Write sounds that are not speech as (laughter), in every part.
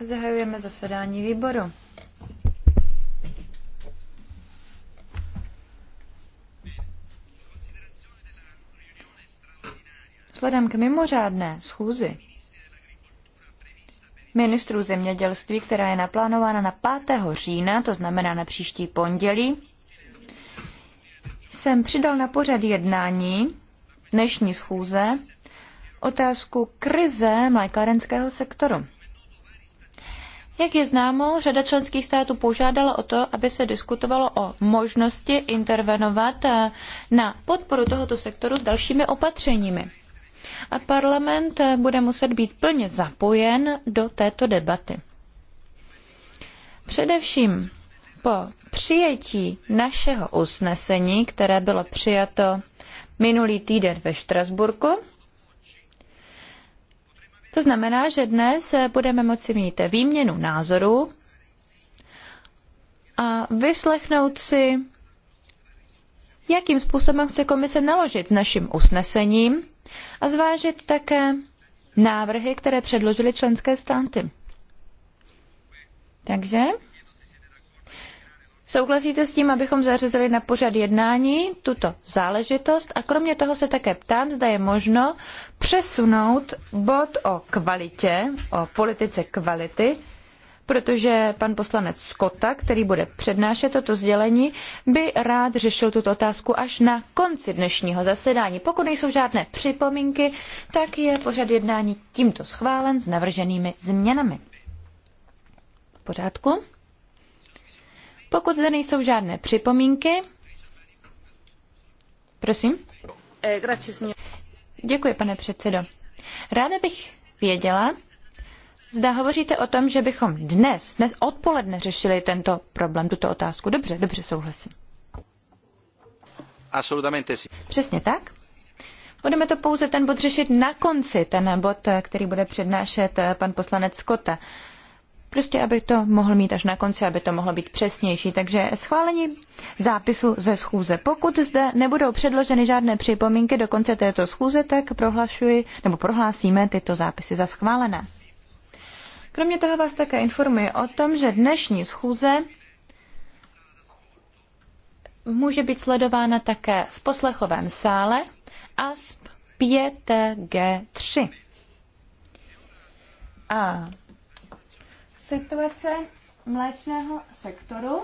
Zahajujeme zasedání výboru. Vzhledem k mimořádné schůzi ministrů zemědělství, která je naplánována na 5. října, to znamená na příští pondělí, jsem přidal na pořad jednání dnešní schůze otázku krize mlékárenského sektoru. Jak je známo, řada členských států požádala o to, aby se diskutovalo o možnosti intervenovat eh, na podporu tohoto sektoru dalšími opatřeními. A parlament eh, bude muset být plně zapojen do této debaty. Především po přijetí našeho usnesení, které bylo přijato minulý týden ve Štrasburku, to znamená, že dnes eh, budeme moci mít výměnu názorů a vyslechnout si, jakým způsobem chce komise naložit s naším usnesením a zvážit také návrhy, které předložili členské státy. Takže Souhlasíte s tím, abychom zařazili na pořad jednání tuto záležitost a kromě toho se také ptám, zda je možno přesunout bod o kvalitě, o politice kvality, protože pan poslanec Skota, který bude přednášet toto sdělení, by rád řešil tuto otázku až na konci dnešního zasedání. Pokud nejsou žádné připomínky, tak je pořad jednání tímto schválen s navrženými změnami. V pořádku? Pokud zde nejsou žádné připomínky, prosím. Děkuji, pane předsedo. Ráda bych věděla, zda hovoříte o tom, že bychom dnes, dnes odpoledne řešili tento problém, tuto otázku. Dobře, dobře, souhlasím. Přesně tak. Budeme to pouze ten bod řešit na konci, ten bod, který bude přednášet eh, pan poslanec Skota. Prostě, aby to mohl mít až na konci, aby to mohlo být přesnější. Takže schválení zápisu ze schůze. Pokud zde nebudou předloženy žádné připomínky do konce této schůze, tak prohlašuji nebo prohlásíme tyto zápisy za schválené. Kromě toho vás také informuji o tom, že dnešní schůze může být sledována také v poslechovém sále ASP 5G3. A situace mléčného sektoru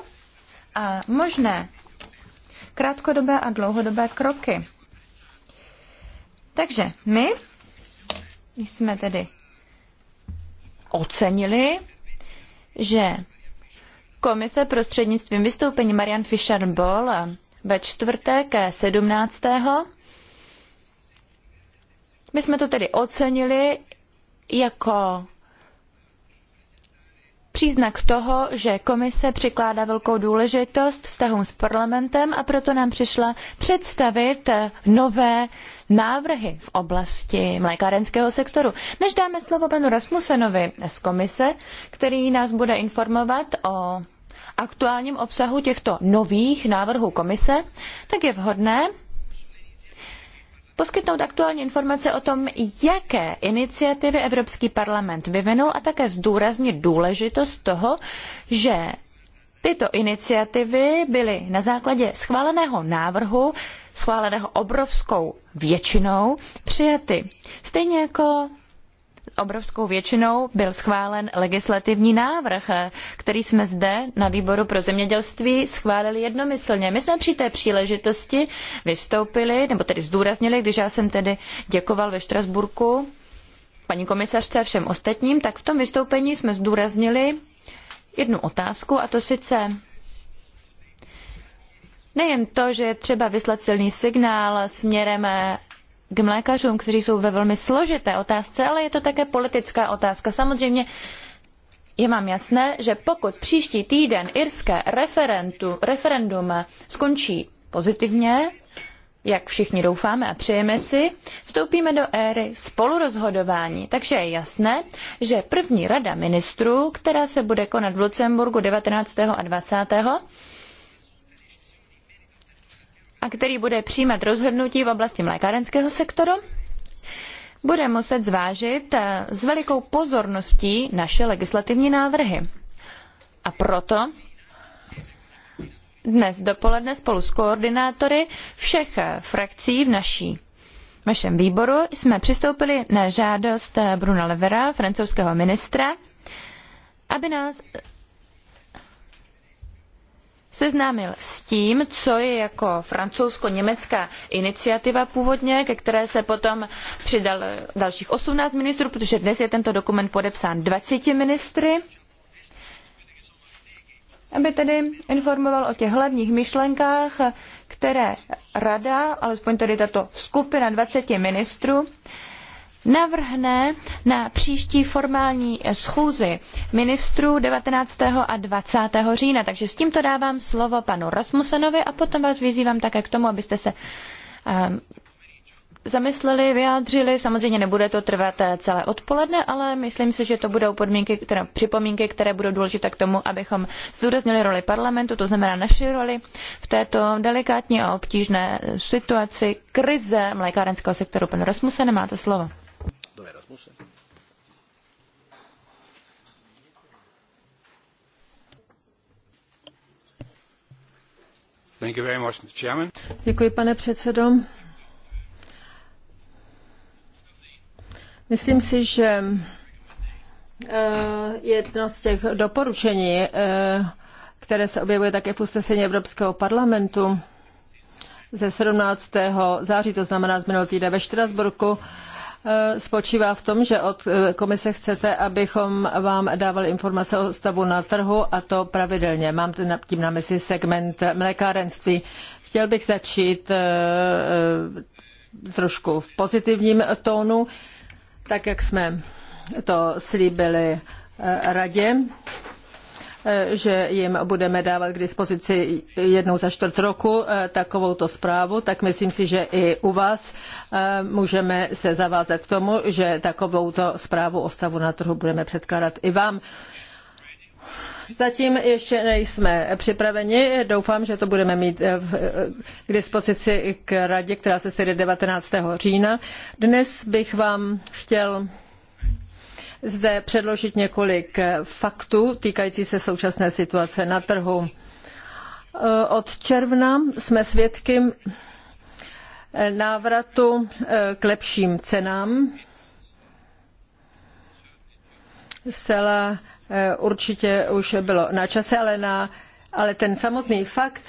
a možné krátkodobé a dlouhodobé kroky. Takže my jsme tedy ocenili, že komise prostřednictvím vystoupení Marian Fischer Boll ve čtvrté ke 17. My jsme to tedy ocenili jako příznak toho, že komise přikládá velkou důležitost vztahům s parlamentem a proto nám přišla představit eh, nové návrhy v oblasti mlékárenského sektoru. Než dáme slovo panu Rasmusenovi z komise, který nás bude informovat o aktuálním obsahu těchto nových návrhů komise, tak je vhodné, poskytnout aktuální informace o tom, jaké iniciativy Evropský parlament vyvinul a také zdůraznit důležitost toho, že tyto iniciativy byly na základě schváleného návrhu, schváleného obrovskou většinou, přijaty. Stejně jako obrovskou většinou byl schválen legislativní návrh, který jsme zde na výboru pro zemědělství schválili jednomyslně. My jsme při té příležitosti vystoupili, nebo tedy zdůraznili, když já jsem tedy děkoval ve Štrasburku paní komisařce a všem ostatním, tak v tom vystoupení jsme zdůraznili jednu otázku, a to sice Nejen to, že je třeba vyslat silný signál směrem k mlékařům, kteří jsou ve velmi složité otázce, ale je to také politická otázka. Samozřejmě je vám jasné, že pokud příští týden irské referendum skončí pozitivně, jak všichni doufáme a přejeme si, vstoupíme do éry spolurozhodování. Takže je jasné, že první rada ministrů, která se bude konat v Lucemburgu 19. a 20 a který bude přijímat rozhodnutí v oblasti mlékárenského sektoru, bude muset zvážit eh, s velikou pozorností naše legislativní návrhy. A proto dnes dopoledne spolu s koordinátory všech eh, frakcí v naší v našem výboru jsme přistoupili na žádost eh, Bruna Levera, francouzského ministra, aby nás seznámil s tím, co je jako francouzsko-německá iniciativa původně, ke které se potom přidal dalších 18 ministrů, protože dnes je tento dokument podepsán 20 ministry aby tedy informoval o těch hlavních myšlenkách, které rada, alespoň tedy tato skupina 20 ministrů, navrhne na příští formální schůzi ministrů 19. a 20. října. Takže s tímto dávám slovo panu Rasmusenovi a potom vás vyzývám také k tomu, abyste se ehm, zamysleli, vyjádřili. Samozřejmě nebude to trvat eh, celé odpoledne, ale myslím si, že to budou podmínky, které, připomínky, které budou důležité k tomu, abychom zdůraznili roli parlamentu, to znamená naši roli v této delikátní a obtížné eh, situaci krize mlékárenského sektoru. Pan Rasmussen, máte slovo. Děkuji, pane předsedo. Myslím si, že eh, jedno z těch doporučení, eh, které se objevuje také v usnesení Evropského parlamentu ze 17. září, to znamená z minulého týden ve Štrasburku, Eh, spočívá v tom, že od eh, komise chcete, abychom vám dávali informace o stavu na trhu a to pravidelně. Mám tím na mysli segment mlékárenství. Chtěl bych začít eh, trošku v pozitivním tónu, tak jak jsme to slíbili radě. Eh, že jim budeme dávat k dispozici jednou za čtvrt roku eh, takovouto zprávu, tak myslím si, že i u vás eh, můžeme se zavázat k tomu, že takovouto zprávu o stavu na trhu budeme předkládat i vám. Zatím ještě nejsme připraveni. Doufám, že to budeme mít k dispozici k radě, která se sejde 19. října. Dnes bych vám chtěl zde předložit několik faktů týkajících se současné situace na trhu. Eh, od června jsme svědky návratu eh, k lepším cenám. Zcela eh, určitě už bylo na čase, ale na ale ten samotný fakt,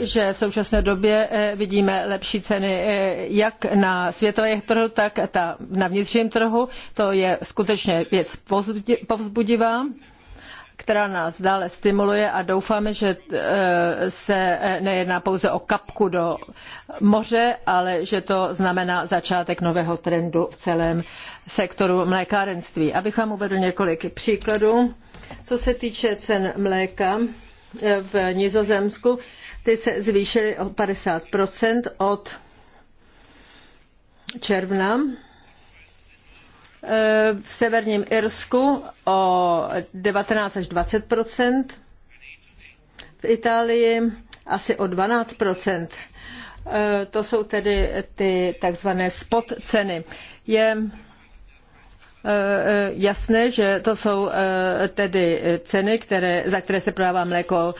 že v současné době eh, vidíme lepší ceny eh, jak na světových trhu, tak na vnitřním trhu, to je skutečně věc povzbudivá která nás dále stimuluje a doufáme, že eh, se nejedná pouze o kapku do moře, ale že to znamená začátek nového trendu v celém sektoru mlékárenství. Abych vám uvedl několik příkladů. Co se týče cen mléka, v Nizozemsku, ty se zvýšily o 50 od června. E, v severním Irsku o 19 až 20 v Itálii asi o 12 e, To jsou tedy ty takzvané spot ceny. Je Eh, eh, jasné, že to jsou eh, tedy ceny, které, za které se prodává mléko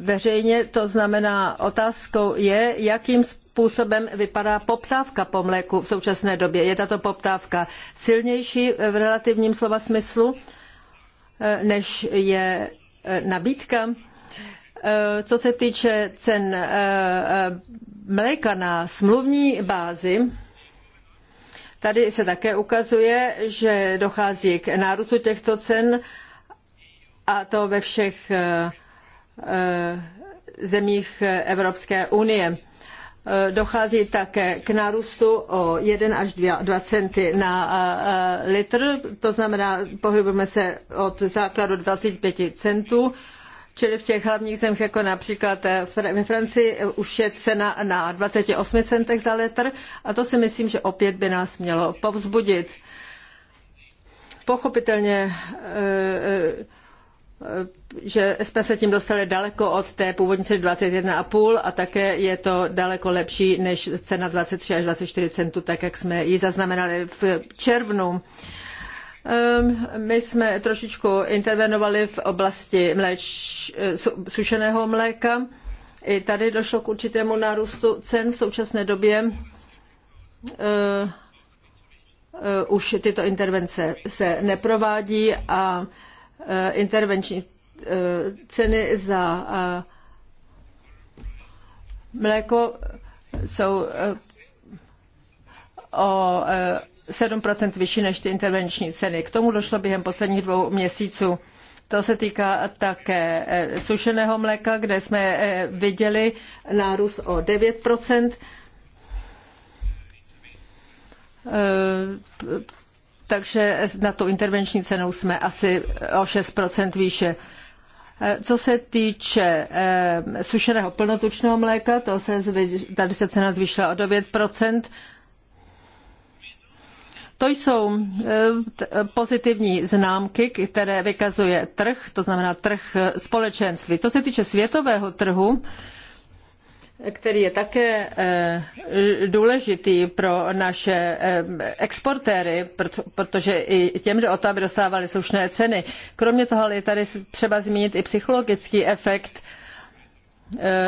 veřejně. To znamená, otázkou je, jakým způsobem vypadá poptávka po mléku v současné době. Je tato poptávka silnější v relativním slova smyslu, než je nabídka? Co se týče cen mléka na smluvní bázi, Tady se také ukazuje, že dochází k nárůstu těchto cen a to ve všech eh, eh, zemích Evropské unie. Eh, dochází také k nárůstu o 1 až 2 centy na litr, to znamená, pohybujeme se od základu 25 centů Čili v těch hlavních zemích, jako například eh, ve Francii, eh, už je cena na 28 centech za litr a to si myslím, že opět by nás mělo povzbudit. Pochopitelně eh, že jsme se tím dostali daleko od té původní ceny 21,5 a také je to daleko lepší než cena 23 až 24 centů, tak jak jsme ji zaznamenali v červnu. Ehm, my jsme trošičku intervenovali v oblasti mléč, eh, sušeného mléka. I tady došlo k určitému nárůstu cen. V současné době ehm, eh, už tyto intervence se neprovádí a eh, intervenční ceny za mléko jsou o 7% vyšší než ty intervenční ceny. K tomu došlo během posledních dvou měsíců. To se týká také eh, sušeného mléka, kde jsme eh, viděli nárůst o 9%. Eh, takže na tu intervenční cenu jsme asi o 6% výše. Co se týče sušeného plnotučného mléka, to se, tady se cena zvýšila o 9 to jsou eh, pozitivní známky, které vykazuje trh, to znamená trh eh, společenství. Co se týče světového trhu, který je také eh, důležitý pro naše exportéry, protože i těm jde o to, aby dostávali slušné ceny. Kromě toho ale je tady třeba zmínit i psychologický efekt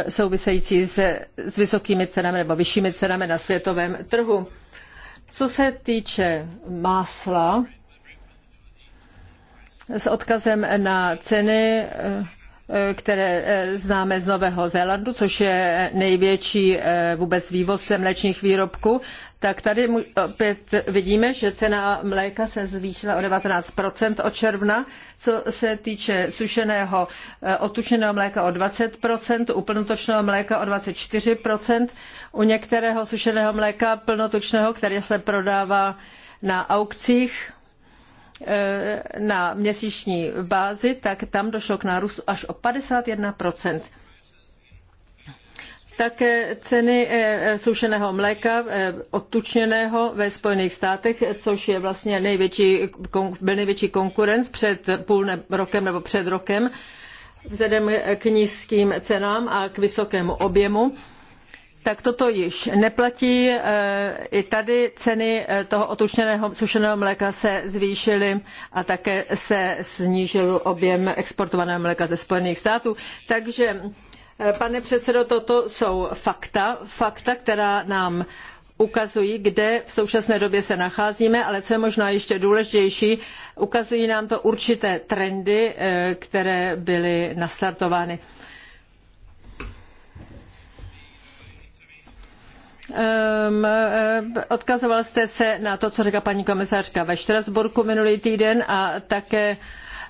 související s, s vysokými cenami nebo vyššími cenami na světovém trhu co se týče másla, s odkazem na ceny které eh, známe z Nového Zélandu, což je největší eh, vůbec vývozce mléčných výrobků, tak tady opět vidíme, že cena mléka se zvýšila o 19 od června. Co se týče sušeného, eh, otučeného mléka o 20 u plnotočného mléka o 24 u některého sušeného mléka plnotočného, které se prodává na aukcích, Eh, na měsíční bázi, tak tam došlo k nárůstu až o 51 také ceny eh, sušeného mléka eh, odtučněného ve Spojených státech, což je vlastně největší, byl největší konkurence před půl rokem nebo před rokem, vzhledem k nízkým cenám a k vysokému objemu tak toto již neplatí. E, I tady ceny e, toho otučeného sušeného mléka se zvýšily a také se snížil objem exportovaného mléka ze Spojených států. Takže, e, pane předsedo, toto jsou fakta, fakta, která nám ukazují, kde v současné době se nacházíme, ale co je možná ještě důležitější, ukazují nám to určité trendy, které byly nastartovány. Ehm, eh, odkazoval jste se na to, co řekla paní komisařka ve Štrasburku minulý týden a také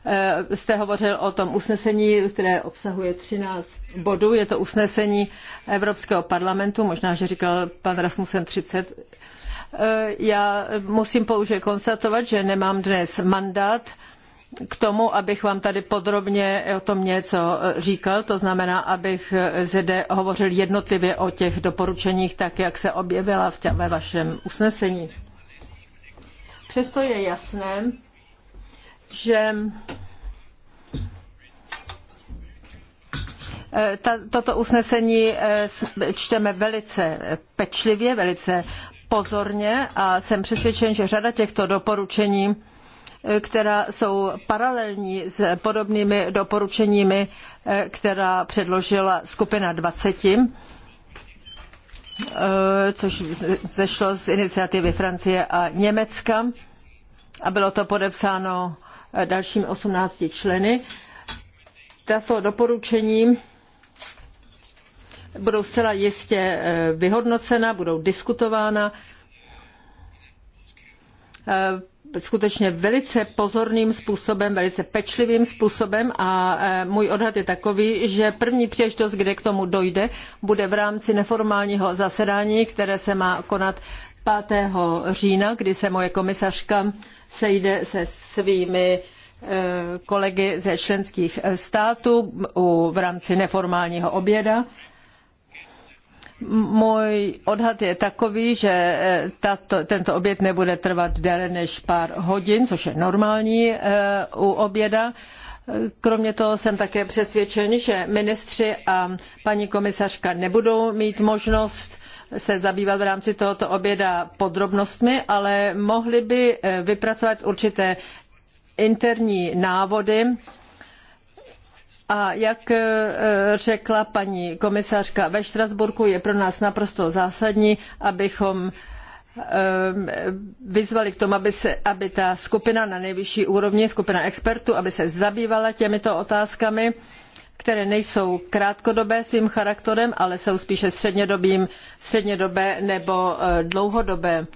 eh, jste hovořil o tom usnesení, které obsahuje 13 bodů. Je to usnesení Evropského parlamentu, možná, že říkal pan Rasmussen 30. Eh, já musím pouze konstatovat, že nemám dnes mandát k tomu, abych vám tady podrobně o tom něco eh, říkal, to znamená, abych eh, zde hovořil jednotlivě o těch doporučeních, tak jak se objevila v tě, ve vašem usnesení. Přesto je jasné, že eh, toto usnesení čteme velice pečlivě, velice pozorně a jsem přesvědčen, že řada těchto doporučení která jsou paralelní s podobnými doporučeními, eh, která předložila skupina 20 eh, což zešlo z iniciativy Francie a Německa a bylo to podepsáno eh, dalším 18 členy. Tato doporučení budou zcela jistě vyhodnocena, budou diskutována skutečně velice pozorným způsobem, velice pečlivým způsobem a e, můj odhad je takový, že první příležitost, kde k tomu dojde, bude v rámci neformálního zasedání, které se má konat 5. října, kdy se moje komisařka sejde se svými e, kolegy ze členských států v rámci neformálního oběda můj odhad je takový, že eh, tato, tento oběd nebude trvat déle než pár hodin, což je normální eh, u oběda. Kromě toho jsem také přesvědčen, že ministři a paní komisařka nebudou mít možnost se zabývat v rámci tohoto oběda podrobnostmi, ale mohli by eh, vypracovat určité interní návody, a jak e, řekla paní komisařka, ve Štrasburku je pro nás naprosto zásadní, abychom e, vyzvali k tomu, aby, se, aby ta skupina na nejvyšší úrovni, skupina expertů, aby se zabývala těmito otázkami, které nejsou krátkodobé svým charakterem, ale jsou spíše střednědobým, střednědobé nebo e, dlouhodobé.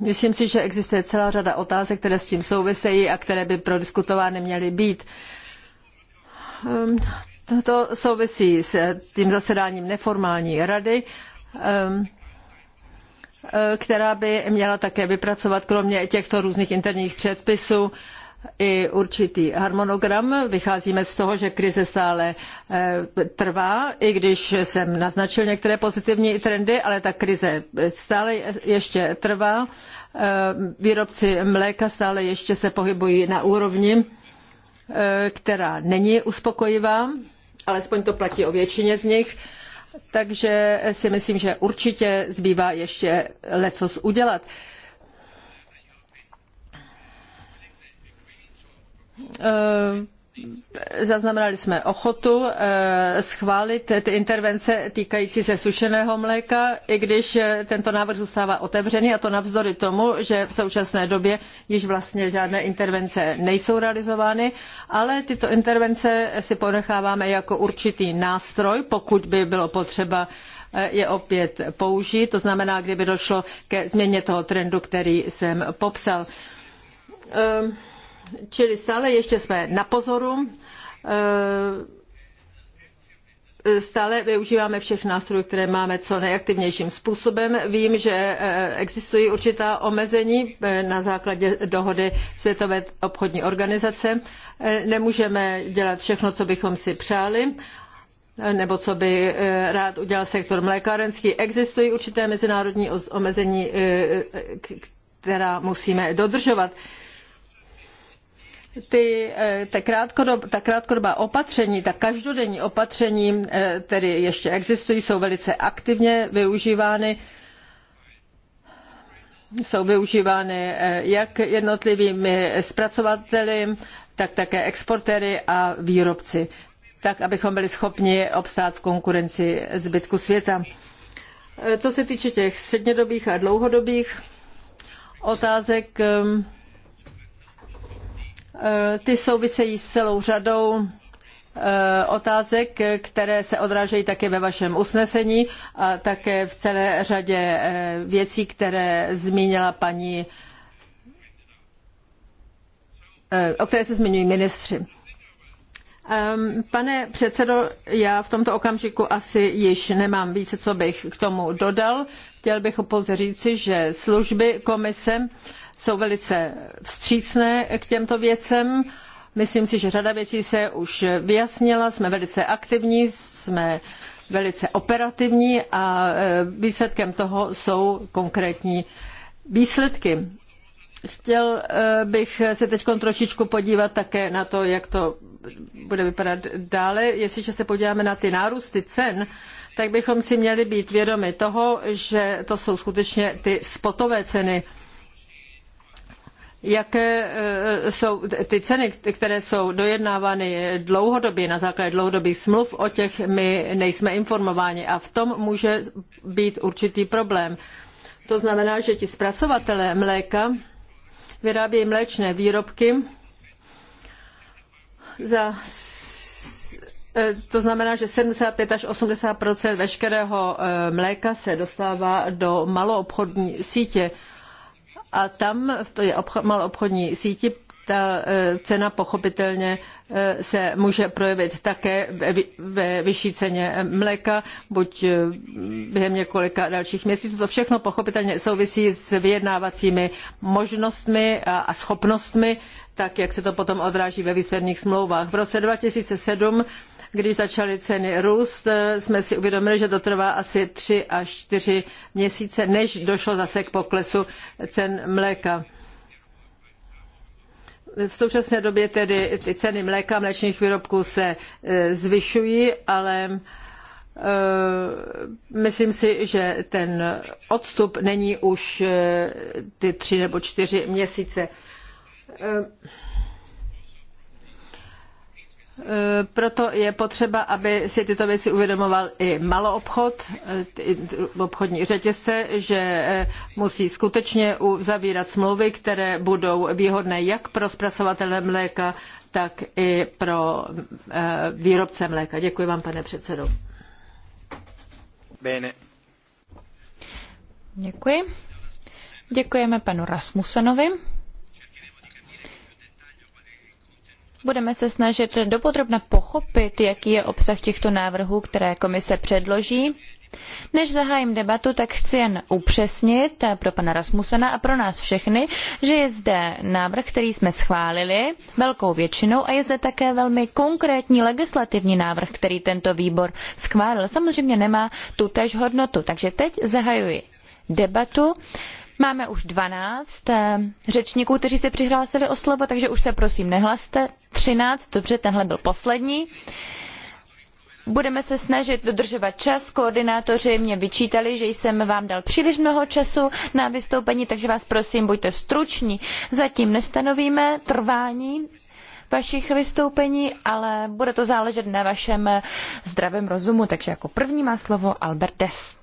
Myslím si, že existuje celá řada otázek, které s tím souvisejí a které by prodiskutovány měly být. Ehm, to souvisí s tím zasedáním neformální rady, ehm, eh, která by měla také vypracovat kromě těchto různých interních předpisů i určitý harmonogram. Vycházíme z toho, že krize stále eh, trvá, i když jsem naznačil některé pozitivní trendy, ale ta krize stále ještě trvá. Ehm, výrobci mléka stále ještě se pohybují na úrovni Eh, která není uspokojivá, alespoň to platí o většině z nich, takže si myslím, že určitě zbývá ještě lecos udělat. Eh, Zaznamenali jsme ochotu eh, schválit ty intervence týkající se sušeného mléka, i když eh, tento návrh zůstává otevřený a to navzdory tomu, že v současné době již vlastně žádné intervence nejsou realizovány, ale tyto intervence si ponecháváme jako určitý nástroj, pokud by bylo potřeba eh, je opět použít, to znamená, kdyby došlo ke změně toho trendu, který jsem popsal. Um, Čili stále ještě jsme na pozoru, e, stále využíváme všech nástrojů, které máme co nejaktivnějším způsobem. Vím, že e, existují určitá omezení e, na základě dohody Světové obchodní organizace. Nemůžeme dělat všechno, co bychom si přáli nebo co by rád udělal sektor mlékárenský. Existují určité mezinárodní omezení, která musíme dodržovat ty, eh, ta, krátkodob, ta krátkodobá opatření, ta každodenní opatření, eh, tedy ještě existují, jsou velice aktivně využívány jsou využívány eh, jak jednotlivými zpracovateli, tak také exportéry a výrobci, tak abychom byli schopni obstát v konkurenci zbytku světa. Co se týče těch střednědobých a dlouhodobých otázek, Eh, ty souvisejí s celou řadou eh, otázek, které se odrážejí také ve vašem usnesení a také v celé řadě eh, věcí, které zmínila paní, o které se zmiňují ministři. Ehm, pane předsedo, já v tomto okamžiku asi již nemám více, co bych k tomu dodal. Chtěl bych pouze říci, že služby komise uh, jsou velice vstřícné k těmto věcem. Myslím si, že řada věcí se už vyjasnila, jsme velice aktivní, jsme velice operativní a e, výsledkem toho jsou konkrétní výsledky. Chtěl e, bych se teď trošičku podívat také na to, jak to bude vypadat dále. Jestliže se podíváme na ty nárůsty cen, tak bychom si měli být vědomi toho, že to jsou skutečně ty spotové ceny jaké eh, jsou ty ceny, které jsou dojednávány dlouhodobě na základě dlouhodobých smluv, o těch my nejsme informováni a v tom může být určitý problém. To znamená, že ti zpracovatelé mléka vyrábějí mléčné výrobky za eh, to znamená, že 75 až 80 veškerého eh, mléka se dostává do maloobchodní sítě a tam v té maloobchodní síti ta e, cena pochopitelně e, se může projevit také ve vyšší ceně mléka, buď e, během několika dalších měsíců. To všechno pochopitelně souvisí s vyjednávacími možnostmi a schopnostmi, tak jak se to potom odráží ve výsledných smlouvách. V roce 2007 když začaly ceny růst, eh, jsme si uvědomili, že to trvá asi tři až čtyři měsíce, než došlo zase k poklesu cen mléka. V současné době tedy ty ceny mléka a mléčných výrobků se eh, zvyšují, ale eh, myslím si, že ten odstup není už ty tři nebo čtyři měsíce. Eh, proto je potřeba, aby si tyto věci uvědomoval i maloobchod, eh, obchodní řetězce, že eh, musí skutečně uzavírat smlouvy, které budou výhodné jak pro zpracovatele mléka, tak i pro výrobce mléka. Děkuji vám, pane předsedo. Bene. Děkuji. Děkujeme panu Rasmusenovi. Budeme se snažit dopodrobna pochopit, jaký je obsah těchto návrhů, které komise předloží. Než zahájím debatu, tak chci jen upřesnit pro pana Rasmusena a pro nás všechny, že je zde návrh, který jsme schválili velkou většinou a je zde také velmi konkrétní legislativní návrh, který tento výbor schválil. Samozřejmě nemá tu tež hodnotu. Takže teď zahajuji debatu. Máme už 12 eh, řečníků, kteří se přihlásili o slovo, takže už se prosím nehlaste. 13, dobře, tenhle byl poslední. Budeme se snažit dodržovat čas. Koordinátoři mě vyčítali, že jsem vám dal příliš mnoho času na vystoupení, takže vás prosím, buďte struční. Zatím nestanovíme trvání vašich vystoupení, ale bude to záležet na vašem eh, zdravém rozumu. Takže jako první má slovo Albert Des.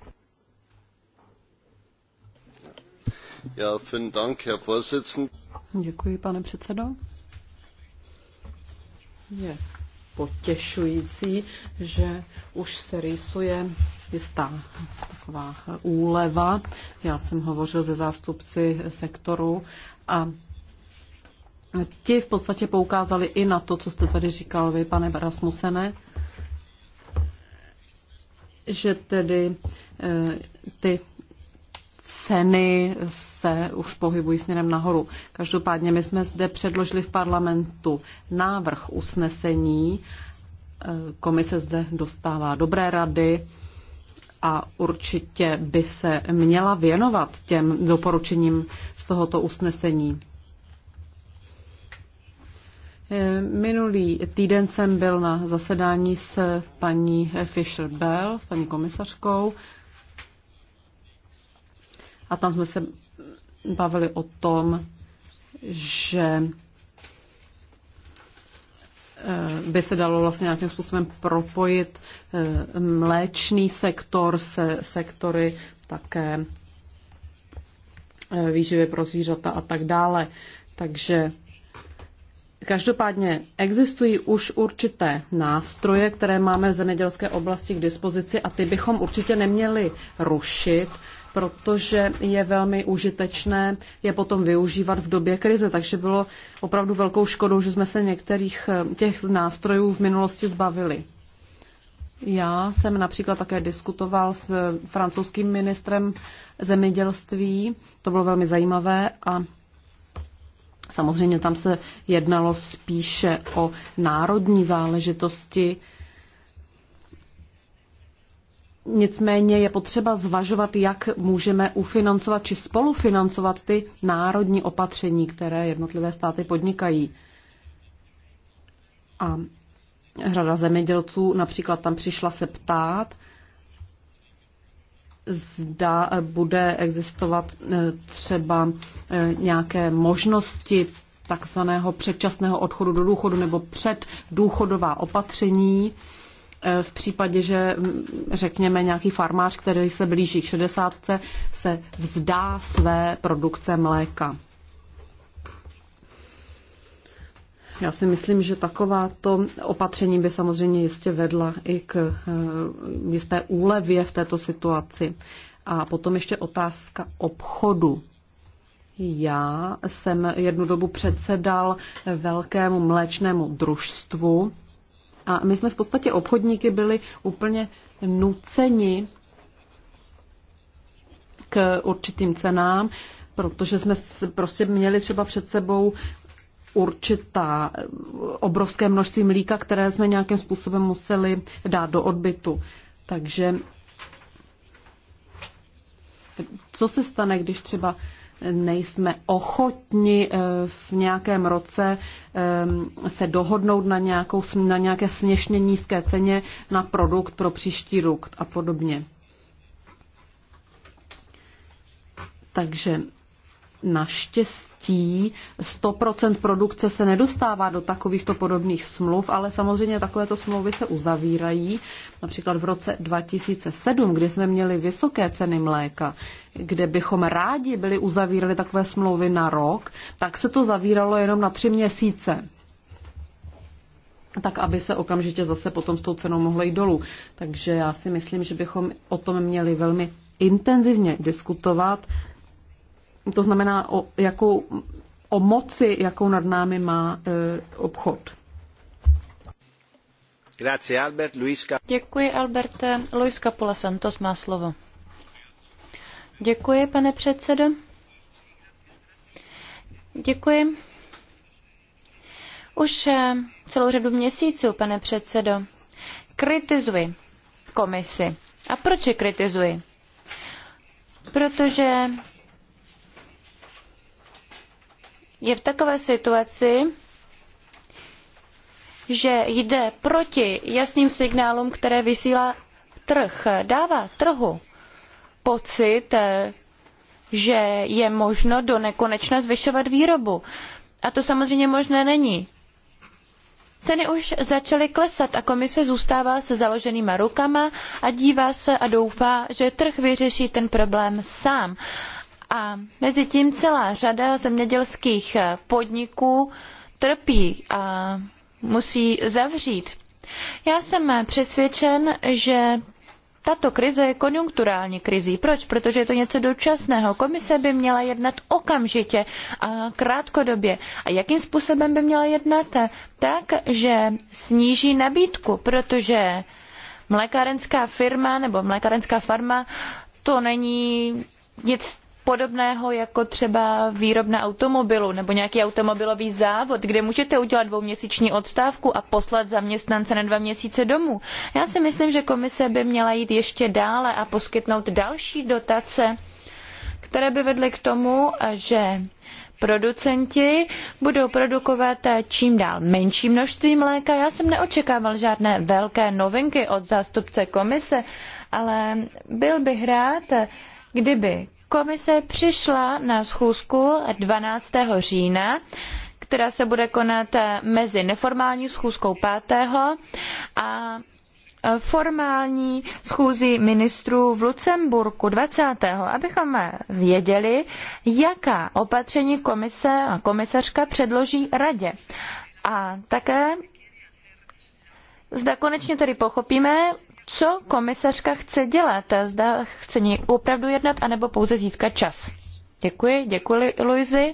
Ja, vielen Dank, Herr Vorsitzender. Děkuji, pane předsedo. Je potěšující, že už se rýsuje jistá taková úleva. Já jsem hovořil ze zástupci sektoru a ti v podstatě poukázali i na to, co jste tady říkal vy, pane Rasmusene, že tedy eh, ty ceny se už pohybují směrem nahoru. Každopádně my jsme zde předložili v parlamentu návrh usnesení. Komise zde dostává dobré rady a určitě by se měla věnovat těm doporučením z tohoto usnesení. Minulý týden jsem byl na zasedání s paní Fisher Bell, s paní komisařkou, a tam jsme se bavili o tom, že eh, by se dalo vlastně nějakým způsobem propojit eh, mléčný sektor se sektory také eh, výživy pro zvířata a tak dále. Takže každopádně existují už určité nástroje, které máme v zemědělské oblasti k dispozici a ty bychom určitě neměli rušit protože je velmi užitečné je potom využívat v době krize. Takže bylo opravdu velkou škodou, že jsme se některých těch nástrojů v minulosti zbavili. Já jsem například také diskutoval s francouzským ministrem zemědělství, to bylo velmi zajímavé a samozřejmě tam se jednalo spíše o národní záležitosti, Nicméně je potřeba zvažovat, jak můžeme ufinancovat či spolufinancovat ty národní opatření, které jednotlivé státy podnikají. A řada zemědělců například tam přišla se ptát, zda bude existovat eh, třeba eh, nějaké možnosti takzvaného předčasného odchodu do důchodu nebo před důchodová opatření, Eh, v případě, že mm, řekněme nějaký farmář, který se blíží k 60, se vzdá své produkce mléka. Já si myslím, že takováto opatření by samozřejmě jistě vedla i k eh, jisté úlevě v této situaci. A potom ještě otázka obchodu. Já jsem jednu dobu předsedal velkému mléčnému družstvu, a my jsme v podstatě obchodníky byli úplně nuceni k určitým cenám, protože jsme prostě měli třeba před sebou určitá obrovské množství mlíka, které jsme nějakým způsobem museli dát do odbytu. Takže co se stane, když třeba nejsme ochotni eh, v nějakém roce eh, se dohodnout na, nějakou, na nějaké směšně nízké ceně na produkt pro příští rok a podobně. Takže naštěstí 100% produkce se nedostává do takovýchto podobných smluv, ale samozřejmě takovéto smlouvy se uzavírají. Například v roce 2007, kdy jsme měli vysoké ceny mléka, kde bychom rádi byli uzavírali takové smlouvy na rok, tak se to zavíralo jenom na tři měsíce tak aby se okamžitě zase potom s tou cenou mohlo jít dolů. Takže já si myslím, že bychom o tom měli velmi intenzivně diskutovat to znamená, o, jakou, o moci, jakou nad námi má e, obchod. Grazie, Albert. Luiska. Děkuji, Alberte. Luis Capola Santos má slovo. Děkuji, pane předsedo. Děkuji. Už e, celou řadu měsíců, pane předsedo, kritizuji komisi. A proč je kritizuji? Protože je v takové situaci, že jde proti jasným signálům, které vysílá trh. Dává trhu pocit, eh, že je možno do nekonečna zvyšovat výrobu. A to samozřejmě možné není. Ceny už začaly klesat a komise zůstává se založenýma rukama a dívá se a doufá, že trh vyřeší ten problém sám. A mezi tím celá řada zemědělských podniků trpí a musí zavřít. Já jsem přesvědčen, že tato krize je konjunkturální krizí. Proč? Protože je to něco dočasného. Komise by měla jednat okamžitě a krátkodobě. A jakým způsobem by měla jednat? Tak, že sníží nabídku, protože mlékárenská firma nebo mlékárenská farma to není nic podobného jako třeba výrobna automobilu nebo nějaký automobilový závod, kde můžete udělat dvouměsíční odstávku a poslat zaměstnance na dva měsíce domů. Já si myslím, že komise by měla jít ještě dále a poskytnout další dotace, které by vedly k tomu, že producenti budou produkovat čím dál menší množství mléka. Já jsem neočekával žádné velké novinky od zástupce komise, ale byl bych rád, kdyby Komise přišla na schůzku 12. října, která se bude konat eh, mezi neformální schůzkou 5. a eh, formální schůzi ministrů v Lucemburku 20. abychom věděli, jaká opatření komise a komisařka předloží radě. A také Zda konečně tedy pochopíme, co komisařka chce dělat. Zda chce ní opravdu jednat, anebo pouze získat čas. Děkuji, děkuji Luizi.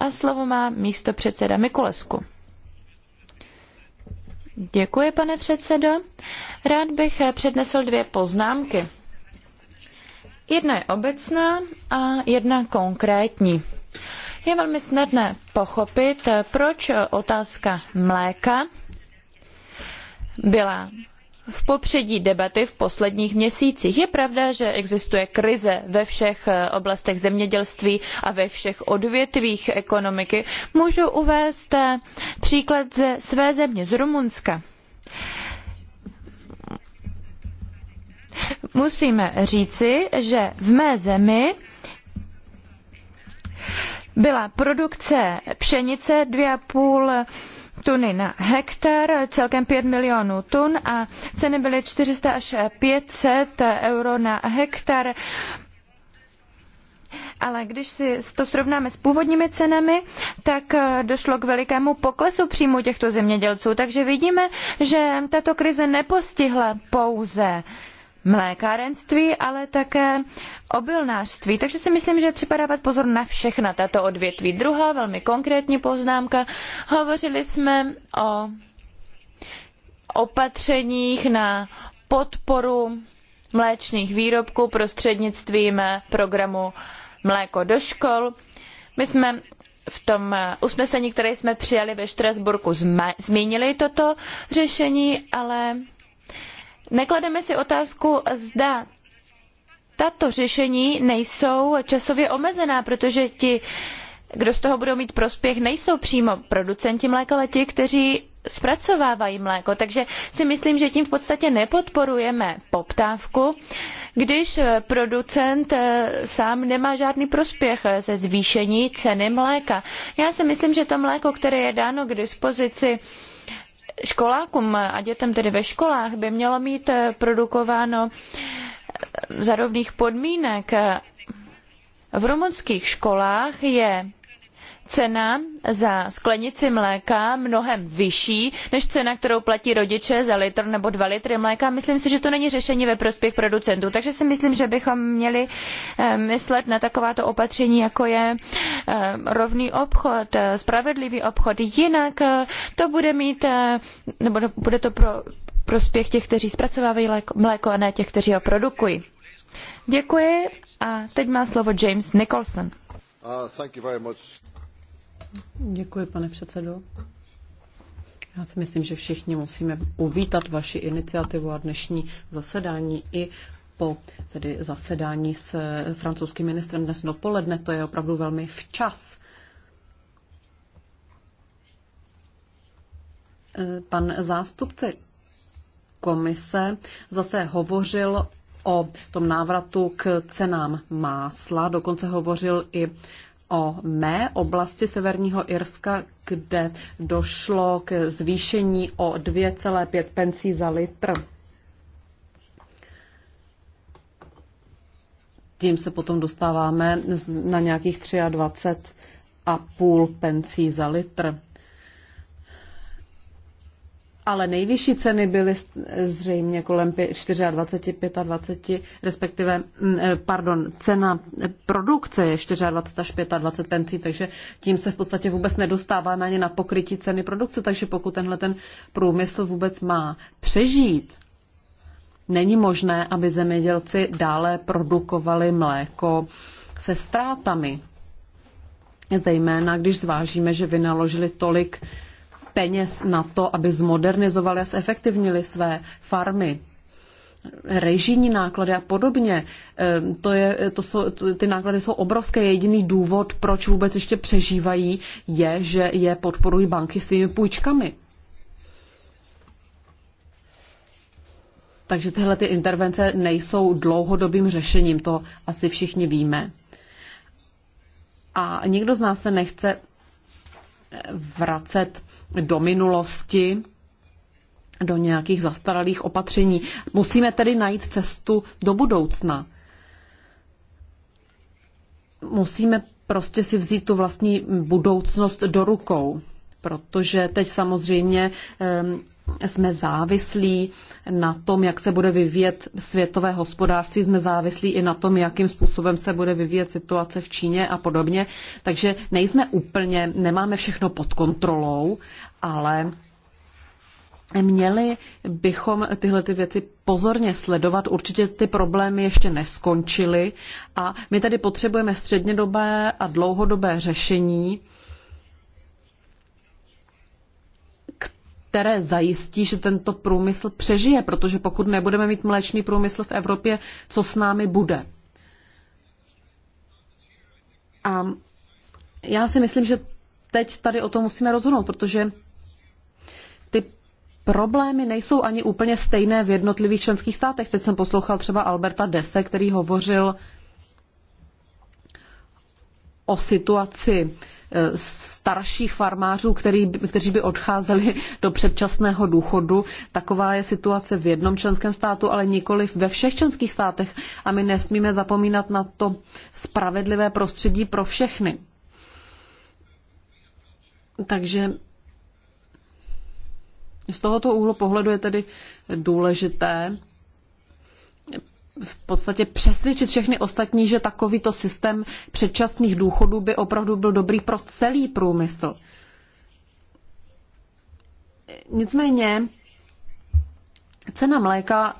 A slovo má místo předseda Mikulesku. Děkuji, pane předsedo. Rád bych přednesl dvě poznámky. Jedna je obecná a jedna konkrétní. Je velmi snadné pochopit, proč otázka mléka byla v popředí debaty v posledních měsících. Je pravda, že existuje krize ve všech eh, oblastech zemědělství a ve všech odvětvích ekonomiky. Můžu uvést eh, příklad ze své země, z Rumunska. Musíme říci, že v mé zemi byla produkce pšenice 2,5 tuny na hektar, celkem 5 milionů tun a ceny byly 400 až 500 euro na hektar. Ale když si to srovnáme s původními cenami, tak eh, došlo k velikému poklesu příjmu těchto zemědělců. Takže vidíme, že tato krize nepostihla pouze uh, mlékárenství, ale také obilnářství. Takže si myslím, že je třeba dávat pozor na všechna tato odvětví. Druhá velmi konkrétní poznámka. Hovořili jsme o opatřeních na podporu mléčných výrobků prostřednictvím programu Mléko do škol. My jsme v tom usnesení, které jsme přijali ve Štrasburku, zmínili toto řešení, ale Neklademe si otázku, zda tato řešení nejsou časově omezená, protože ti, kdo z toho budou mít prospěch, nejsou přímo producenti mléka, ale ti, kteří zpracovávají mléko. Takže si myslím, že tím v podstatě nepodporujeme poptávku, když producent eh, sám nemá žádný prospěch eh, ze zvýšení ceny mléka. Já si myslím, že to mléko, které je dáno k dispozici školákům a dětem tedy ve školách by mělo mít eh, produkováno eh, za rovných podmínek. V rumunských školách je cena za sklenici mléka mnohem vyšší než cena, kterou platí rodiče za litr nebo dva litry mléka. Myslím si, že to není řešení ve prospěch producentů. Takže si myslím, že bychom měli eh, myslet na takováto opatření, jako je eh, rovný obchod, eh, spravedlivý obchod. Jinak to bude mít, nebo bude to pro prospěch těch, kteří zpracovávají mléko a ne těch, kteří ho produkují. Děkuji a teď má slovo James Nicholson. Uh, Děkuji, pane předsedo. Já si myslím, že všichni musíme uvítat vaši iniciativu a dnešní zasedání i po tedy zasedání s eh, francouzským ministrem dnes dopoledne. To je opravdu velmi včas. Eh, pan zástupce komise zase hovořil o tom návratu k cenám másla, dokonce hovořil i o mé oblasti Severního Irska, kde došlo k zvýšení o 2,5 pencí za litr. Tím se potom dostáváme na nějakých 23,5 a půl pencí za litr ale nejvyšší ceny byly zřejmě kolem 24, 25, respektive, mm, eh, pardon, cena produkce je 24 až 25 pencí, takže tím se v podstatě vůbec nedostáváme ani na pokrytí ceny produkce, takže pokud tenhle ten průmysl vůbec má přežít, není možné, aby zemědělci dále produkovali mléko se ztrátami. Zejména, když zvážíme, že vynaložili tolik peněz na to, aby zmodernizovali a zefektivnili své farmy režijní náklady a podobně. Eh, to je, to jsou, ty náklady jsou obrovské. Jediný důvod, proč vůbec ještě přežívají, je, že je podporují banky svými půjčkami. Takže tyhle ty intervence nejsou dlouhodobým řešením, to asi všichni víme. A nikdo z nás se nechce vracet do minulosti, do nějakých zastaralých opatření. Musíme tedy najít cestu do budoucna. Musíme prostě si vzít tu vlastní budoucnost do rukou, protože teď samozřejmě jsme závislí na tom, jak se bude vyvíjet světové hospodářství, jsme závislí i na tom, jakým způsobem se bude vyvíjet situace v Číně a podobně. Takže nejsme úplně, nemáme všechno pod kontrolou, ale měli bychom tyhle ty věci pozorně sledovat. Určitě ty problémy ještě neskončily a my tady potřebujeme střednědobé a dlouhodobé řešení které zajistí, že tento průmysl přežije, protože pokud nebudeme mít mléčný průmysl v Evropě, co s námi bude? A já si myslím, že teď tady o tom musíme rozhodnout, protože ty problémy nejsou ani úplně stejné v jednotlivých členských státech. Teď jsem poslouchal třeba Alberta Dese, který hovořil o situaci starších farmářů, který, kteří by odcházeli do předčasného důchodu. Taková je situace v jednom členském státu, ale nikoli ve všech členských státech a my nesmíme zapomínat na to spravedlivé prostředí pro všechny. Takže z tohoto úhlu pohledu je tedy důležité v podstatě přesvědčit všechny ostatní, že takovýto systém předčasných důchodů by opravdu byl dobrý pro celý průmysl. Nicméně cena mléka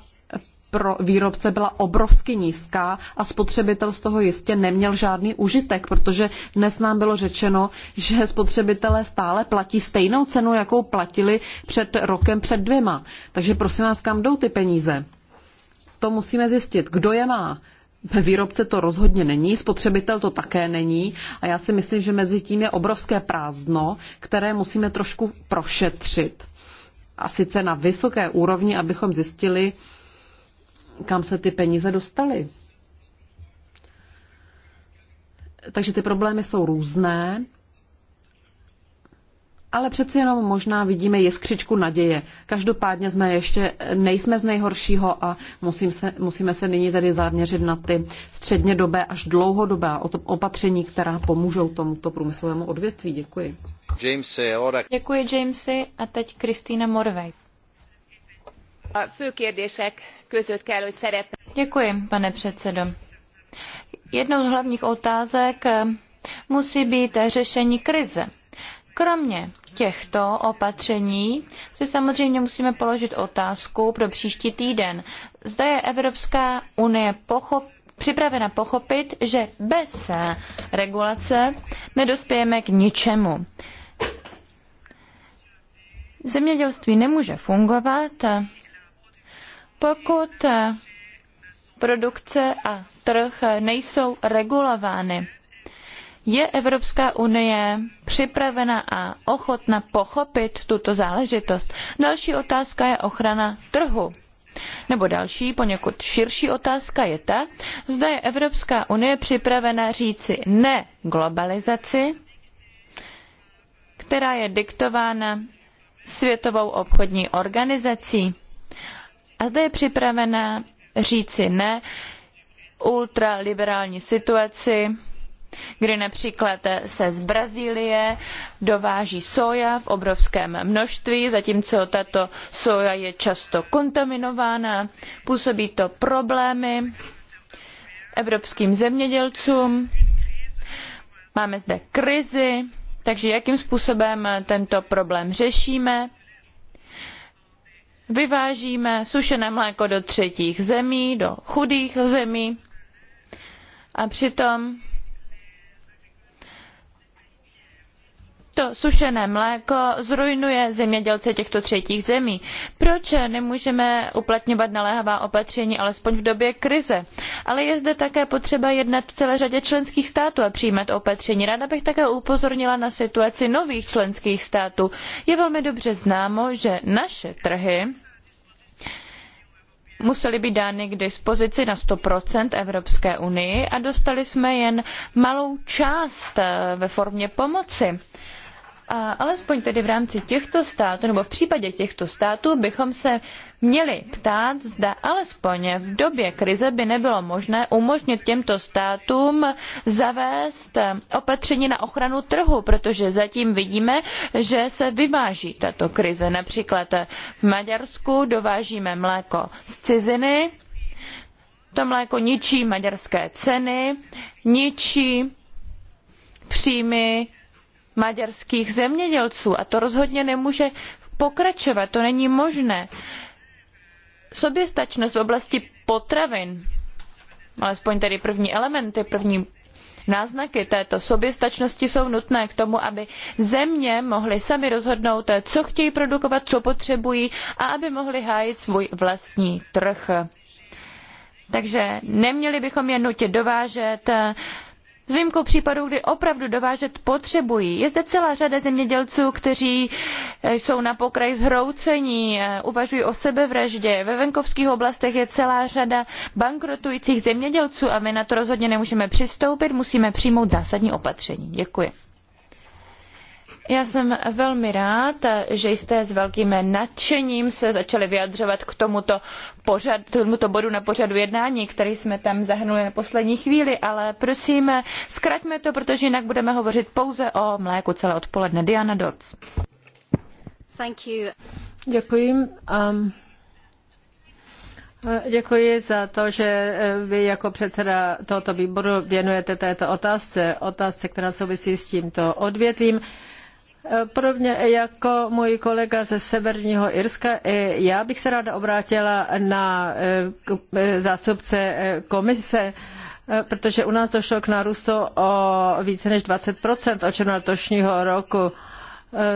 pro výrobce byla obrovsky nízká a spotřebitel z toho jistě neměl žádný užitek, protože dnes nám bylo řečeno, že spotřebitelé stále platí stejnou cenu, jakou platili před rokem, před dvěma. Takže prosím vás, kam jdou ty peníze? to musíme zjistit, kdo je má. Výrobce to rozhodně není, spotřebitel to také není a já si myslím, že mezi tím je obrovské prázdno, které musíme trošku prošetřit. A sice na vysoké úrovni, abychom zjistili, kam se ty peníze dostaly. Takže ty problémy jsou různé ale přeci jenom možná vidíme jiskřičku naděje. Každopádně jsme ještě nejsme z nejhoršího a musím se, musíme se nyní tedy zaměřit na ty dobé až dlouhodobé opatření, která pomůžou tomuto průmyslovému odvětví. Děkuji. James, Děkuji Jamesy a teď Kristýna Morvej. Děkuji, pane předsedo. Jednou z hlavních otázek eh, musí být řešení krize. Kromě těchto opatření si samozřejmě musíme položit otázku pro příští týden. Zda je Evropská unie pochop, připravena pochopit, že bez regulace nedospějeme k ničemu. Zemědělství nemůže fungovat, pokud produkce a trh nejsou regulovány. Je Evropská unie připravena a ochotna pochopit tuto záležitost? Další otázka je ochrana trhu. Nebo další, poněkud širší otázka je ta, zda je Evropská unie připravena říci ne globalizaci, která je diktována Světovou obchodní organizací. A zde je připravena říci ne ultraliberální situaci, kdy například se z Brazílie dováží soja v obrovském množství, zatímco tato soja je často kontaminována. Působí to problémy evropským zemědělcům. Máme zde krizi, takže jakým způsobem tento problém řešíme? Vyvážíme sušené mléko do třetích zemí, do chudých zemí a přitom to sušené mléko zrujnuje zemědělce těchto třetích zemí. Proč nemůžeme uplatňovat naléhavá opatření alespoň v době krize? Ale je zde také potřeba jednat v celé řadě členských států a přijímat opatření. Ráda bych také upozornila na situaci nových členských států. Je velmi dobře známo, že naše trhy musely být dány k dispozici na 100% Evropské unii a dostali jsme jen malou část eh, ve formě pomoci. A alespoň tedy v rámci těchto států, nebo v případě těchto států, bychom se měli ptát, zda alespoň v době krize by nebylo možné umožnit těmto státům zavést eh, opatření na ochranu trhu, protože zatím vidíme, že se vyváží tato krize. Například eh, v Maďarsku dovážíme mléko z ciziny, to mléko ničí maďarské ceny, ničí příjmy maďarských zemědělců a to rozhodně nemůže pokračovat, to není možné. Soběstačnost v oblasti potravin, alespoň tedy první elementy, první náznaky této soběstačnosti jsou nutné k tomu, aby země mohly sami rozhodnout, co chtějí produkovat, co potřebují a aby mohly hájit svůj vlastní trh. Takže neměli bychom je nutit dovážet, s výjimkou případů, kdy opravdu dovážet potřebují. Je zde celá řada zemědělců, kteří eh, jsou na pokraji zhroucení, eh, uvažují o sebevraždě. Ve venkovských oblastech je celá řada bankrotujících zemědělců a my na to rozhodně nemůžeme přistoupit, musíme přijmout zásadní opatření. Děkuji. Já jsem velmi rád, že jste s velkým nadšením se začali vyjadřovat k tomuto, pořad, tomuto bodu na pořadu jednání, který jsme tam zahrnuli na poslední chvíli, ale prosím, zkraťme to, protože jinak budeme hovořit pouze o mléku celé odpoledne. Diana Doc. Thank you. Děkuji. Um... Děkuji za to, že eh, vy jako předseda tohoto výboru věnujete této otázce, otázce, která souvisí s tímto odvětvím. Podobně jako můj kolega ze Severního Irska, já bych se ráda obrátila na eh, eh, zástupce eh, komise, protože u nás došlo k nárůstu o více než 20% od června letošního roku.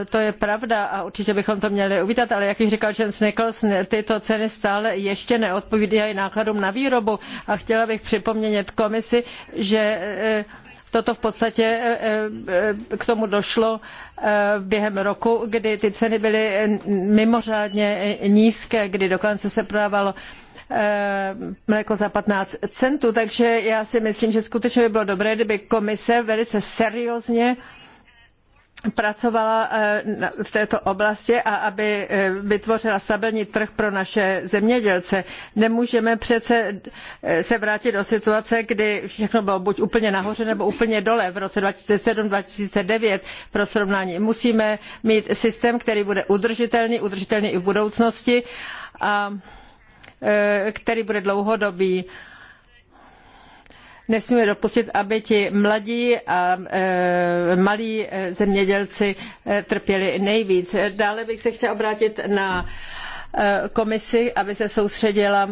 To je pravda a určitě bychom to měli uvítat, ale jak již říkal James Nicholson, tyto ceny stále ještě neodpovídají nákladům na výrobu. A chtěla bych připomenout komisi, že Toto v podstatě eh, eh, k tomu došlo eh, během roku, kdy ty ceny byly mimořádně nízké, kdy dokonce se prodávalo mléko za 15 centů, takže já si myslím, že skutečně by bylo dobré, kdyby komise velice seriózně pracovala eh, v této oblasti a aby eh, vytvořila stabilní trh pro naše zemědělce. Nemůžeme přece eh, se vrátit do situace, kdy všechno bylo buď úplně nahoře nebo úplně dole v roce 2007-2009 pro srovnání. Musíme mít systém, který bude udržitelný, udržitelný i v budoucnosti a který bude dlouhodobý nesmíme dopustit, aby ti mladí a e, malí e, zemědělci e, trpěli nejvíc. Dále bych se chtěla obrátit na komisi, aby se soustředila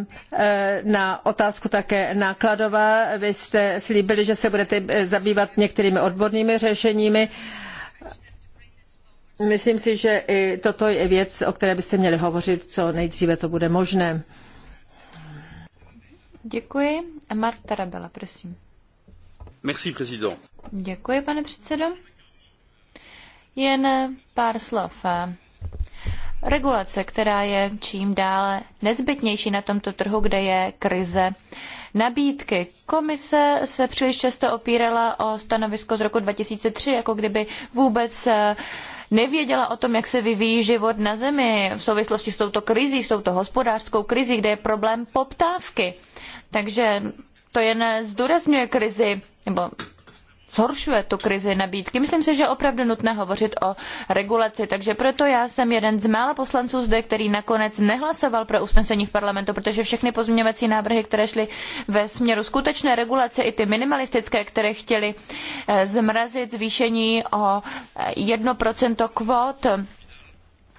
na otázku také nákladová. Vy jste slíbili, že se budete zabývat některými odbornými řešeními. Myslím si, že i toto je věc, o které byste měli hovořit, co nejdříve to bude možné. Děkuji. Marta Rabela, prosím. Merci, Děkuji, pane předsedo. Jen pár slov. Regulace, která je čím dále nezbytnější na tomto trhu, kde je krize nabídky. Komise se příliš často opírala o stanovisko z roku 2003, jako kdyby vůbec nevěděla o tom, jak se vyvíjí život na Zemi v souvislosti s touto krizí, s touto hospodářskou krizí, kde je problém poptávky. Takže to jen zdůrazňuje krizi, nebo zhoršuje tu krizi nabídky. Myslím si, že je opravdu nutné hovořit o regulaci, takže proto já jsem jeden z mála poslanců zde, který nakonec nehlasoval pro usnesení v parlamentu, protože všechny pozměňovací návrhy, které šly ve směru skutečné regulace, i ty minimalistické, které chtěly eh, zmrazit zvýšení o 1% eh, kvót,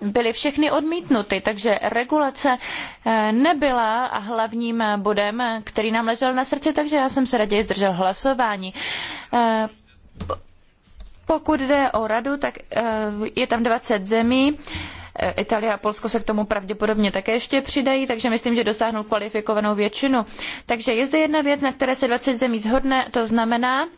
byly všechny odmítnuty, takže regulace eh, nebyla hlavním bodem, který nám ležel na srdci, takže já jsem se raději zdržel hlasování. Eh, pokud jde o radu, tak eh, je tam 20 zemí. Itálie a Polsko se k tomu pravděpodobně také ještě přidají, takže myslím, že dosáhnou kvalifikovanou většinu. Takže je zde jedna věc, na které se 20 zemí zhodne, to znamená,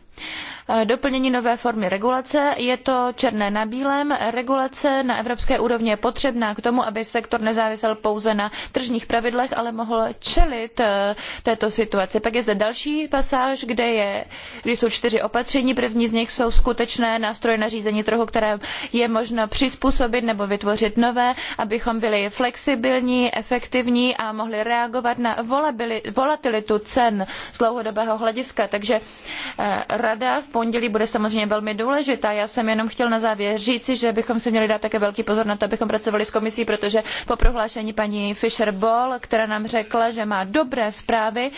Eh, doplnění nové formy regulace. Je to černé na bílém. Regulace na evropské úrovni je potřebná k tomu, aby sektor nezávisel pouze na tržních pravidlech, ale mohl čelit eh, této situaci. Pak je zde další pasáž, kde, je, kde jsou čtyři opatření. První z nich jsou skutečné nástroje na řízení trhu, které je možno přizpůsobit nebo vytvořit nové, abychom byli flexibilní, efektivní a mohli reagovat na volatilitu cen z dlouhodobého hlediska. Takže eh, rada v pondělí bude samozřejmě velmi důležitá. Já jsem jenom chtěl na závěr říci, že bychom si měli dát také velký pozor na to, abychom pracovali s komisí, protože po prohlášení paní Fischer Ball, která nám řekla, že má dobré zprávy,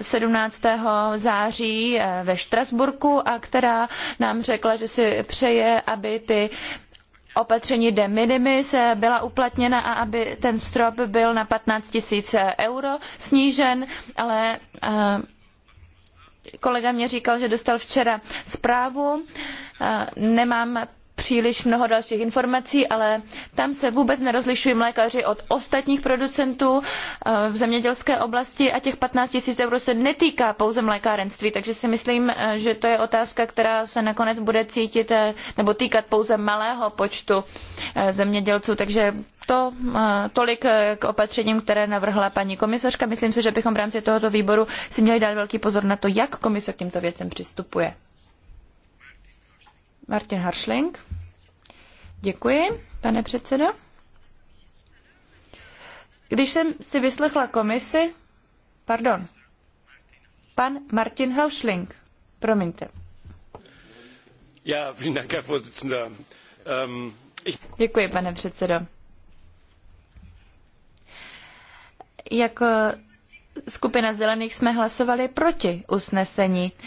17. Eh, září eh, ve Štrasburku a která nám řekla, že si přeje, aby ty opatření de minimis eh, byla uplatněna a aby ten strop byl na 15 000 euro snížen, ale Kolega mě říkal, že dostal včera zprávu. Eh, nemám příliš mnoho dalších informací, ale tam se vůbec nerozlišují mlékaři od ostatních producentů eh, v zemědělské oblasti a těch 15 tisíc euro se netýká pouze mlékárenství, takže si myslím, eh, že to je otázka, která se nakonec bude cítit eh, nebo týkat pouze malého počtu zemědělců, takže to tolik k opatřením, které navrhla paní komisařka. Myslím si, že bychom v rámci tohoto výboru si měli dát velký pozor na to, jak komise k těmto věcem přistupuje. Martin Harschling. Děkuji, pane předsedo. Když jsem si vyslechla komisi, pardon, pan Martin Hausling, promiňte. Já, ähm, Děkuji, pane předsedo. Jako skupina zelených jsme hlasovali proti usnesení. Uh,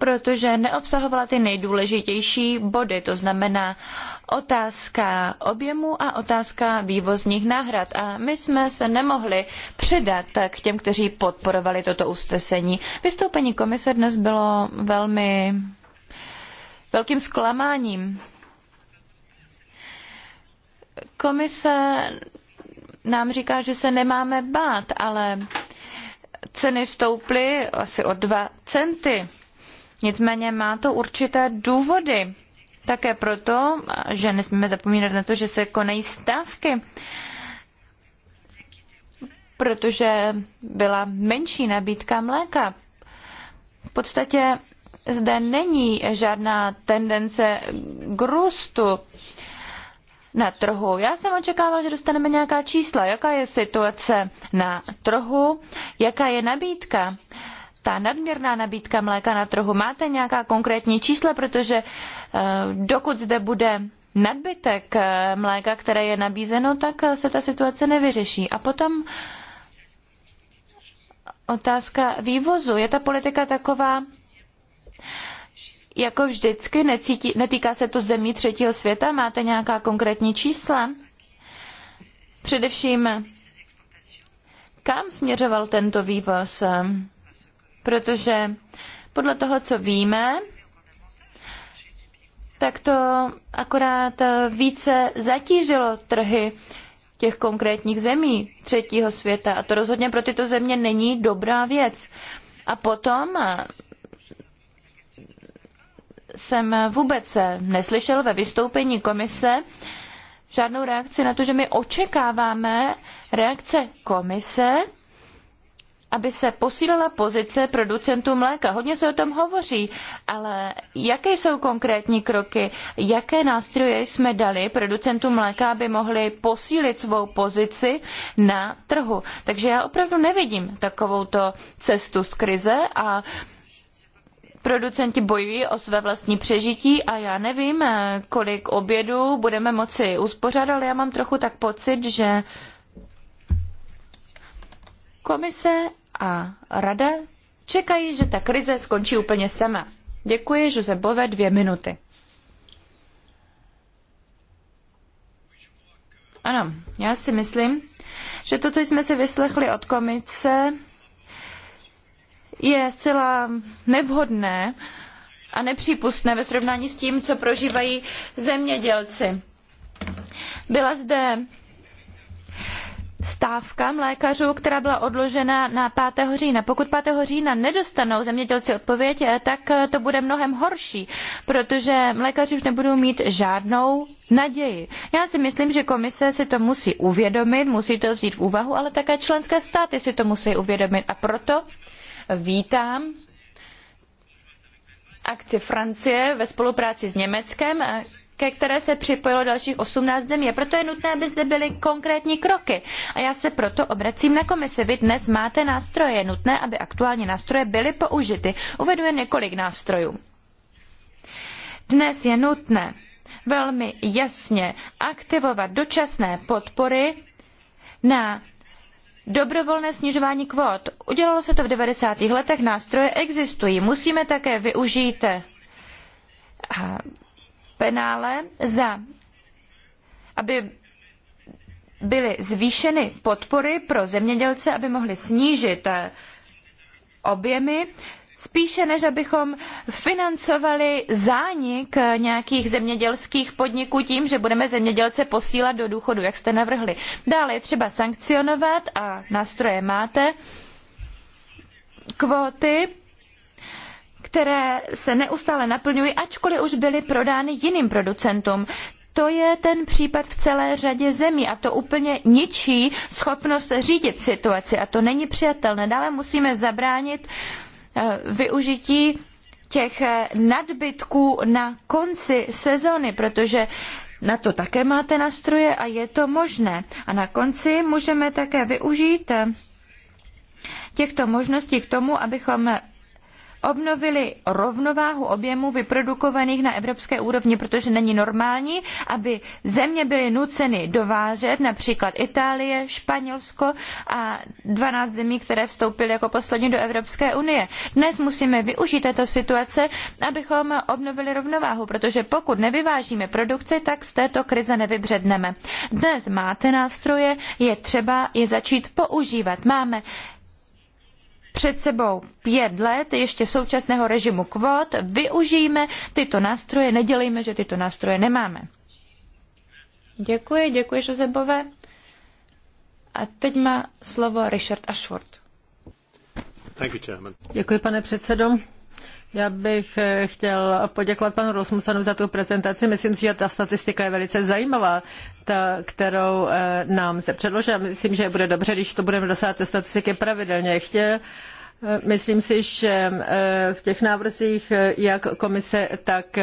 protože neobsahovala ty nejdůležitější body, to znamená otázka objemu a otázka vývozních náhrad. A my jsme se nemohli přidat k těm, kteří podporovali toto ustesení. Vystoupení komise dnes bylo velmi velkým zklamáním. Komise nám říká, že se nemáme bát, ale ceny stouply asi o 2 centy. Nicméně má to určité důvody. Také proto, že nesmíme zapomínat na to, že se konají stávky, protože byla menší nabídka mléka. V podstatě zde není žádná tendence k růstu na trhu. Já jsem očekával, že dostaneme nějaká čísla, jaká je situace na trhu, jaká je nabídka ta nadměrná nabídka mléka na trhu. Máte nějaká konkrétní čísla, protože eh, dokud zde bude nadbytek eh, mléka, které je nabízeno, tak eh, se ta situace nevyřeší. A potom otázka vývozu. Je ta politika taková, jako vždycky, necítí, netýká se to zemí třetího světa? Máte nějaká konkrétní čísla? Především, kam směřoval tento vývoz? protože podle toho, co víme, tak to akorát více zatížilo trhy těch konkrétních zemí třetího světa. A to rozhodně pro tyto země není dobrá věc. A potom jsem vůbec neslyšel ve vystoupení komise žádnou reakci na to, že my očekáváme reakce komise aby se posílila pozice producentů mléka. Hodně se o tom hovoří, ale jaké jsou konkrétní kroky, jaké nástroje jsme dali producentům mléka, aby mohli posílit svou pozici na trhu. Takže já opravdu nevidím takovouto cestu z krize a producenti bojují o své vlastní přežití a já nevím, kolik obědů budeme moci uspořádat, ale já mám trochu tak pocit, že komise a rada čekají, že ta krize skončí úplně sama. Děkuji, Jose Bové, dvě minuty. Ano, já si myslím, že to, co jsme si vyslechli od komice, je zcela nevhodné a nepřípustné ve srovnání s tím, co prožívají zemědělci. Byla zde stávkám lékařů, která byla odložena na 5. října. Pokud 5. října nedostanou zemědělci odpověď, eh, tak eh, to bude mnohem horší, protože lékaři už nebudou mít žádnou naději. Já si myslím, že komise si to musí uvědomit, musí to vzít v úvahu, ale také členské státy si to musí uvědomit. A proto vítám akci Francie ve spolupráci s Německem, ke které se připojilo dalších 18 zemí. A proto je nutné, aby zde byly konkrétní kroky. A já se proto obracím na komisi. Vy dnes máte nástroje. Je nutné, aby aktuální nástroje byly použity. Uvedu je několik nástrojů. Dnes je nutné velmi jasně aktivovat dočasné podpory na dobrovolné snižování kvót. Udělalo se to v 90. letech, nástroje existují. Musíme také využít eh, penále za, aby byly zvýšeny podpory pro zemědělce, aby mohli snížit eh, objemy, spíše než abychom financovali zánik eh, nějakých zemědělských podniků tím, že budeme zemědělce posílat do důchodu, jak jste navrhli. Dále je třeba sankcionovat a nástroje máte, kvóty které se neustále naplňují, ačkoliv už byly prodány jiným producentům. To je ten případ v celé řadě zemí a to úplně ničí schopnost řídit situaci a to není přijatelné. Dále musíme zabránit eh, využití těch eh, nadbytků na konci sezóny, protože na to také máte nástroje a je to možné. A na konci můžeme také využít eh, těchto možností k tomu, abychom obnovili rovnováhu objemu vyprodukovaných na evropské úrovni, protože není normální, aby země byly nuceny dovážet, například Itálie, Španělsko a 12 zemí, které vstoupily jako poslední do Evropské unie. Dnes musíme využít této situace, abychom obnovili rovnováhu, protože pokud nevyvážíme produkci, tak z této krize nevybředneme. Dnes máte nástroje, je třeba je začít používat. Máme před sebou pět let ještě současného režimu kvót, využijme tyto nástroje, nedělejme, že tyto nástroje nemáme. Děkuji, děkuji Josebové. A teď má slovo Richard Ashford. Děkuji, pane předsedo. Já bych eh, chtěl poděkovat panu Rosmusanu za tu prezentaci. Myslím si, že ta statistika je velice zajímavá, ta, kterou eh, nám se předložila. Myslím, že bude dobře, když to budeme dosáhnout do statistiky pravidelně. Chtěl, eh, myslím si, že v těch návrzích jak komise, tak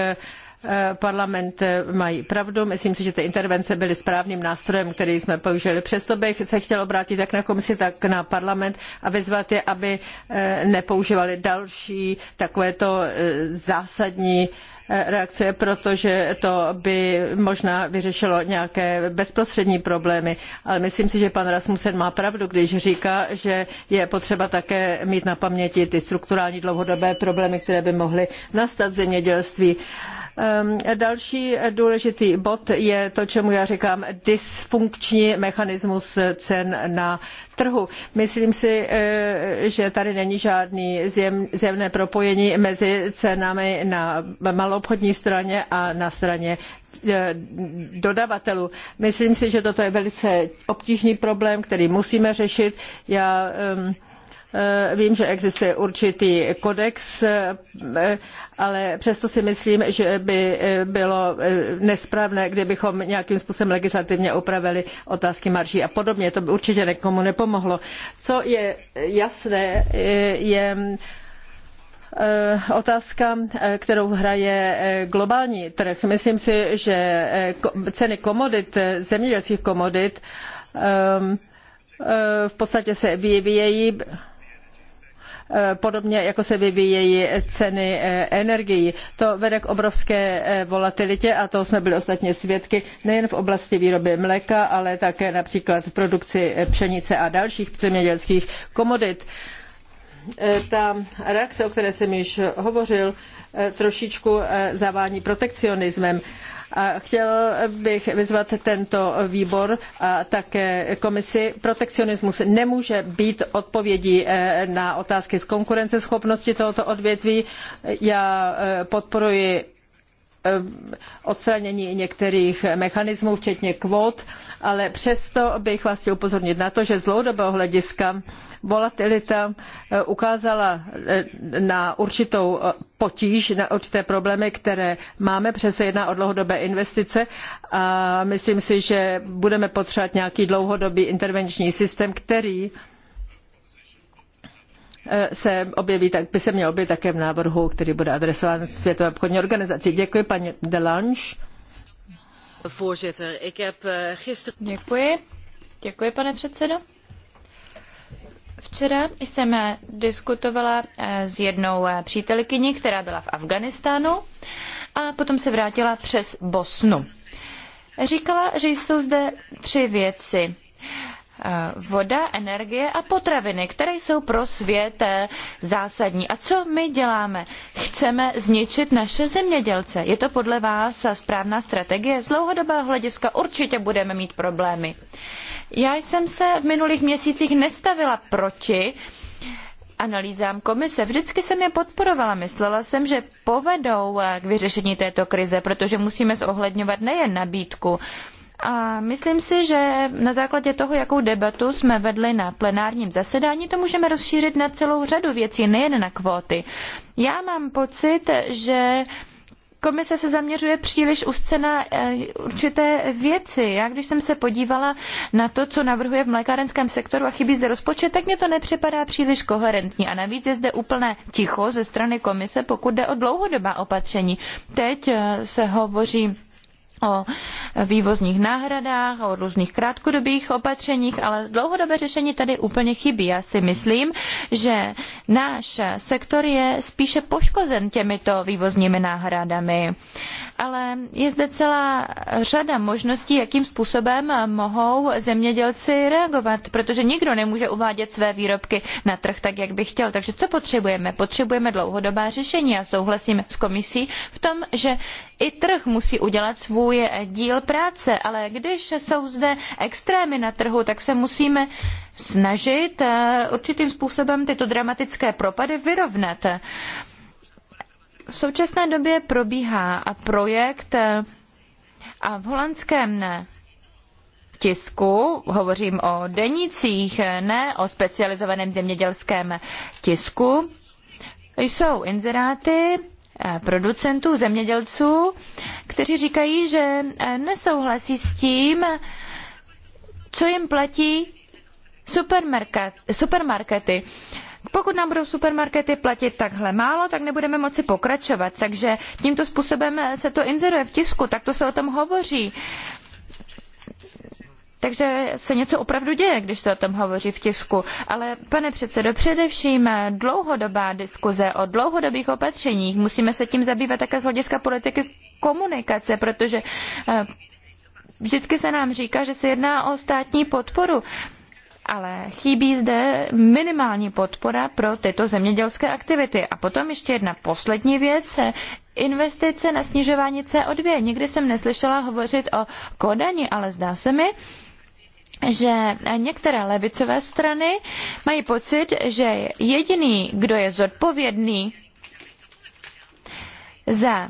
Eh, parlament eh, mají pravdu. Myslím si, že ty intervence byly správným nástrojem, který jsme použili. Přesto bych se chtěla obrátit jak na komisi, tak na parlament a vyzvat je, aby eh, nepoužívali další takovéto zásadní reakce, protože to by možná vyřešilo nějaké bezprostřední problémy. Ale myslím si, že pan Rasmussen má pravdu, když říká, že je potřeba také mít na paměti ty strukturální dlouhodobé problémy, které by mohly nastat v zemědělství. Ehm, další důležitý bod je to, čemu já říkám dysfunkční mechanismus cen na trhu. Myslím si, eh, že tady není žádný zjevné propojení mezi cenami na maloobchodní straně a na straně eh, dodavatelů. Myslím si, že toto je velice obtížný problém, který musíme řešit. Já ehm, Eh, vím, že existuje určitý kodex, eh, ale přesto si myslím, že by eh, bylo nesprávné, kdybychom nějakým způsobem legislativně upravili otázky marží a podobně. To by určitě nikomu nepomohlo. Co je jasné, je otázka, kterou hraje globální trh. Myslím si, že ceny komodit, zemědělských komodit, v podstatě se vyvíjejí Eh, podobně jako se vyvíjejí ceny eh, energií. To vede k obrovské eh, volatilitě a toho jsme byli ostatně svědky nejen v oblasti výroby mléka, ale také například v produkci pšenice a dalších zemědělských komodit. Ta reakce, o které jsem již hovořil, trošičku zavání protekcionismem chtěl bych vyzvat tento výbor a také komisi. Protekcionismus nemůže být odpovědí eh, na otázky z konkurenceschopnosti tohoto odvětví. Já eh, podporuji Eh, odstranění některých mechanismů, včetně kvót, ale přesto bych vás chtěl upozornit na to, že z dlouhodobého hlediska volatilita eh, ukázala eh, na určitou potíž, na určité problémy, které máme, protože se jedná o dlouhodobé investice a myslím si, že budeme potřebovat nějaký dlouhodobý intervenční systém, který Eh, se objeví, tak by se měl objevit také v návrhu, který bude adresován Světové obchodní organizaci. Děkuji, paní Delange. Eh, Děkuji. Děkuji, pane předsedo. Včera jsem eh, diskutovala s jednou přítelkyní, která byla v Afganistánu a potom se vrátila přes Bosnu. Říkala, že jsou zde tři věci Eh, voda, energie a potraviny, které jsou pro svět eh, zásadní. A co my děláme? Chceme zničit naše zemědělce. Je to podle vás správná strategie? Z dlouhodobého hlediska určitě budeme mít problémy. Já jsem se v minulých měsících nestavila proti analýzám komise. Vždycky jsem je podporovala. Myslela jsem, že povedou eh, k vyřešení této krize, protože musíme zohledňovat nejen nabídku, a myslím si, že na základě toho, jakou debatu jsme vedli na plenárním zasedání, to můžeme rozšířit na celou řadu věcí, nejen na kvóty. Já mám pocit, že komise se zaměřuje příliš úzce na eh, určité věci. Já když jsem se podívala na to, co navrhuje v mlékárenském sektoru a chybí zde rozpočet, tak mě to nepřipadá příliš koherentní. A navíc je zde úplné ticho ze strany komise, pokud jde o dlouhodobá opatření. Teď eh, se hovoří o vývozních náhradách, o různých krátkodobých opatřeních, ale dlouhodobé řešení tady úplně chybí. Já si myslím, že náš sektor je spíše poškozen těmito vývozními náhradami ale je zde celá řada možností, jakým způsobem mohou zemědělci reagovat, protože nikdo nemůže uvádět své výrobky na trh tak, jak by chtěl. Takže co potřebujeme? Potřebujeme dlouhodobá řešení a souhlasím s komisí v tom, že i trh musí udělat svůj díl práce, ale když jsou zde extrémy na trhu, tak se musíme snažit eh, určitým způsobem tyto dramatické propady vyrovnat. V současné době probíhá a projekt eh, a v holandském tisku, hovořím o denících, ne o specializovaném zemědělském tisku, jsou inzeráty eh, producentů, zemědělců, kteří říkají, že eh, nesouhlasí s tím, co jim platí supermarkety. Pokud nám budou supermarkety platit takhle málo, tak nebudeme moci pokračovat. Takže tímto způsobem eh, se to inzeruje v tisku, tak to se o tom hovoří. Takže se něco opravdu děje, když se o tom hovoří v tisku. Ale pane předsedo, především eh, dlouhodobá diskuze o dlouhodobých opatřeních, musíme se tím zabývat také z hlediska politiky komunikace, protože eh, vždycky se nám říká, že se jedná o státní podporu ale chybí zde minimální podpora pro tyto zemědělské aktivity. A potom ještě jedna poslední věc, investice na snižování CO2. Nikdy jsem neslyšela hovořit o Kodani, ale zdá se mi, že některé levicové strany mají pocit, že jediný, kdo je zodpovědný za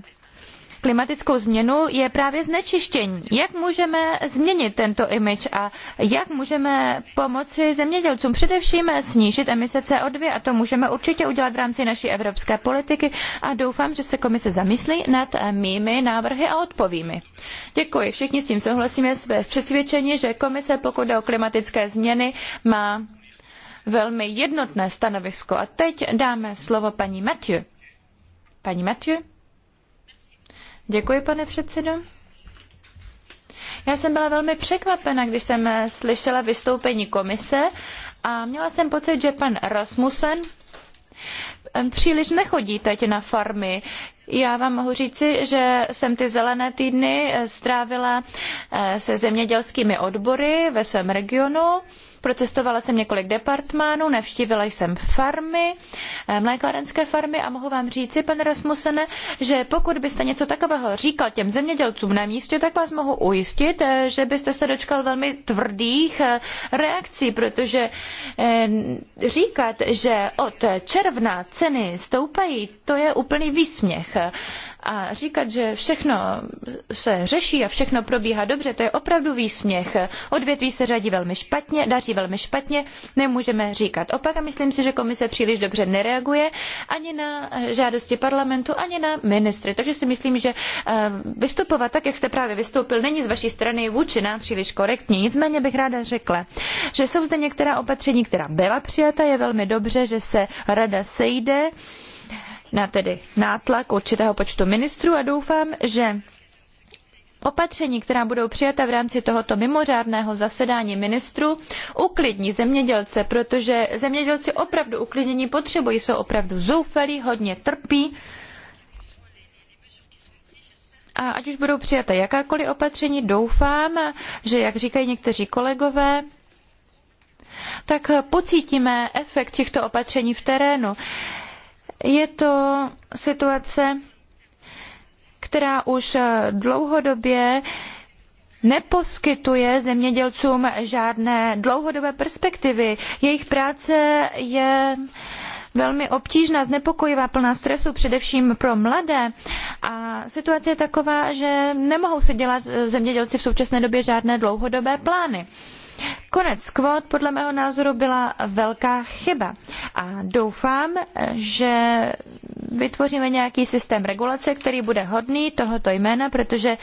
klimatickou změnu, je právě znečištění. Jak můžeme změnit tento image a jak můžeme pomoci zemědělcům především snížit emise CO2 a to můžeme určitě udělat v rámci naší evropské politiky a doufám, že se komise zamyslí nad mými návrhy a odpoví mi. Děkuji. Všichni s tím souhlasíme, jsme přesvědčeni, že komise, pokud jde o klimatické změny, má velmi jednotné stanovisko. A teď dáme slovo paní Matthew. Paní Matthew. Děkuji, pane předsedo. Já jsem byla velmi překvapena, když jsem eh, slyšela vystoupení komise a měla jsem pocit, že pan Rasmussen eh, příliš nechodí teď na farmy. Já vám mohu říci, že jsem ty zelené týdny eh, strávila se zemědělskými odbory ve svém regionu procestovala jsem několik departmánů, navštívila jsem farmy, eh, mlékárenské farmy a mohu vám říci, pane Rasmusene, že pokud byste něco takového říkal těm zemědělcům na místě, tak vás mohu ujistit, eh, že byste se dočkal velmi tvrdých eh, reakcí, protože říkat, že od června ceny stoupají, to je úplný výsměch. A říkat, že všechno se řeší a všechno probíhá dobře, to je opravdu výsměch. Odvětví se řadí velmi špatně, daří velmi špatně, nemůžeme říkat opak a myslím si, že komise příliš dobře nereaguje ani na žádosti parlamentu, ani na ministry. Takže si myslím, že eh, vystupovat tak, jak jste právě vystoupil, není z vaší strany vůči nám příliš korektní. Nicméně bych ráda řekla, že jsou zde některá opatření, která byla přijata, je velmi dobře, že se rada sejde na tedy nátlak určitého počtu ministrů a doufám, že opatření, která budou přijata v rámci tohoto mimořádného zasedání ministrů, uklidní zemědělce, protože zemědělci opravdu uklidnění potřebují, jsou opravdu zoufalí, hodně trpí. A ať už budou přijata jakákoliv opatření, doufám, že, jak říkají někteří kolegové, tak pocítíme efekt těchto opatření v terénu. Je to situace, která už dlouhodobě neposkytuje zemědělcům žádné dlouhodobé perspektivy. Jejich práce je velmi obtížná, znepokojivá, plná stresu, především pro mladé. A situace je taková, že nemohou si dělat zemědělci v současné době žádné dlouhodobé plány. Konec kvót podle mého názoru byla velká chyba a doufám, že vytvoříme nějaký systém regulace, který bude hodný tohoto jména, protože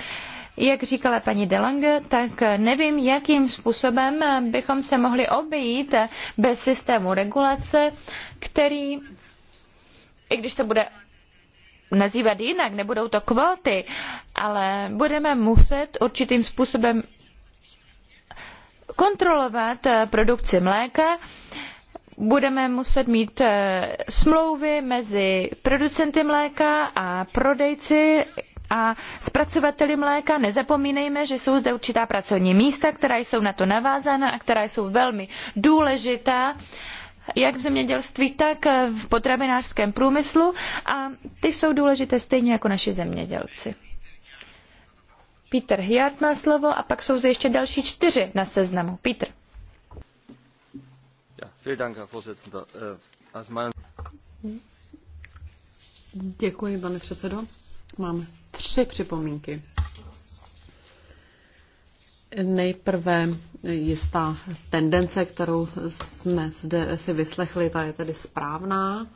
jak říkala paní Delange, tak nevím, jakým způsobem bychom se mohli obejít bez systému regulace, který, i když se bude nazývat jinak, nebudou to kvóty, ale budeme muset určitým způsobem kontrolovat eh, produkci mléka, budeme muset mít eh, smlouvy mezi producenty mléka a prodejci a zpracovateli mléka. Nezapomínejme, že jsou zde určitá pracovní místa, která jsou na to navázána a která jsou velmi důležitá jak v zemědělství, tak eh, v potravinářském průmyslu a ty jsou důležité stejně jako naši zemědělci. Peter Hyard má slovo a pak jsou zde ještě další čtyři na seznamu. Peter. Äh, Děkuji, pane předsedo. Mám tři připomínky. Nejprve jistá tendence, kterou jsme zde si vyslechli, ta je tedy správná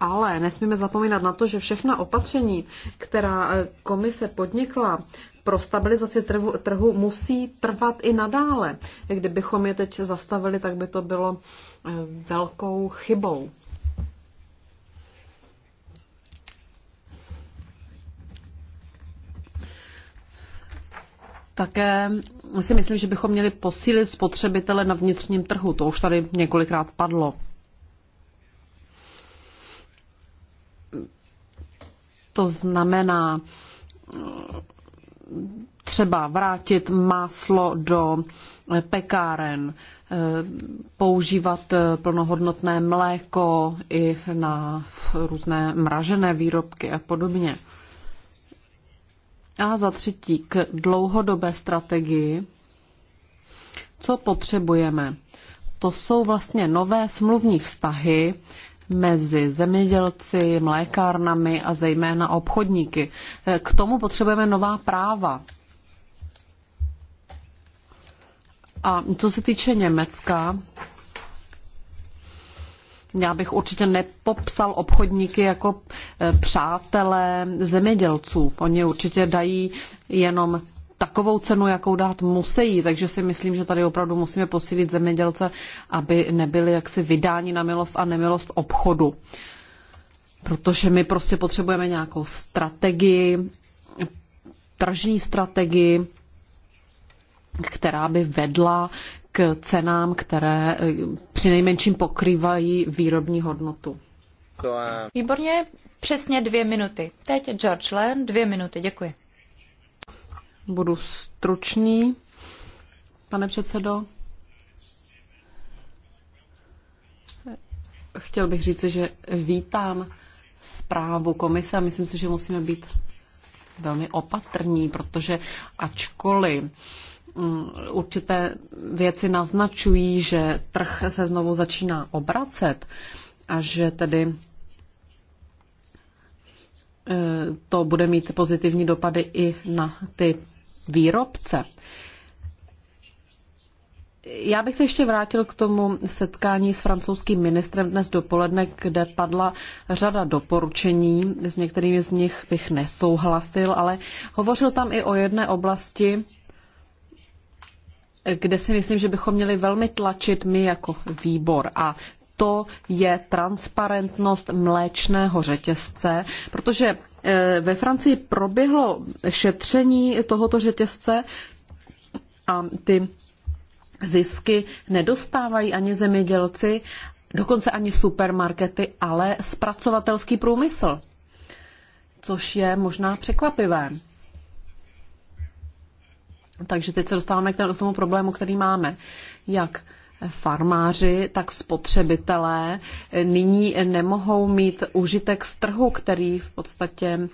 ale nesmíme zapomínat na to, že všechna opatření, která eh, komise podnikla pro stabilizaci trhu, trhu, musí trvat i nadále. Kdybychom je teď zastavili, tak by to bylo eh, velkou chybou. Také si myslím, že bychom měli posílit spotřebitele na vnitřním trhu. To už tady několikrát padlo. To znamená třeba vrátit máslo do pekáren, používat plnohodnotné mléko i na různé mražené výrobky a podobně. A za třetí k dlouhodobé strategii. Co potřebujeme? To jsou vlastně nové smluvní vztahy, mezi zemědělci, mlékárnami a zejména obchodníky. Eh, k tomu potřebujeme nová práva. A co se týče Německa, já bych určitě nepopsal obchodníky jako eh, přátelé zemědělců. Oni určitě dají jenom takovou cenu, jakou dát musí. Takže si myslím, že tady opravdu musíme posílit zemědělce, aby nebyli jaksi vydáni na milost a nemilost obchodu. Protože my prostě potřebujeme nějakou strategii, tržní strategii, která by vedla k cenám, které eh, přinejmenším pokrývají výrobní hodnotu. Výborně, přesně dvě minuty. Teď George Len, dvě minuty, děkuji. Budu stručný, pane předsedo. Chtěl bych říci, že vítám zprávu komise a myslím si, že musíme být velmi opatrní, protože ačkoliv mm, určité věci naznačují, že trh se znovu začíná obracet a že tedy e, to bude mít pozitivní dopady i na ty výrobce. Já bych se ještě vrátil k tomu setkání s francouzským ministrem dnes dopoledne, kde padla řada doporučení. S některými z nich bych nesouhlasil, ale hovořil tam i o jedné oblasti, kde si myslím, že bychom měli velmi tlačit my jako výbor. A to je transparentnost mléčného řetězce, protože Eh, ve Francii proběhlo šetření tohoto řetězce a ty zisky nedostávají ani zemědělci, dokonce ani supermarkety, ale zpracovatelský průmysl, což je možná překvapivé. Takže teď se dostáváme k tomu problému, který máme. Jak farmáři, tak spotřebitelé nyní nemohou mít užitek z trhu, který v podstatě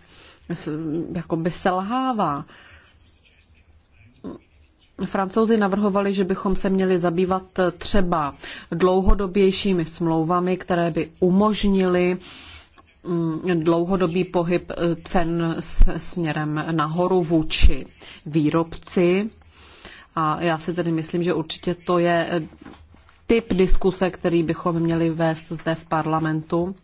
jakoby selhává. Francouzi navrhovali, že bychom se měli zabývat třeba dlouhodobějšími smlouvami, které by umožnily mm, dlouhodobý pohyb cen směrem nahoru vůči výrobci a já si tedy myslím, že určitě to je eh, typ diskuse, který bychom měli vést zde v parlamentu.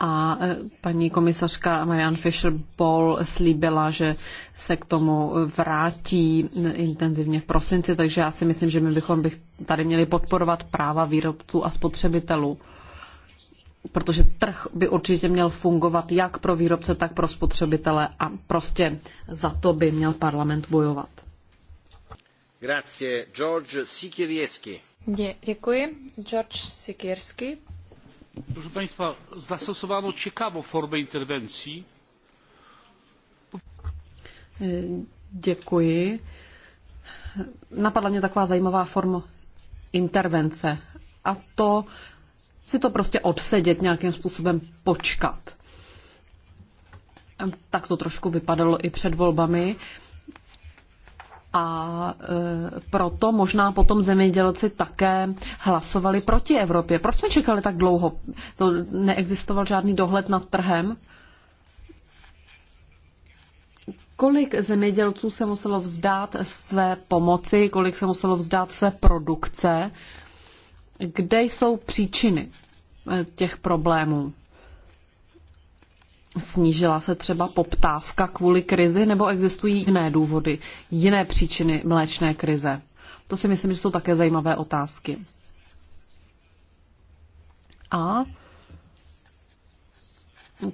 A eh, paní komisařka Marianne Fischer ball slíbila, že se k tomu vrátí eh, intenzivně v prosinci, takže já si myslím, že my bychom bych tady měli podporovat práva výrobců a spotřebitelů protože trh by určitě měl fungovat jak pro výrobce, tak pro spotřebitele a prostě za to by měl parlament bojovat. Grazie, George Dě, děkuji, George Proszę Państwa, zastosowano ciekawą formę interwencji. Napadla mě taková zajímavá forma intervence. A to si to prostě odsedět, nějakým způsobem počkat. Tak to trošku vypadalo i před volbami. A e, proto možná potom zemědělci také hlasovali proti Evropě. Proč jsme čekali tak dlouho? To neexistoval žádný dohled nad trhem. Kolik zemědělců se muselo vzdát své pomoci, kolik se muselo vzdát své produkce, kde jsou příčiny eh, těch problémů. Snížila se třeba poptávka kvůli krizi nebo existují jiné důvody, jiné příčiny mléčné krize? To si myslím, že jsou také zajímavé otázky. A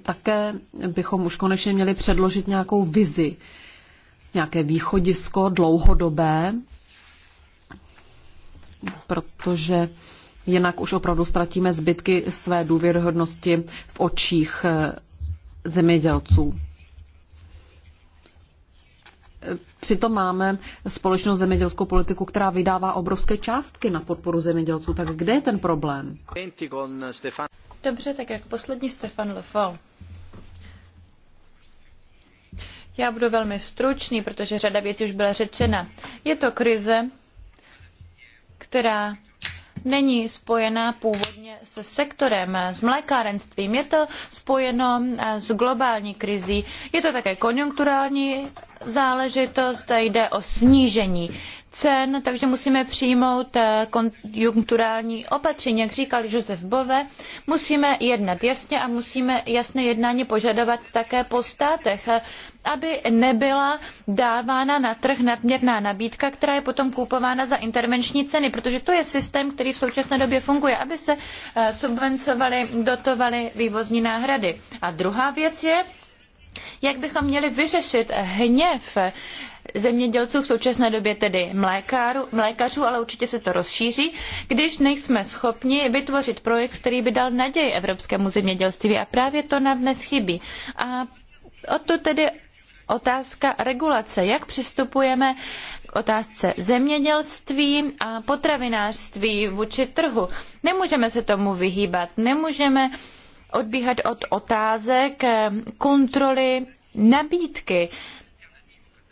také bychom už konečně měli předložit nějakou vizi, nějaké východisko dlouhodobé, protože jinak už opravdu ztratíme zbytky své důvěryhodnosti v očích eh, zemědělců. Přitom máme společnou zemědělskou politiku, která vydává obrovské částky na podporu zemědělců. Tak kde je ten problém? Dobře, tak jak poslední Stefan Lefol. Já budu velmi stručný, protože řada věcí už byla řečena. Je to krize, která není spojená původně se sektorem, s mlékárenstvím. Je to spojeno eh, s globální krizí. Je to také konjunkturální záležitost, jde o snížení cen, takže musíme přijmout eh, konjunkturální opatření. Jak říkal Josef Bove, musíme jednat jasně a musíme jasné jednání požadovat také po státech aby nebyla dávána na trh nadměrná nabídka, která je potom kupována za intervenční ceny, protože to je systém, který v současné době funguje, aby se eh, subvencovaly, dotovaly vývozní náhrady. A druhá věc je, jak bychom měli vyřešit hněv zemědělců v současné době, tedy mlékáru, mlékařů, ale určitě se to rozšíří, když nejsme schopni vytvořit projekt, který by dal naději evropskému zemědělství. A právě to nám dnes chybí. A o to tedy otázka regulace, jak přistupujeme k otázce zemědělství a potravinářství vůči trhu. Nemůžeme se tomu vyhýbat, nemůžeme odbíhat od otázek eh, kontroly nabídky.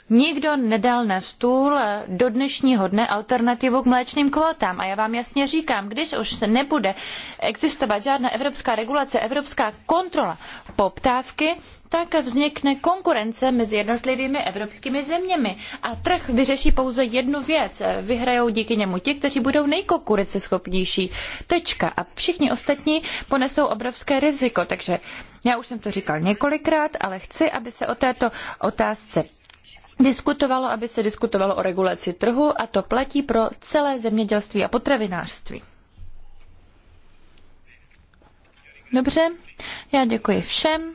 Nikdo nedal na stůl eh, do dnešního dne alternativu k mléčným kvótám. A já vám jasně říkám, když už se nebude existovat žádná evropská regulace, evropská kontrola poptávky, tak vznikne konkurence mezi jednotlivými evropskými zeměmi a trh vyřeší pouze jednu věc. Vyhrajou díky němu ti, kteří budou nejkonkurenceschopnější. Tečka. A všichni ostatní ponesou obrovské riziko. Takže já už jsem to říkal několikrát, ale chci, aby se o této otázce diskutovalo, aby se diskutovalo o regulaci trhu a to platí pro celé zemědělství a potravinářství. Dobře, já děkuji všem.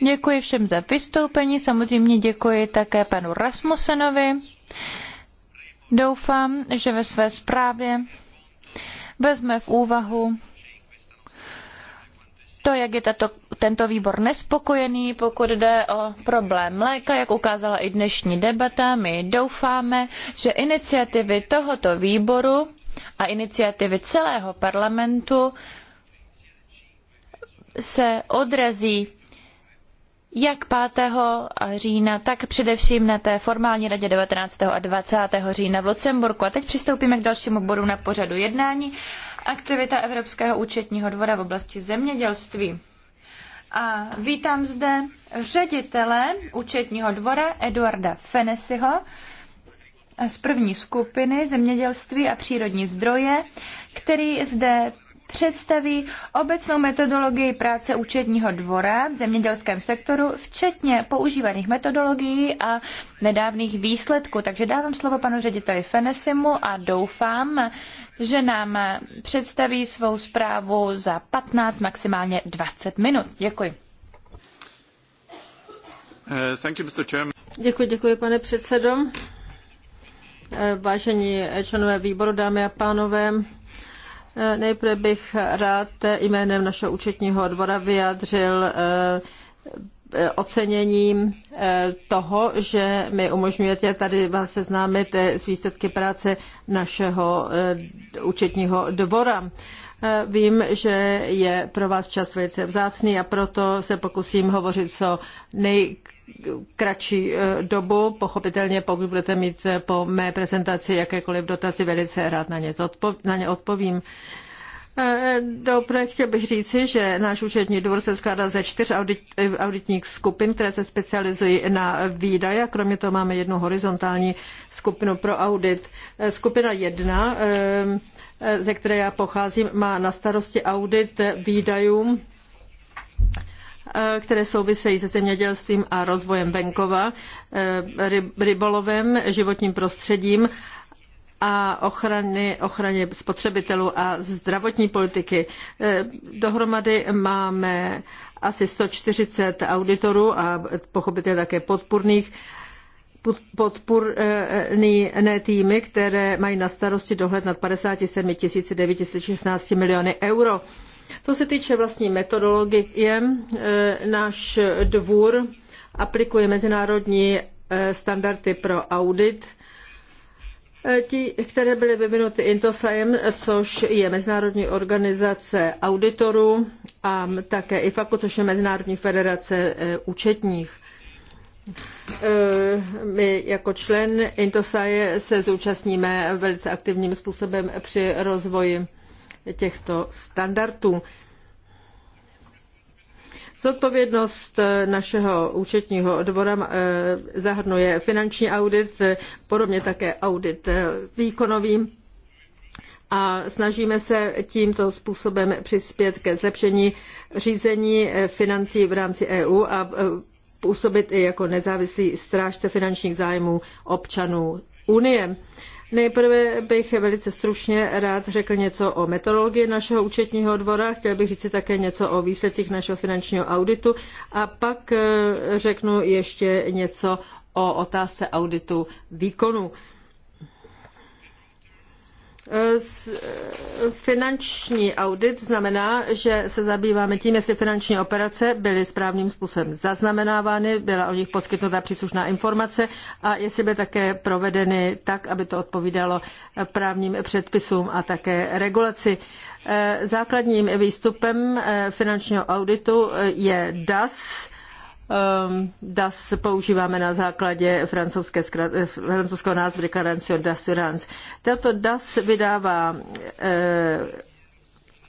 Děkuji všem za vystoupení, samozřejmě děkuji také panu Rasmusenovi. Doufám, že ve své zprávě vezme v úvahu to, jak je tato, tento výbor nespokojený, pokud jde o problém mléka, jak ukázala i dnešní debata. My doufáme, že iniciativy tohoto výboru a iniciativy celého parlamentu se odrazí jak 5. října, tak především na té formální radě 19. a 20. října v Lucemburku. A teď přistoupíme k dalšímu bodu na pořadu jednání. Aktivita Evropského účetního dvora v oblasti zemědělství. A vítám zde ředitele účetního dvora Eduarda Fenesiho z první skupiny zemědělství a přírodní zdroje, který zde představí obecnou metodologii práce účetního dvora v zemědělském sektoru, včetně používaných metodologií a nedávných výsledků. Takže dávám slovo panu řediteli Fenesimu a doufám, že nám představí svou zprávu za 15, maximálně 20 minut. Děkuji. Eh, děkuji, děkuji, pane předsedo. Eh, vážení členové výboru, dámy a pánové, Eh, nejprve bych rád jménem našeho účetního dvora vyjádřil eh, eh, oceněním toho, že mi umožňujete tady vás seznámit s výsledky práce našeho účetního dvora. Vím, že je pro vás čas velice vzácný a proto se pokusím hovořit co nej kratší eh, dobu. Pochopitelně, pokud budete mít eh, po mé prezentaci jakékoliv dotazy, velice rád na ně, odpovím, na ně odpovím. Eh, Dobře, chtěl bych říci, že náš účetní dvůr se skládá ze čtyř audit, auditních skupin, které se specializují na výdaje. kromě toho máme jednu horizontální skupinu pro audit. Skupina jedna, ze které já pocházím, má na starosti audit výdajů Eh, které souvisejí se zemědělstvím a rozvojem venkova, eh, rybolovem, životním prostředím a ochrany, ochraně spotřebitelů a zdravotní politiky. Eh, dohromady máme asi 140 auditorů a pochopitelně také podpůrných podpůrné týmy, které mají na starosti dohled nad 57 916 miliony euro. Co se týče vlastní metodologie, eh, náš dvůr aplikuje mezinárodní eh, standardy pro audit, eh, ti, které byly vyvinuty Intosajem, což je mezinárodní organizace auditorů a také IFAKu, což je Mezinárodní federace účetních. My jako člen Intosaje se zúčastníme velice aktivním způsobem při rozvoji těchto standardů. Zodpovědnost eh, našeho účetního odbora eh, zahrnuje finanční audit, eh, podobně také audit výkonový a snažíme se tímto způsobem přispět ke zlepšení řízení financí v rámci EU a působit i jako nezávislý strážce finančních zájmů občanů Unie. Nejprve bych velice stručně rád řekl něco o metodologii našeho účetního dvora, chtěl bych říct si také něco o výsledcích našeho finančního auditu a pak eh, řeknu ještě něco o otázce auditu výkonu Eh, finanční audit znamená, že se zabýváme tím, jestli finanční operace byly správným způsobem zaznamenávány, byla o nich poskytnuta příslušná informace a jestli by také provedeny tak, aby to odpovídalo právním předpisům a také regulaci. Eh, základním výstupem eh, finančního auditu je DAS, Ehm, DAS používáme na základě francouzské, eh, francouzského názvu Declaration d'assurance. Toto DAS vydává uh,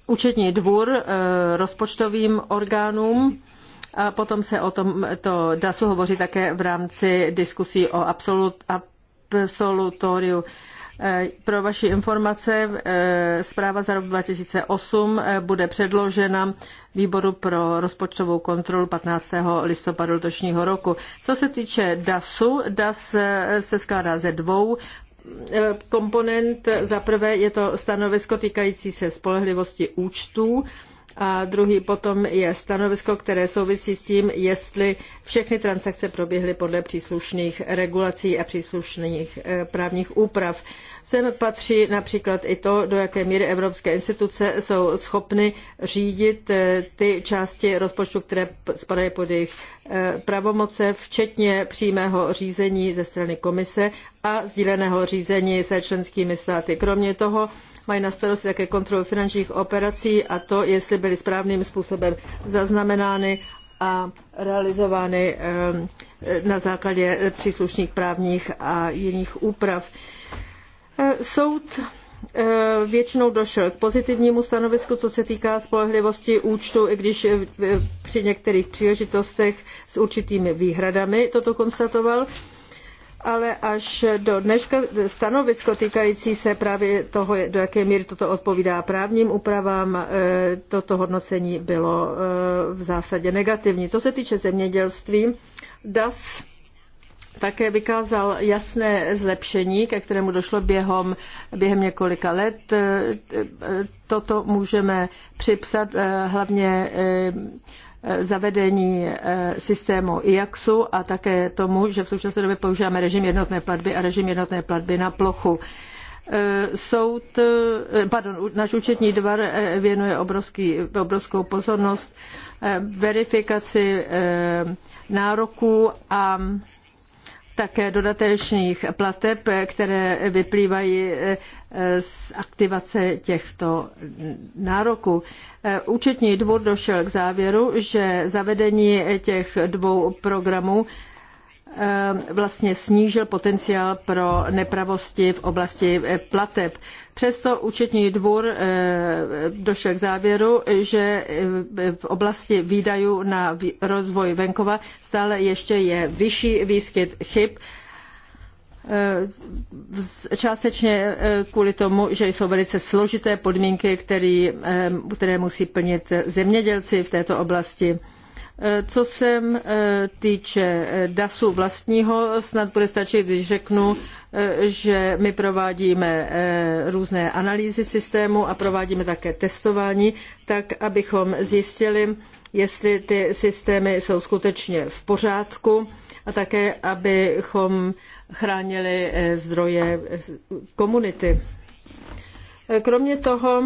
účetní dvůr uh, rozpočtovým orgánům a potom se o tom to DASu hovoří také v rámci diskusí o absolut, absolutoriu. uh, Eh, pro vaši informace, eh, zpráva za rok 2008 eh, bude předložena výboru pro rozpočtovou kontrolu 15. listopadu letošního roku. Co se týče DASu, DAS se skládá ze dvou komponent. Za prvé je to stanovisko týkající se spolehlivosti účtů a druhý potom je stanovisko, které souvisí s tím, jestli všechny transakce proběhly podle příslušných regulací a příslušných právních úprav. Sem patří například i to, do jaké míry evropské instituce jsou schopny řídit eh, ty části rozpočtu, které spadají pod jejich eh, pravomoce, včetně přímého řízení ze strany komise a sdíleného řízení se členskými státy. Kromě toho mají na starosti také kontrolu finančních operací a to, jestli byly správným způsobem zaznamenány a realizovány eh, na základě příslušných právních a jiných úprav. Eh, soud eh, většinou došel k pozitivnímu stanovisku, co se týká spolehlivosti účtu, i když eh, při některých příležitostech s určitými výhradami toto konstatoval. Ale až do dneška stanovisko týkající se právě toho, do jaké míry toto odpovídá právním úpravám, toto hodnocení bylo v zásadě negativní. Co se týče zemědělství, DAS také vykázal jasné zlepšení, ke kterému došlo během, během několika let. E, e, toto můžeme připsat e, hlavně zavedení systému IAXu a také tomu, že v současné době používáme režim jednotné platby a režim jednotné platby na plochu. Soud, pardon, náš účetní dvar věnuje obrovský, obrovskou pozornost verifikaci nároků a také dodatečných plateb, které vyplývají eh, z aktivace těchto nároků. Eh, účetní dvůr došel k závěru, že zavedení těch dvou programů eh, vlastně snížil potenciál pro nepravosti v oblasti plateb. Přesto účetní dvůr eh, došel k závěru, že eh, v oblasti výdajů na rozvoj venkova stále ještě je vyšší výskyt chyb eh, částečně kvůli tomu, že jsou velice složité podmínky, které musí plnit zemědělci v této oblasti. Co jsem eh, týče eh, DASu vlastního, snad bude stačit, když řeknu, eh, že my provádíme různé analýzy systému a provádíme také testování, tak abychom zjistili, jestli ty systémy jsou skutečně v pořádku a také, abychom chránili zdroje komunity. Kromě toho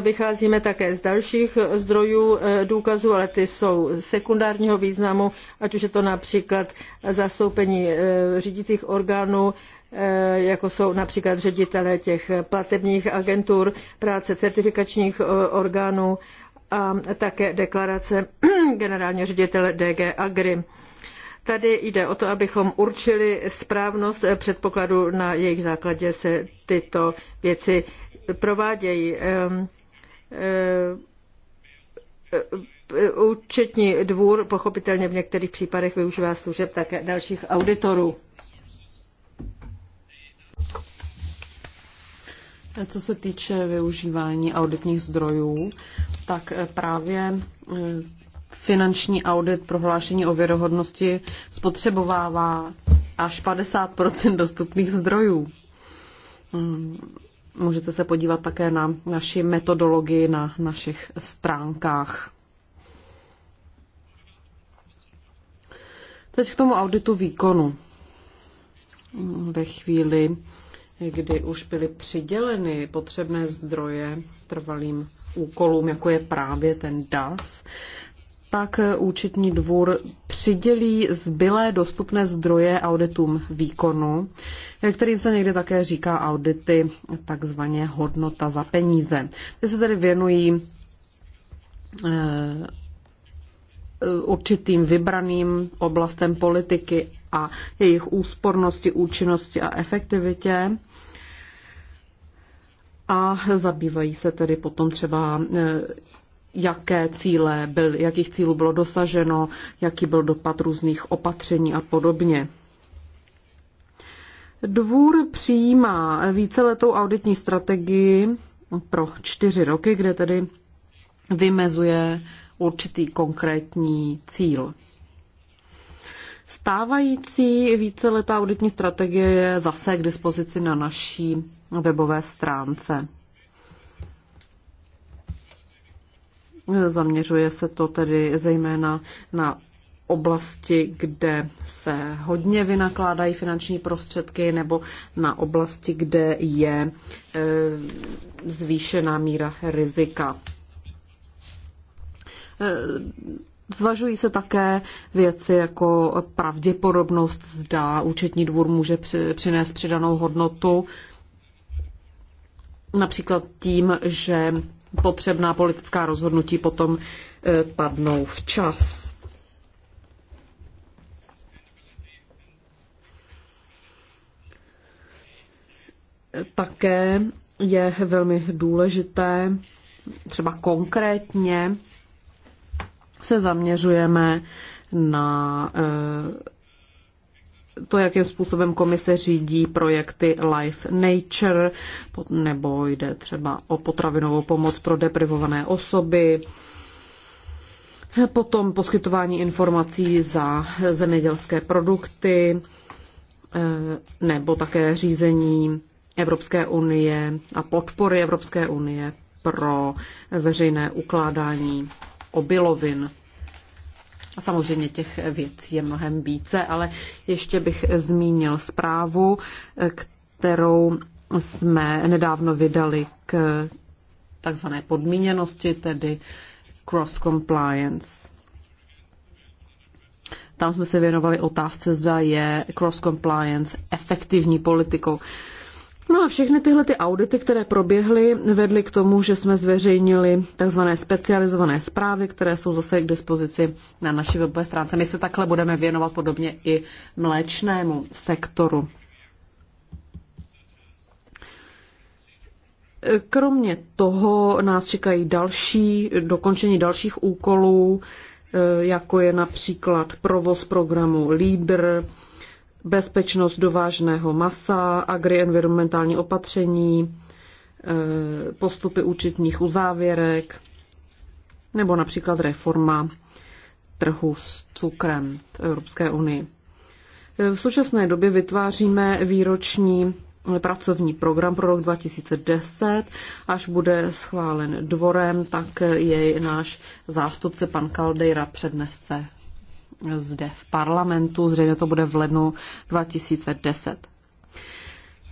vycházíme také z dalších zdrojů eh, důkazů, ale ty jsou sekundárního významu, ať už je to například zastoupení eh, řídících orgánů, eh, jako jsou například ředitelé těch platebních agentur, práce certifikačních orgánů a také deklarace (clears throat) generálního ředitele DG Agri. Tady jde o to, abychom určili správnost předpokladu, na jejich základě se tyto věci provádějí. Eh, eh, eh, účetní dvůr pochopitelně v některých případech využívá služeb také dalších auditorů. Co se týče využívání auditních zdrojů, tak právě finanční audit prohlášení o věrohodnosti spotřebovává až 50 dostupných zdrojů. Hmm. Můžete se podívat také na naši metodologii na našich stránkách. Teď k tomu auditu výkonu. Ve chvíli, kdy už byly přiděleny potřebné zdroje trvalým úkolům, jako je právě ten DAS, tak účetní dvůr přidělí zbylé dostupné zdroje auditům výkonu, kterým se někde také říká audity takzvaně hodnota za peníze. Ty se tedy věnují eh, určitým vybraným oblastem politiky a jejich úspornosti, účinnosti a efektivitě. A zabývají se tedy potom třeba eh, jaké cíle byl, jakých cílů bylo dosaženo, jaký byl dopad různých opatření a podobně. Dvůr přijímá víceletou auditní strategii pro čtyři roky, kde tedy vymezuje určitý konkrétní cíl. Stávající víceletá auditní strategie je zase k dispozici na naší webové stránce. Zaměřuje se to tedy zejména na oblasti, kde se hodně vynakládají finanční prostředky, nebo na oblasti, kde je e, zvýšená míra rizika. E, zvažují se také věci jako pravděpodobnost, zda účetní dvůr může přinést přidanou hodnotu, například tím, že potřebná politická rozhodnutí potom e, padnou včas. Také je velmi důležité, třeba konkrétně se zaměřujeme na e, to, jakým způsobem komise řídí projekty Life Nature, nebo jde třeba o potravinovou pomoc pro deprivované osoby, potom poskytování informací za zemědělské produkty, eh, nebo také řízení Evropské unie a podpory Evropské unie pro veřejné ukládání obilovin. A samozřejmě těch věcí je mnohem více, ale ještě bych zmínil zprávu, kterou jsme nedávno vydali k takzvané podmíněnosti, tedy cross compliance. Tam jsme se věnovali otázce, zda je cross compliance efektivní politikou. No a všechny tyhle ty audity, které proběhly, vedly k tomu, že jsme zveřejnili tzv. specializované zprávy, které jsou zase k dispozici na naší webové stránce. My se takhle budeme věnovat podobně i mléčnému sektoru. Kromě toho nás čekají další, dokončení dalších úkolů, jako je například provoz programu LEADER, bezpečnost dovážného masa, agri-environmentální opatření, e, postupy účetních uzávěrek nebo například reforma trhu s cukrem v Evropské unii. E, v současné době vytváříme výroční pracovní program pro rok 2010. Až bude schválen dvorem, tak jej náš zástupce pan Kaldejra přednese zde v parlamentu, zřejmě to bude v lednu 2010.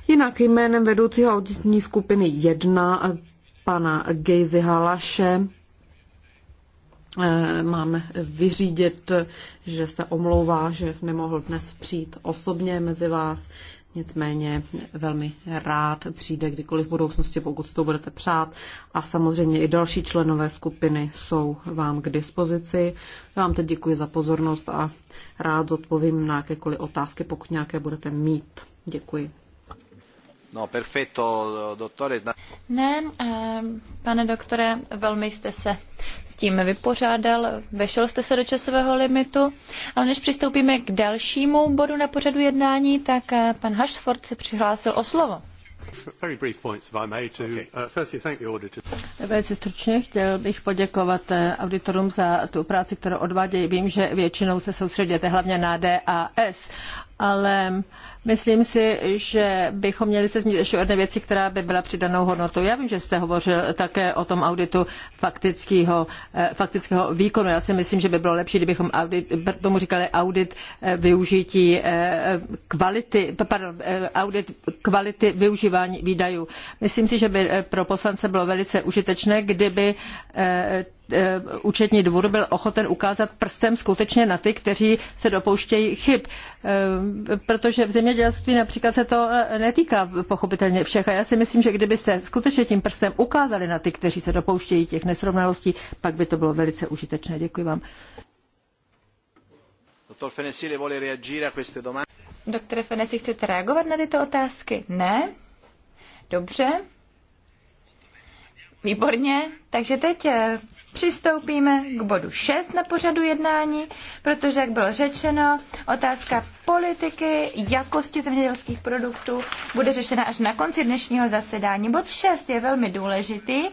Jinak jménem vedoucího auditní skupiny 1, eh, pana Gejzy Halaše, eh, máme vyřídit, že se omlouvá, že nemohl dnes přijít osobně mezi vás. Nicméně velmi rád přijde kdykoliv v budoucnosti, pokud si to budete přát. A samozřejmě i další členové skupiny jsou vám k dispozici. Já vám teď děkuji za pozornost a rád zodpovím na jakékoliv otázky, pokud nějaké budete mít. Děkuji. No, perfetto, dottore. Ne, eh, pane doktore, velmi jste se s tím vypořádal, vešel jste se do časového limitu, ale než přistoupíme k dalšímu bodu na pořadu jednání, tak eh, pan Hashford se přihlásil o slovo. Velice stručně chtěl bych poděkovat eh, auditorům za tu práci, kterou odvádějí. Vím, že většinou se soustředíte hlavně na DAS, ale uh, Myslím si, že bychom měli se zmínit ještě o jedné věci, která by byla přidanou hodnotou. Já vím, že jste hovořil také o tom auditu faktického, eh, faktického výkonu. Já si myslím, že by bylo lepší, kdybychom audit, tomu říkali audit eh, využití eh, kvality, pardon, audit kvality využívání výdajů. Myslím si, že by pro poslance bylo velice užitečné, kdyby účetní dvůr byl ochoten ukázat prstem skutečně na ty, kteří se dopouštějí chyb. Protože v země zemědělství například se to e, netýká pochopitelně všech. A já si myslím, že kdybyste skutečně tím prstem ukázali na ty, kteří se dopouštějí těch nesrovnalostí, pak by to bylo velice užitečné. Děkuji vám. Doktor Fenesile vole reagire a queste Doktore Fenesi, chcete reagovat na tyto otázky? Ne? Dobře, Výborně, takže teď eh, přistoupíme k bodu 6 na pořadu jednání, protože, jak bylo řečeno, otázka politiky jakosti zemědělských produktů bude řešena až na konci dnešního zasedání. Bod 6 je velmi důležitý,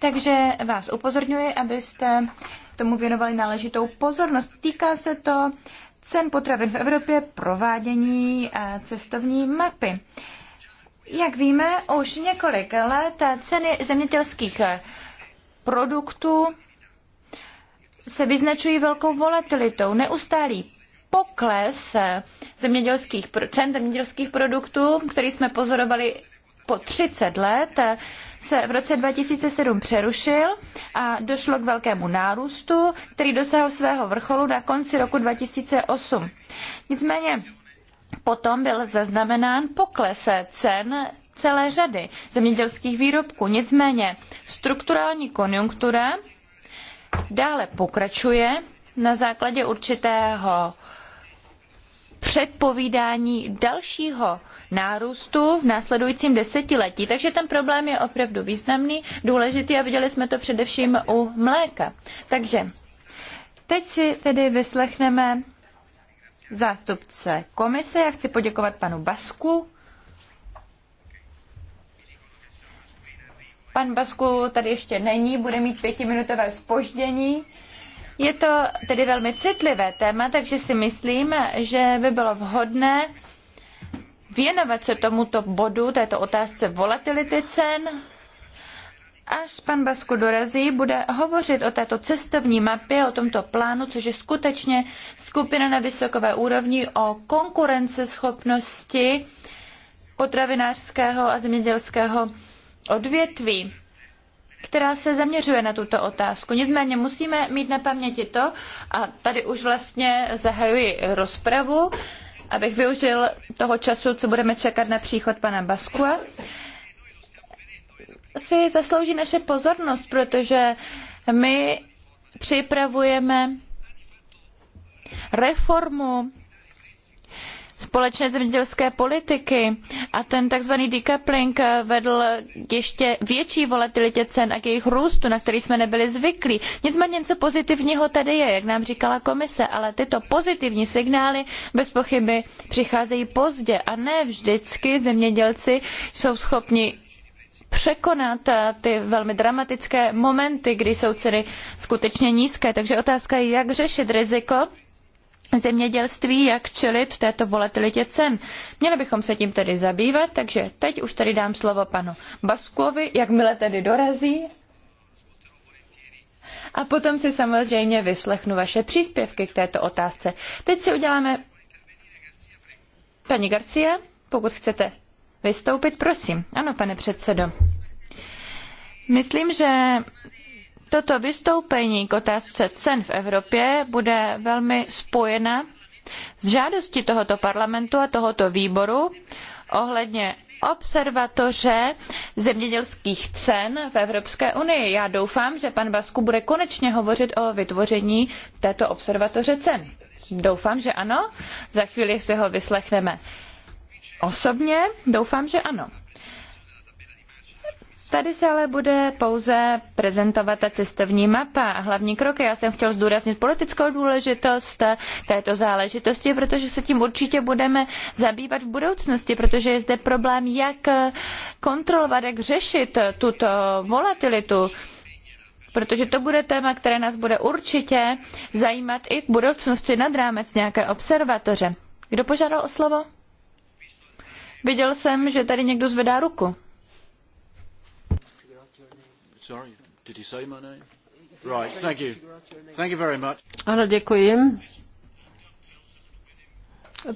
takže vás upozorňuji, abyste tomu věnovali náležitou pozornost. Týká se to cen potravin v Evropě, provádění eh, cestovní mapy. Jak víme, už několik let ceny zemědělských produktů se vyznačují velkou volatilitou. Neustálý pokles zemědělských, cen zemědělských produktů, který jsme pozorovali po 30 let, se v roce 2007 přerušil a došlo k velkému nárůstu, který dosáhl svého vrcholu na konci roku 2008. Nicméně Potom byl zaznamenán pokles cen celé řady zemědělských výrobků. Nicméně strukturální konjunktura dále pokračuje na základě určitého předpovídání dalšího nárůstu v následujícím desetiletí. Takže ten problém je opravdu významný, důležitý a viděli jsme to především u mléka. Takže teď si tedy vyslechneme zástupce komise. Já chci poděkovat panu Basku. Pan Basku tady ještě není, bude mít pětiminutové spoždění. Je to tedy velmi citlivé téma, takže si myslím, že by bylo vhodné věnovat se tomuto bodu, této otázce volatility cen, Až pan Basku dorazí, bude hovořit o této cestovní mapě, o tomto plánu, což je skutečně skupina na vysokové úrovni o konkurenceschopnosti potravinářského a zemědělského odvětví která se zaměřuje na tuto otázku. Nicméně musíme mít na paměti to, a tady už vlastně zahajuji rozpravu, abych využil toho času, co budeme čekat na příchod pana Baskua si zaslouží naše pozornost, protože my připravujeme reformu společné zemědělské politiky a ten tzv. decoupling vedl k ještě větší volatilitě cen a k jejich růstu, na který jsme nebyli zvyklí. Nicméně něco pozitivního tady je, jak nám říkala komise, ale tyto pozitivní signály bez pochyby přicházejí pozdě a ne vždycky zemědělci jsou schopni překonat eh, ty velmi dramatické momenty, kdy jsou ceny skutečně nízké. Takže otázka je, jak řešit riziko zemědělství, jak čelit této volatilitě cen. Měli bychom se tím tedy zabývat, takže teď už tady dám slovo panu Baskovi, jakmile tedy dorazí. A potom si samozřejmě vyslechnu vaše příspěvky k této otázce. Teď si uděláme... Paní Garcia, pokud chcete vystoupit? Prosím. Ano, pane předsedo. Myslím, že toto vystoupení k otázce cen v Evropě bude velmi spojena s žádostí tohoto parlamentu a tohoto výboru ohledně observatoře zemědělských cen v Evropské unii. Já doufám, že pan Basku bude konečně hovořit o vytvoření této observatoře cen. Doufám, že ano. Za chvíli si ho vyslechneme osobně? Doufám, že ano. Tady se ale bude pouze prezentovat ta cestovní mapa a hlavní kroky. Já jsem chtěl zdůraznit politickou důležitost této záležitosti, protože se tím určitě budeme zabývat v budoucnosti, protože je zde problém, jak kontrolovat, jak řešit tuto volatilitu protože to bude téma, které nás bude určitě zajímat i v budoucnosti nad rámec nějaké observatoře. Kdo požádal o slovo? Viděl jsem, že tady někdo zvedá ruku. Ano, děkuji.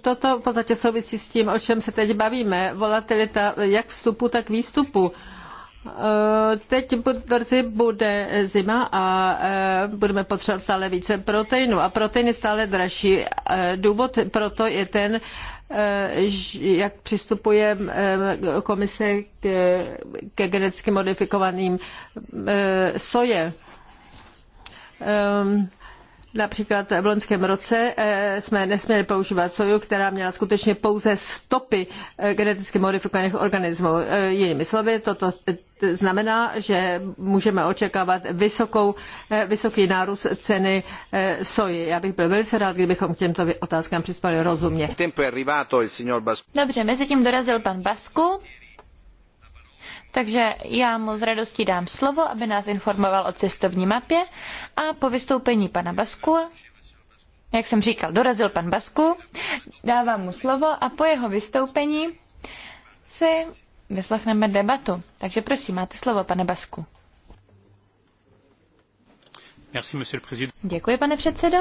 Toto v podstatě souvisí s tím, o čem se teď bavíme. Volatilita jak vstupu, tak výstupu. E, teď brzy bude zima a e, budeme potřebovat stále více proteinu a protein je stále dražší. E, důvod pro to je ten, Eh, jak přistupuje eh, komise ke geneticky modifikovaným eh, soje. Um, Například v loňském roce eh, jsme nesměli používat soju, která měla skutečně pouze stopy eh, geneticky modifikovaných organismů. Eh, jinými slovy, toto znamená, že můžeme očekávat vysokou, vysoký nárůst ceny soji. Já bych byl velice rád, kdybychom k těmto otázkám přispali rozumně. Dobře, mezi tím dorazil pan Basku. Takže já mu s radostí dám slovo, aby nás informoval o cestovní mapě a po vystoupení pana Basku, jak jsem říkal, dorazil pan Basku, dávám mu slovo a po jeho vystoupení si vyslechneme debatu. Takže prosím, máte slovo, pane Basku. Děkuji, pane předsedo.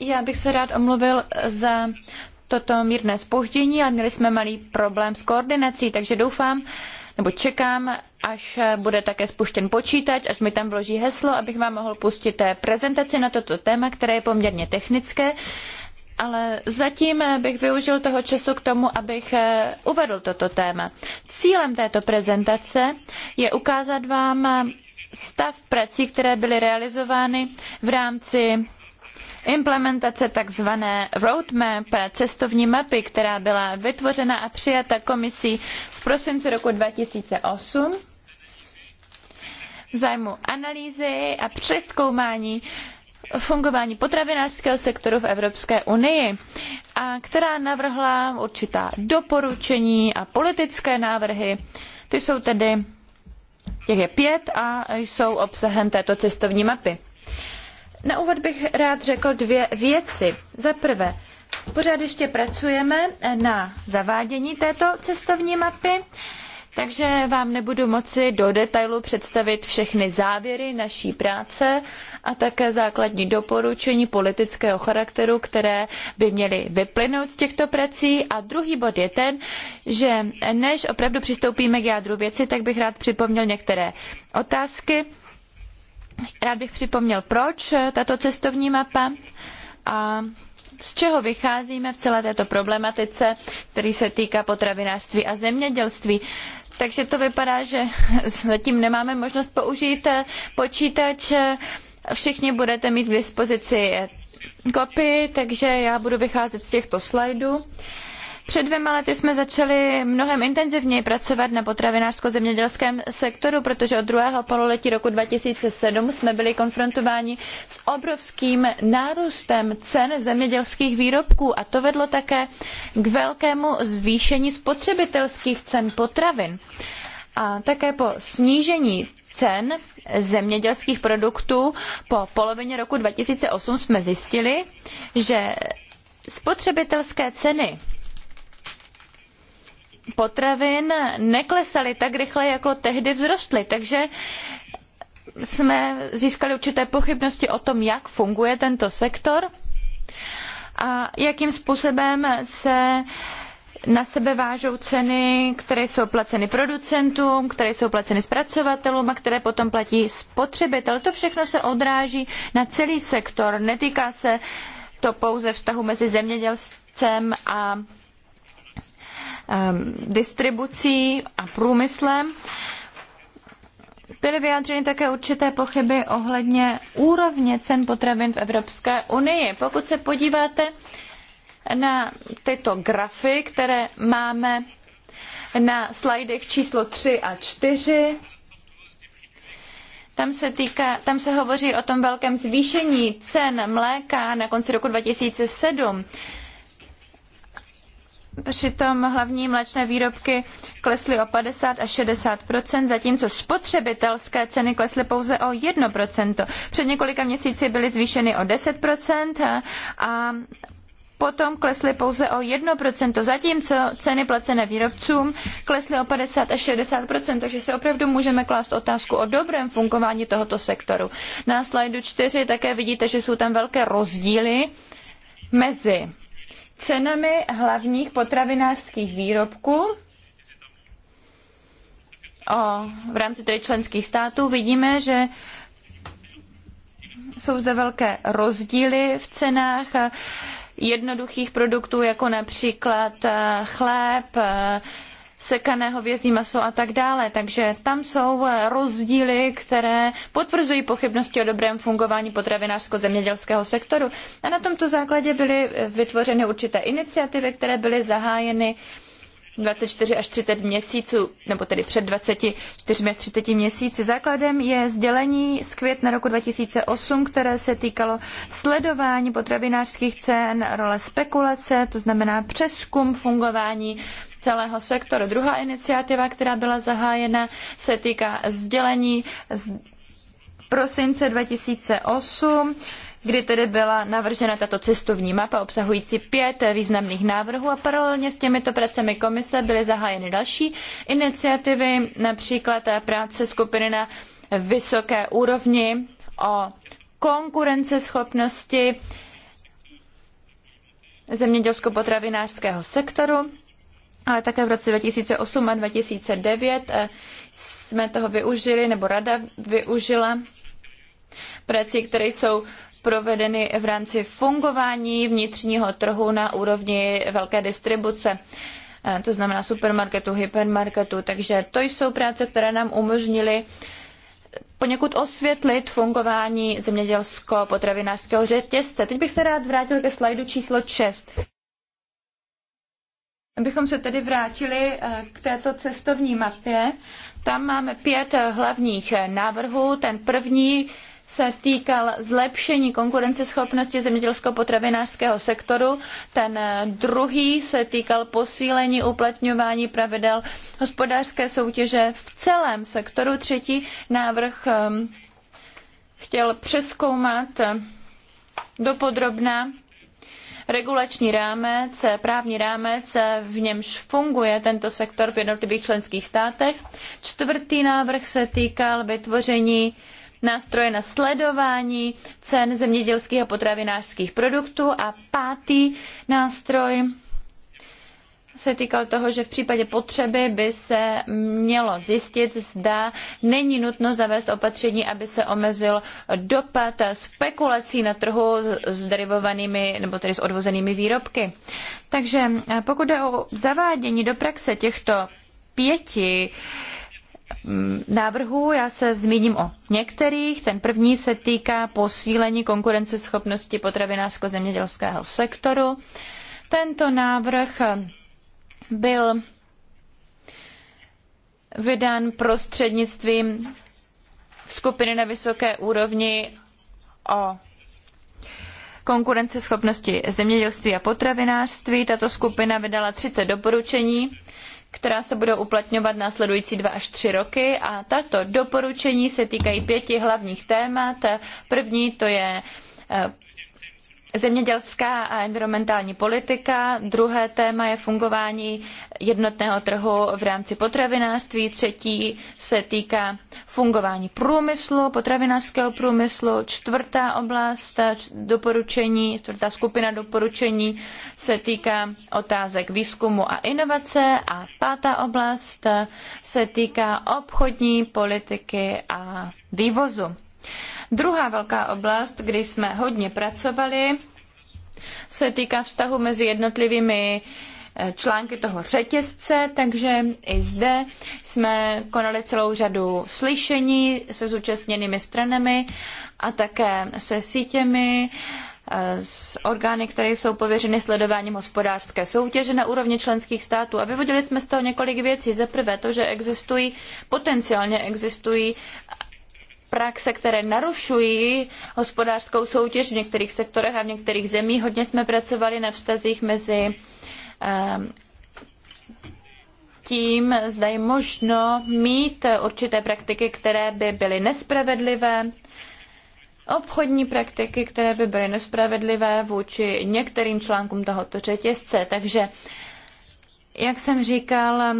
Já bych se rád omluvil za toto mírné spoždění a měli jsme malý problém s koordinací, takže doufám, nebo čekám, až bude také spuštěn počítač, až mi tam vloží heslo, abych vám mohl pustit prezentaci na toto téma, které je poměrně technické. Ale zatím bych využil toho času k tomu, abych uvedl toto téma. Cílem této prezentace je ukázat vám stav prací, které byly realizovány v rámci implementace tzv. roadmap, cestovní mapy, která byla vytvořena a přijata komisí v prosinci roku 2008 v zájmu analýzy a přeskoumání fungování potravinářského sektoru v Evropské unii, a která navrhla určitá doporučení a politické návrhy. Ty jsou tedy, těch je pět a jsou obsahem této cestovní mapy. Na úvod bych rád řekl dvě věci. Za prvé, pořád ještě pracujeme na zavádění této cestovní mapy, takže vám nebudu moci do detailu představit všechny závěry naší práce a také základní doporučení politického charakteru, které by měly vyplynout z těchto prací. A druhý bod je ten, že než opravdu přistoupíme k jádru věci, tak bych rád připomněl některé otázky Rád bych připomněl, proč tato cestovní mapa a z čeho vycházíme v celé této problematice, který se týká potravinářství a zemědělství. Takže to vypadá, že zatím (laughs) nemáme možnost použít eh, počítač. Všichni budete mít k dispozici kopii, takže já budu vycházet z těchto slajdů. Před dvěma lety jsme začali mnohem intenzivněji pracovat na potravinářsko-zemědělském sektoru, protože od druhého pololetí roku 2007 jsme byli konfrontováni s obrovským nárůstem cen zemědělských výrobků a to vedlo také k velkému zvýšení spotřebitelských cen potravin. A také po snížení cen zemědělských produktů po polovině roku 2008 jsme zjistili, že spotřebitelské ceny potravin neklesaly tak rychle, jako tehdy vzrostly. Takže jsme získali určité pochybnosti o tom, jak funguje tento sektor a jakým způsobem se na sebe vážou ceny, které jsou placeny producentům, které jsou placeny zpracovatelům a které potom platí spotřebitel. To všechno se odráží na celý sektor. Netýká se to pouze vztahu mezi zemědělstvem a Ehm, distribucí a průmyslem. Byly vyjádřeny také určité pochyby ohledně úrovně cen potravin v Evropské unii. Pokud se podíváte na tyto grafy, které máme na slajdech číslo 3 a 4, tam se, týká, tam se hovoří o tom velkém zvýšení cen mléka na konci roku 2007. Přitom hlavní mléčné výrobky klesly o 50 až 60 zatímco spotřebitelské ceny klesly pouze o 1 Před několika měsíci byly zvýšeny o 10 a potom klesly pouze o 1%, zatímco ceny placené výrobcům klesly o 50 až 60%, takže si opravdu můžeme klást otázku o dobrém fungování tohoto sektoru. Na slajdu 4 také vidíte, že jsou tam velké rozdíly mezi cenami hlavních potravinářských výrobků o, v rámci tedy členských států vidíme, že jsou zde velké rozdíly v cenách jednoduchých produktů, jako například eh, chléb, eh, sekaného vězí maso a tak dále. Takže tam jsou eh, rozdíly, které potvrzují pochybnosti o dobrém fungování potravinářsko-zemědělského sektoru. A na tomto základě byly eh, vytvořeny určité iniciativy, které byly zahájeny 24 až 30 měsíců, nebo tedy před 24 až 30 měsíci. Základem je sdělení z května roku 2008, které se týkalo sledování potravinářských cen, role spekulace, to znamená přeskum fungování celého sektoru. Druhá iniciativa, která byla zahájena, se týká sdělení z prosince 2008 kdy tedy byla navržena tato cestovní mapa obsahující pět významných návrhů a paralelně s těmito pracemi komise byly zahájeny další iniciativy, například práce skupiny na vysoké úrovni o konkurenceschopnosti zemědělsko-potravinářského sektoru ale také v roce 2008 a 2009 eh, jsme toho využili, nebo rada využila prací, které jsou provedeny v rámci fungování vnitřního trhu na úrovni velké distribuce eh, to znamená supermarketu, hypermarketu. Takže to jsou práce, které nám umožnily poněkud osvětlit fungování zemědělsko-potravinářského řetězce. Teď bych se rád vrátil ke slajdu číslo 6. Abychom se tedy vrátili eh, k této cestovní mapě, tam máme pět eh, hlavních eh, návrhů. Ten první se týkal zlepšení konkurenceschopnosti zemědělsko-potravinářského sektoru. Ten druhý se týkal posílení uplatňování pravidel hospodářské soutěže v celém sektoru. Třetí návrh ehm, chtěl přeskoumat dopodrobna regulační rámec, právní rámec, v němž funguje tento sektor v jednotlivých členských státech. Čtvrtý návrh se týkal vytvoření nástroje na sledování cen zemědělských a potravinářských produktů a pátý nástroj se týkal toho, že v případě potřeby by se mělo zjistit, zda není nutno zavést opatření, aby se omezil dopad spekulací na trhu s derivovanými nebo tedy s odvozenými výrobky. Takže eh, pokud jde o zavádění do praxe těchto pěti mm, návrhů. Já se zmíním o některých. Ten první se týká posílení konkurenceschopnosti potravinářsko-zemědělského sektoru. Tento návrh byl vydán prostřednictvím skupiny na vysoké úrovni o konkurenceschopnosti zemědělství a potravinářství. Tato skupina vydala 30 doporučení, která se budou uplatňovat následující dva až tři roky a tato doporučení se týkají pěti hlavních témat. První to je eh, Zemědělská a environmentální politika, druhé téma je fungování jednotného trhu v rámci potravinářství, třetí se týká fungování průmyslu, potravinářského průmyslu, čtvrtá oblast doporučení, čtvrtá skupina doporučení se týká otázek výzkumu a inovace a pátá oblast se týká obchodní politiky a vývozu. Druhá velká oblast, kde jsme hodně pracovali, se týká vztahu mezi jednotlivými eh, články toho řetězce, takže i zde jsme konali celou řadu slyšení se zúčastněnými stranami a také se sítěmi eh, s orgány, které jsou pověřeny sledováním hospodářské soutěže na úrovni členských států. A vyvodili jsme z toho několik věcí. Za prvé to, že existují, potenciálně existují praxe, které narušují hospodářskou soutěž v některých sektorech a v některých zemích. Hodně jsme pracovali na vztazích mezi ehm, tím, zda je možno mít určité praktiky, které by byly nespravedlivé, obchodní praktiky, které by byly nespravedlivé vůči některým článkům tohoto řetězce. Takže, jak jsem říkal,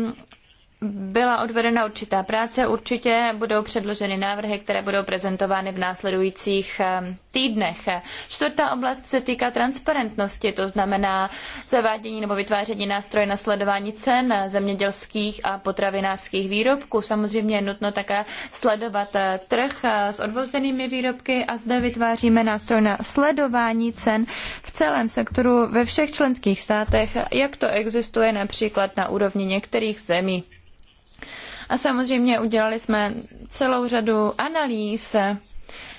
byla odvedena určitá práce, určitě budou předloženy návrhy, které budou prezentovány v následujících ehm, týdnech. Čtvrtá oblast se týká transparentnosti, to znamená zavádění nebo vytváření nástroje na sledování cen zemědělských a potravinářských výrobků. Samozřejmě je nutno také sledovat eh, trh eh, s odvozenými výrobky a zde vytváříme nástroj na sledování cen v celém sektoru ve všech členských státech, jak to existuje například na úrovni některých zemí. A samozřejmě udělali jsme celou řadu analýz,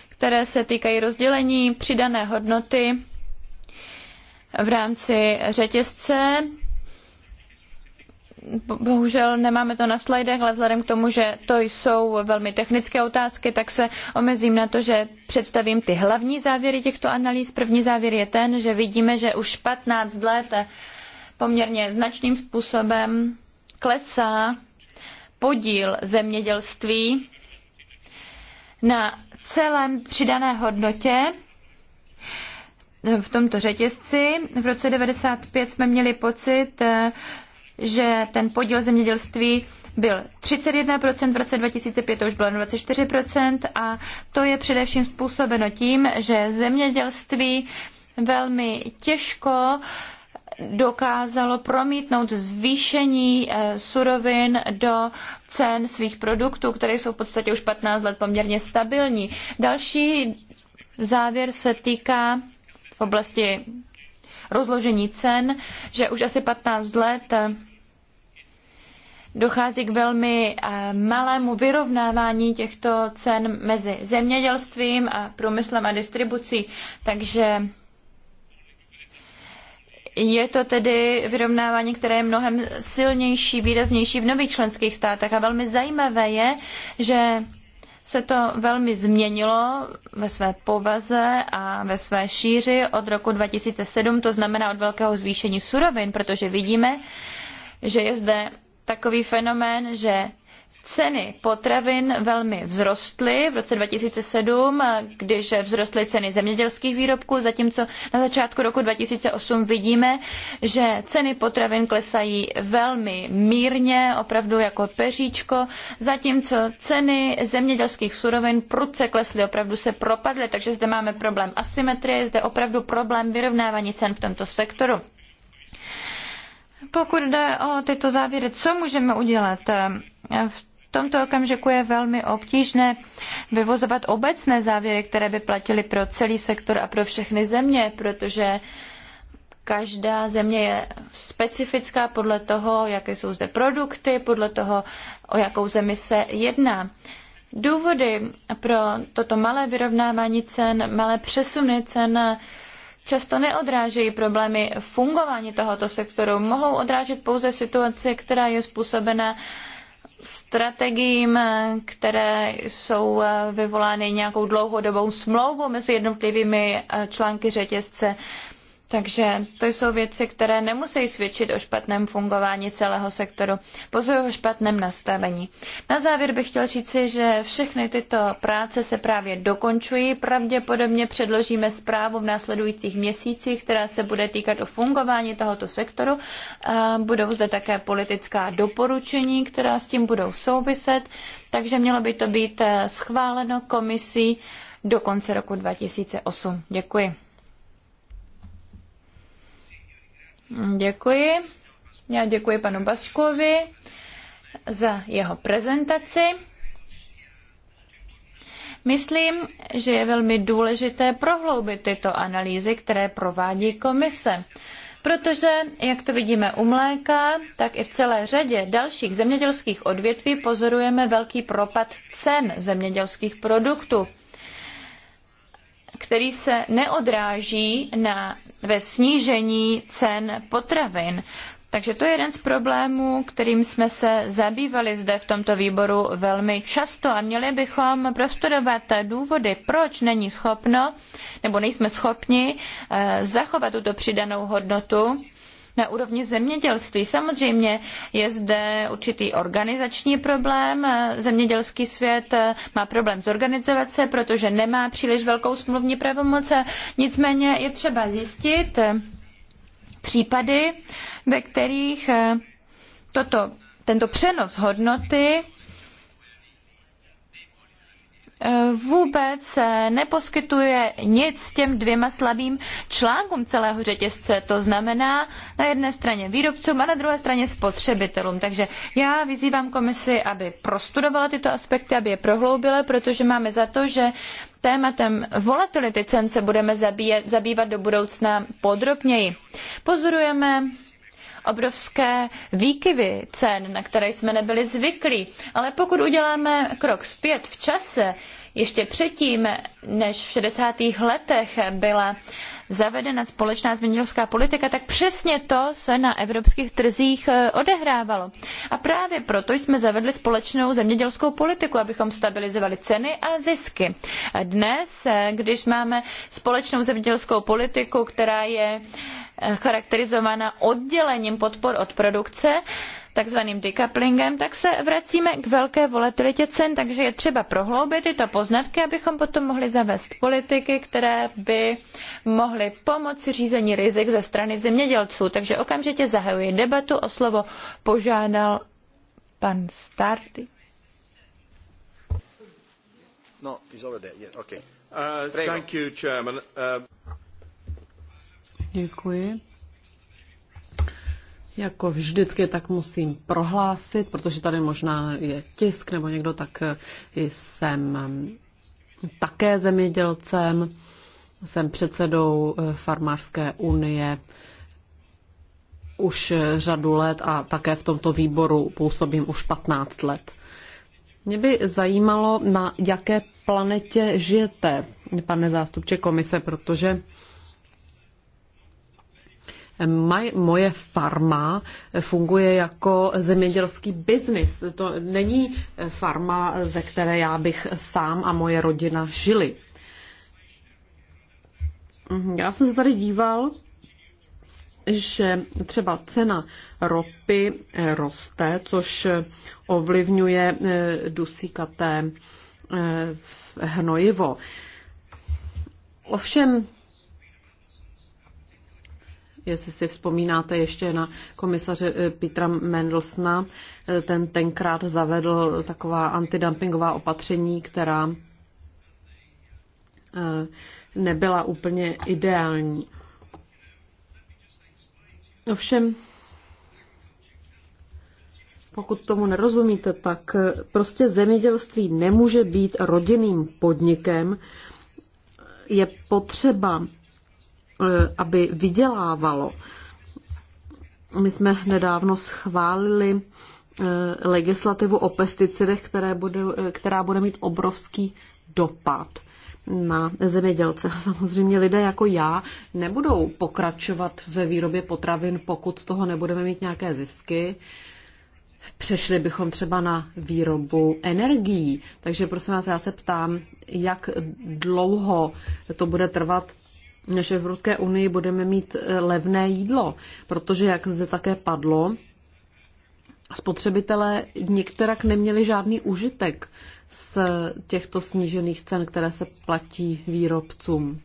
které se týkají rozdělení přidané hodnoty v rámci řetězce. Bohužel nemáme to na slajdech, ale vzhledem k tomu, že to jsou velmi technické otázky, tak se omezím na to, že představím ty hlavní závěry těchto analýz. První závěr je ten, že vidíme, že už 15 let poměrně značným způsobem klesá podíl zemědělství na celém přidané hodnotě v tomto řetězci. V roce 95 jsme měli pocit, eh, že ten podíl zemědělství byl 31%, v roce 2005 to už bylo 24% a to je především způsobeno tím, že zemědělství velmi těžko uh, dokázalo promítnout zvýšení eh, surovin do cen svých produktů, které jsou v podstatě už 15 let poměrně stabilní. Další závěr se týká v oblasti rozložení cen, že už asi 15 let eh, dochází k velmi eh, malému vyrovnávání těchto cen mezi zemědělstvím a průmyslem a distribucí, takže je to tedy vyrovnávání, které je mnohem silnější, výraznější v nových členských státech. A velmi zajímavé je, že se to velmi změnilo ve své povaze a ve své šíři od roku 2007, to znamená od velkého zvýšení surovin, protože vidíme, že je zde takový fenomén, že ceny potravin velmi vzrostly v roce 2007, když vzrostly ceny zemědělských výrobků, zatímco na začátku roku 2008 vidíme, že ceny potravin klesají velmi mírně, opravdu jako peříčko, zatímco ceny zemědělských surovin prudce klesly, opravdu se propadly, takže zde máme problém asymetrie, je zde opravdu problém vyrovnávání cen v tomto sektoru. Pokud jde o tyto závěry, co můžeme udělat v tomto okamžiku je velmi obtížné vyvozovat obecné závěry, které by platily pro celý sektor a pro všechny země, protože každá země je specifická podle toho, jaké jsou zde produkty, podle toho, o jakou zemi se jedná. Důvody pro toto malé vyrovnávání cen, malé přesuny cen často neodrážejí problémy fungování tohoto sektoru. Mohou odrážet pouze situaci, která je způsobena uh, strategiím, které jsou eh, vyvolány nějakou dlouhodobou smlouvou mezi jednotlivými eh, články řetězce takže to jsou věci, které nemusí svědčit o špatném fungování celého sektoru, pozorují o špatném nastavení. Na závěr bych chtěl říci, že všechny tyto práce se právě dokončují. Pravděpodobně předložíme zprávu v následujících měsících, která se bude týkat o fungování tohoto sektoru. Budou zde také politická doporučení, která s tím budou souviset, takže mělo by to být schváleno komisí do konce roku 2008. Děkuji. Děkuji. Já děkuji panu Baskovi za jeho prezentaci. Myslím, že je velmi důležité prohloubit tyto analýzy, které provádí komise. Protože, jak to vidíme u mléka, tak i v celé řadě dalších zemědělských odvětví pozorujeme velký propad cen zemědělských produktů který se neodráží na, ve snížení cen potravin. Takže to je jeden z problémů, kterým jsme se zabývali zde v tomto výboru velmi často a měli bychom prostudovat důvody, proč není schopno nebo nejsme schopni eh, zachovat tuto přidanou hodnotu na úrovni zemědělství. Samozřejmě je zde určitý organizační problém. Zemědělský svět eh, má problém zorganizovat se, protože nemá příliš velkou smluvní pravomoc. Nicméně je třeba zjistit eh, případy, ve kterých eh, toto, tento přenos hodnoty Eh, vůbec eh, neposkytuje nic těm dvěma slabým článkům celého řetězce. To znamená na jedné straně výrobcům a na druhé straně spotřebitelům. Takže já vyzývám komisi, aby prostudovala tyto aspekty, aby je prohloubila, protože máme za to, že tématem volatility cen se budeme zabývat do budoucna podrobněji. Pozorujeme obrovské výkyvy cen, na které jsme nebyli zvyklí. Ale pokud uděláme krok zpět v čase, ještě předtím, než v 60. letech byla zavedena společná zemědělská politika, tak přesně to se na evropských trzích eh, odehrávalo. A právě proto jsme zavedli společnou zemědělskou politiku, abychom stabilizovali ceny a zisky. A dnes, eh, když máme společnou zemědělskou politiku, která je uh, Eh, charakterizována oddělením podpor od produkce, takzvaným decouplingem, tak se vracíme k velké volatilitě cen, takže je třeba prohloubit tyto poznatky, abychom potom mohli zavést politiky, které by mohly pomoci řízení rizik ze strany zemědělců. Takže okamžitě zahajuji debatu. O slovo požádal pan Stardy. No, he's already there. Yeah, okay. Uh, thank you, Chairman. Uh... Děkuji. Jako vždycky tak musím prohlásit, protože tady možná je tisk nebo někdo, tak jsem také zemědělcem, jsem předsedou eh, Farmářské unie už eh, řadu let a také v tomto výboru působím už 15 let. Mě by zajímalo, na jaké planetě žijete, pane zástupče komise, protože Maj, moje farma funguje jako zemědělský biznis. To není farma, ze které já bych sám a moje rodina žili. Já jsem se tady díval, že třeba cena ropy roste, což ovlivňuje eh, dusíkaté eh, hnojivo. Ovšem Jestli si vzpomínáte ještě na komisaře eh, Petra Mendelsna, eh, ten tenkrát zavedl taková antidumpingová opatření, která eh, nebyla úplně ideální. Ovšem, pokud tomu nerozumíte, tak prostě zemědělství nemůže být rodinným podnikem. Je potřeba Eh, aby vydělávalo. My jsme nedávno schválili eh, legislativu o pesticidech, které bude, eh, která bude mít obrovský dopad na zemědělce. (laughs) Samozřejmě lidé jako já nebudou pokračovat ve výrobě potravin, pokud z toho nebudeme mít nějaké zisky. Přešli bychom třeba na výrobu energií. Takže prosím vás, já se ptám, jak dlouho to bude trvat, že v Evropské unii budeme mít eh, levné jídlo, protože, jak zde také padlo, spotřebitelé některak neměli žádný užitek z těchto snížených cen, které se platí výrobcům.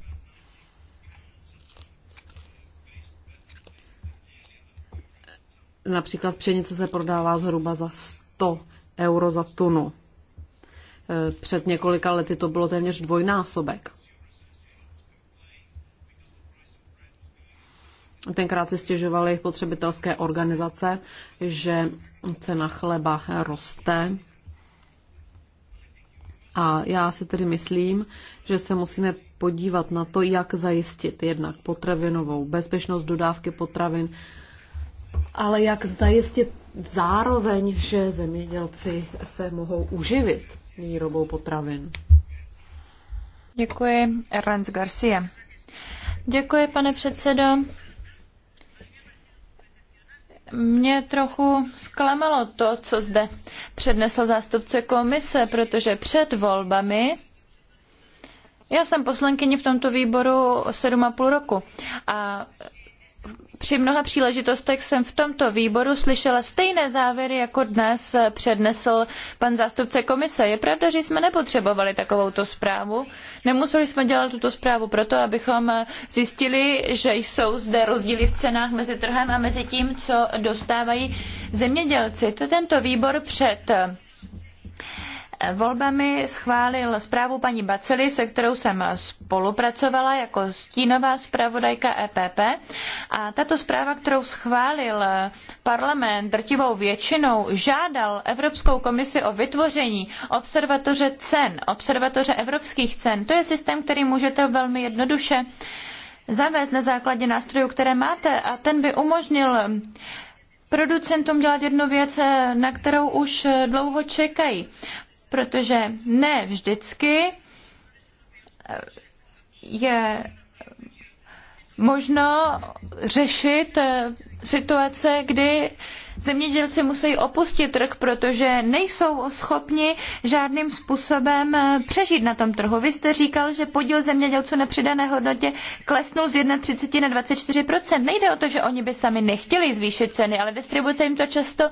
Například pšenice se prodává zhruba za 100 euro za tunu. Eh, před několika lety to bylo téměř dvojnásobek. Tenkrát si stěžovaly potřebitelské organizace, že cena chleba roste. A já si tedy myslím, že se musíme podívat na to, jak zajistit jednak potravinovou bezpečnost dodávky potravin, ale jak zajistit zároveň, že zemědělci se mohou uživit výrobou potravin. Děkuji, Ernst Garcia. Děkuji, pane předsedo mě trochu zklamalo to, co zde přednesl zástupce komise, protože před volbami já jsem poslankyně v tomto výboru 7,5 roku a při mnoha příležitostech jsem v tomto výboru slyšela stejné závěry, jako dnes přednesl pan zástupce komise. Je pravda, že jsme nepotřebovali takovouto zprávu. Nemuseli jsme dělat tuto zprávu proto, abychom zjistili, že jsou zde rozdíly v cenách mezi trhem a mezi tím, co dostávají zemědělci. Tento výbor před volbami schválil zprávu paní Bacely, se kterou jsem spolupracovala jako stínová zpravodajka EPP. A tato zpráva, kterou schválil parlament drtivou většinou, žádal Evropskou komisi o vytvoření observatoře cen, observatoře evropských cen. To je systém, který můžete velmi jednoduše zavést na základě nástrojů, které máte a ten by umožnil producentům dělat jednu věc, na kterou už dlouho čekají protože ne vždycky eh, je možno řešit eh, situace, kdy Zemědělci musí opustit trh, protože nejsou schopni žádným způsobem eh, přežít na tom trhu. Vy jste říkal, že podíl zemědělců na přidané hodnotě klesnul z 31 na 24%. Nejde o to, že oni by sami nechtěli zvýšit ceny, ale distribuce jim to často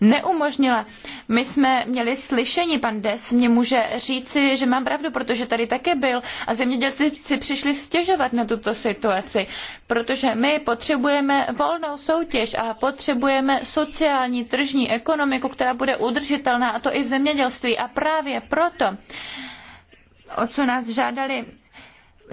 neumožnila. My jsme měli slyšení, pan Des mě může říci, že mám pravdu, protože tady také byl a zemědělci si přišli stěžovat na tuto situaci, protože my potřebujeme volnou soutěž a potřebujeme soutěž sociální tržní ekonomiku, která bude udržitelná, a to i v zemědělství. A právě proto, o co nás žádali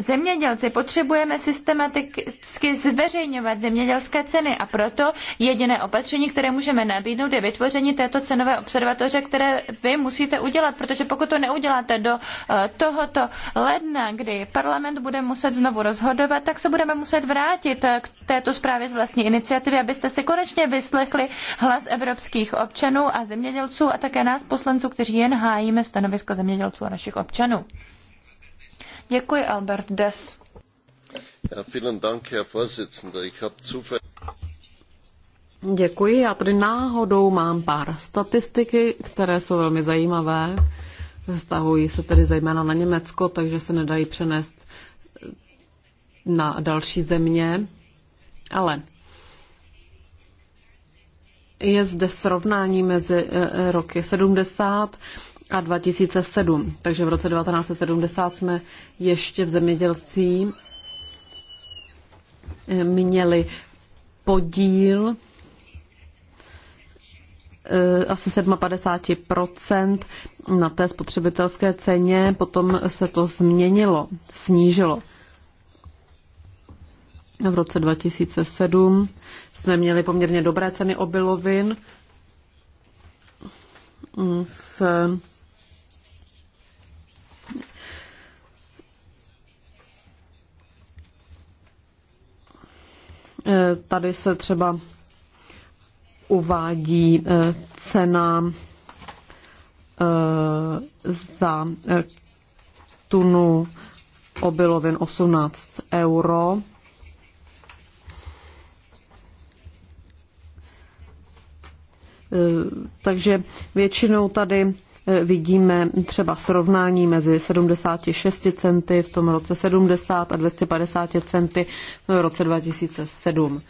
zemědělci potřebujeme systematicky zveřejňovat zemědělské ceny a proto jediné opatření, které můžeme nabídnout, je vytvoření této cenové observatoře, které vy musíte udělat, protože pokud to neuděláte do eh, tohoto ledna, kdy parlament bude muset znovu rozhodovat, tak se budeme muset vrátit eh, k této zprávě z vlastní iniciativy, abyste si konečně vyslechli hlas evropských občanů a zemědělců a také nás poslanců, kteří jen hájíme stanovisko zemědělců a našich občanů. Děkuji, Albert Des. Děkuji, já tady náhodou mám pár statistiky, které jsou velmi zajímavé. Vztahují se tedy zejména na Německo, takže se nedají přenést na další země. Ale je zde srovnání mezi eh, eh, roky 70 a 2007. Takže v roce 1970 jsme ještě v zemědělství eh, měli podíl eh, asi 57% na té spotřebitelské ceně, potom se to změnilo, snížilo. V roce 2007 jsme měli poměrně dobré ceny obilovin v Eh, tady se třeba uvádí eh, cena eh, za tunu obilovin 18 euro. Takže většinou tady vidíme třeba srovnání mezi 76 centy v tom roce 70 a 250 centy v roce 2007.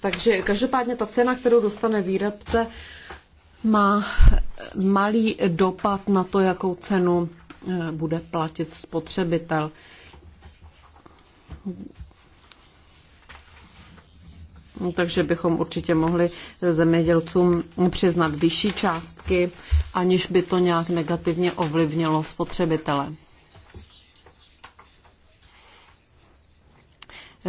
Takže každopádně ta cena, kterou dostane výrobce, má malý dopad na to, jakou cenu eh, bude platit spotřebitel takže bychom určitě mohli zemědělcům přiznat vyšší částky, aniž by to nějak negativně ovlivnilo spotřebitele.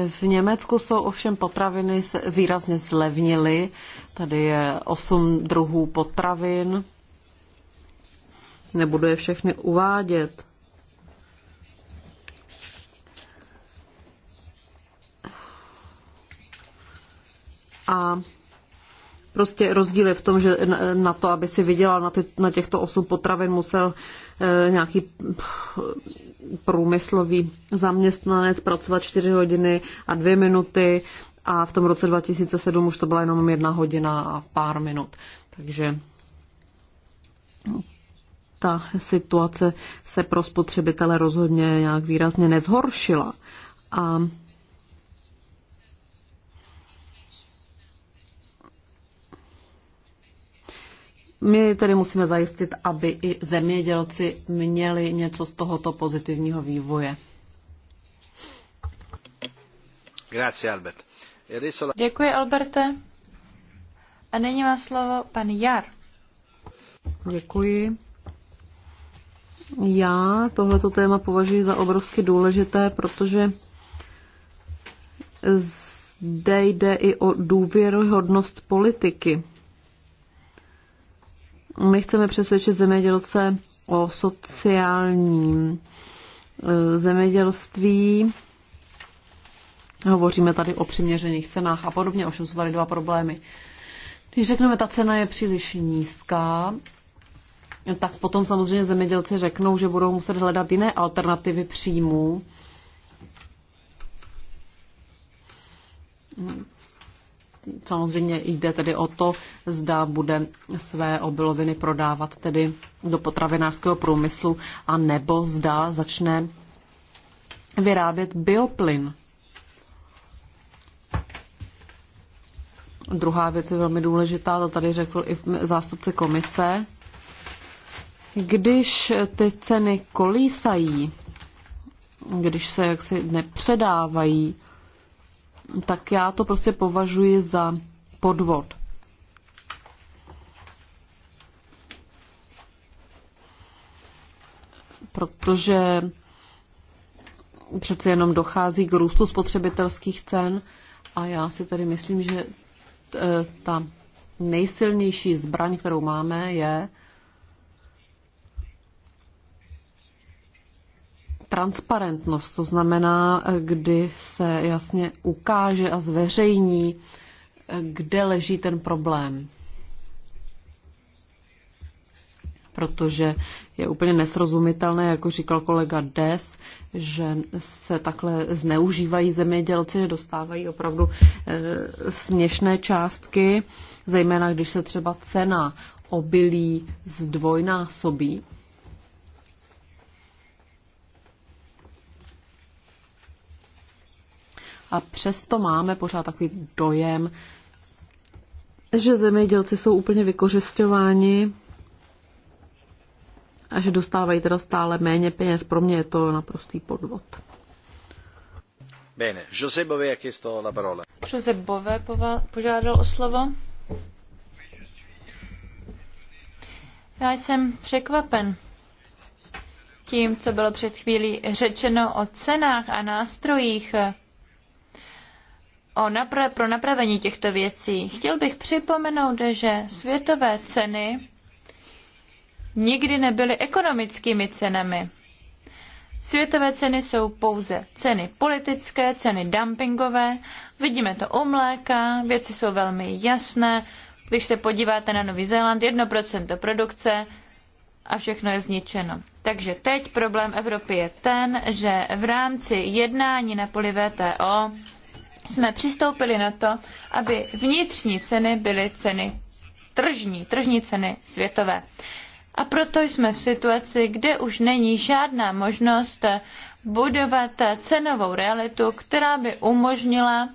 V Německu jsou ovšem potraviny výrazně zlevnily. Tady je osm druhů potravin. Nebudu je všechny uvádět. A prostě rozdíl je v tom, že na to, aby si vydělal na, ty, na těchto osm potravin, musel e, nějaký průmyslový zaměstnanec pracovat 4 hodiny a 2 minuty a v tom roce 2007 už to byla jenom jedna hodina a pár minut. Takže ta situace se pro spotřebitele rozhodně nějak výrazně nezhoršila. A My tedy musíme zajistit, aby i zemědělci měli něco z tohoto pozitivního vývoje. Grazie, Albert. Děkuji, Alberte. A nyní má slovo pan Jar. Děkuji. Já tohleto téma považuji za obrovsky důležité, protože zde jde i o důvěryhodnost politiky. My chceme přesvědčit zemědělce o sociálním e, zemědělství. Hovoříme tady o přiměřených cenách a podobně, ovšem jsou tady dva problémy. Když řekneme, ta cena je příliš nízká, tak potom samozřejmě zemědělci řeknou, že budou muset hledat jiné alternativy příjmů samozřejmě jde tedy o to, zda bude své obiloviny prodávat tedy do potravinářského průmyslu a nebo zda začne vyrábět bioplyn. Druhá věc je velmi důležitá, to tady řekl i zástupce komise. Když ty ceny kolísají, když se jaksi nepředávají tak já to prostě považuji za podvod. Protože přece jenom dochází k růstu spotřebitelských cen a já si tady myslím, že eh, ta nejsilnější zbraň, kterou máme, je transparentnost, to znamená, kdy se jasně ukáže a zveřejní, kde leží ten problém. Protože je úplně nesrozumitelné, jako říkal kolega Des, že se takhle zneužívají zemědělci, že dostávají opravdu e, směšné částky, zejména když se třeba cena obilí zdvojnásobí. a přesto máme pořád takový dojem, že zemědělci jsou úplně vykořišťováni a že dostávají teda stále méně peněz. Pro mě je to naprostý podvod. Bene, José Bové, jak je to la parola? José Bové požádal o slovo. Já jsem překvapen tím, co bylo před chvílí řečeno o cenách a nástrojích, o napra- pro napravení těchto věcí, chtěl bych připomenout, že světové ceny nikdy nebyly ekonomickými cenami. Světové ceny jsou pouze ceny politické, ceny dumpingové. Vidíme to u mléka, věci jsou velmi jasné. Když se podíváte na Nový Zéland, 1% produkce a všechno je zničeno. Takže teď problém Evropy je ten, že v rámci jednání na poli VTO jsme přistoupili na to, aby vnitřní ceny byly ceny tržní, tržní ceny světové. A proto jsme v situaci, kde už není žádná možnost budovat cenovou realitu, která by umožnila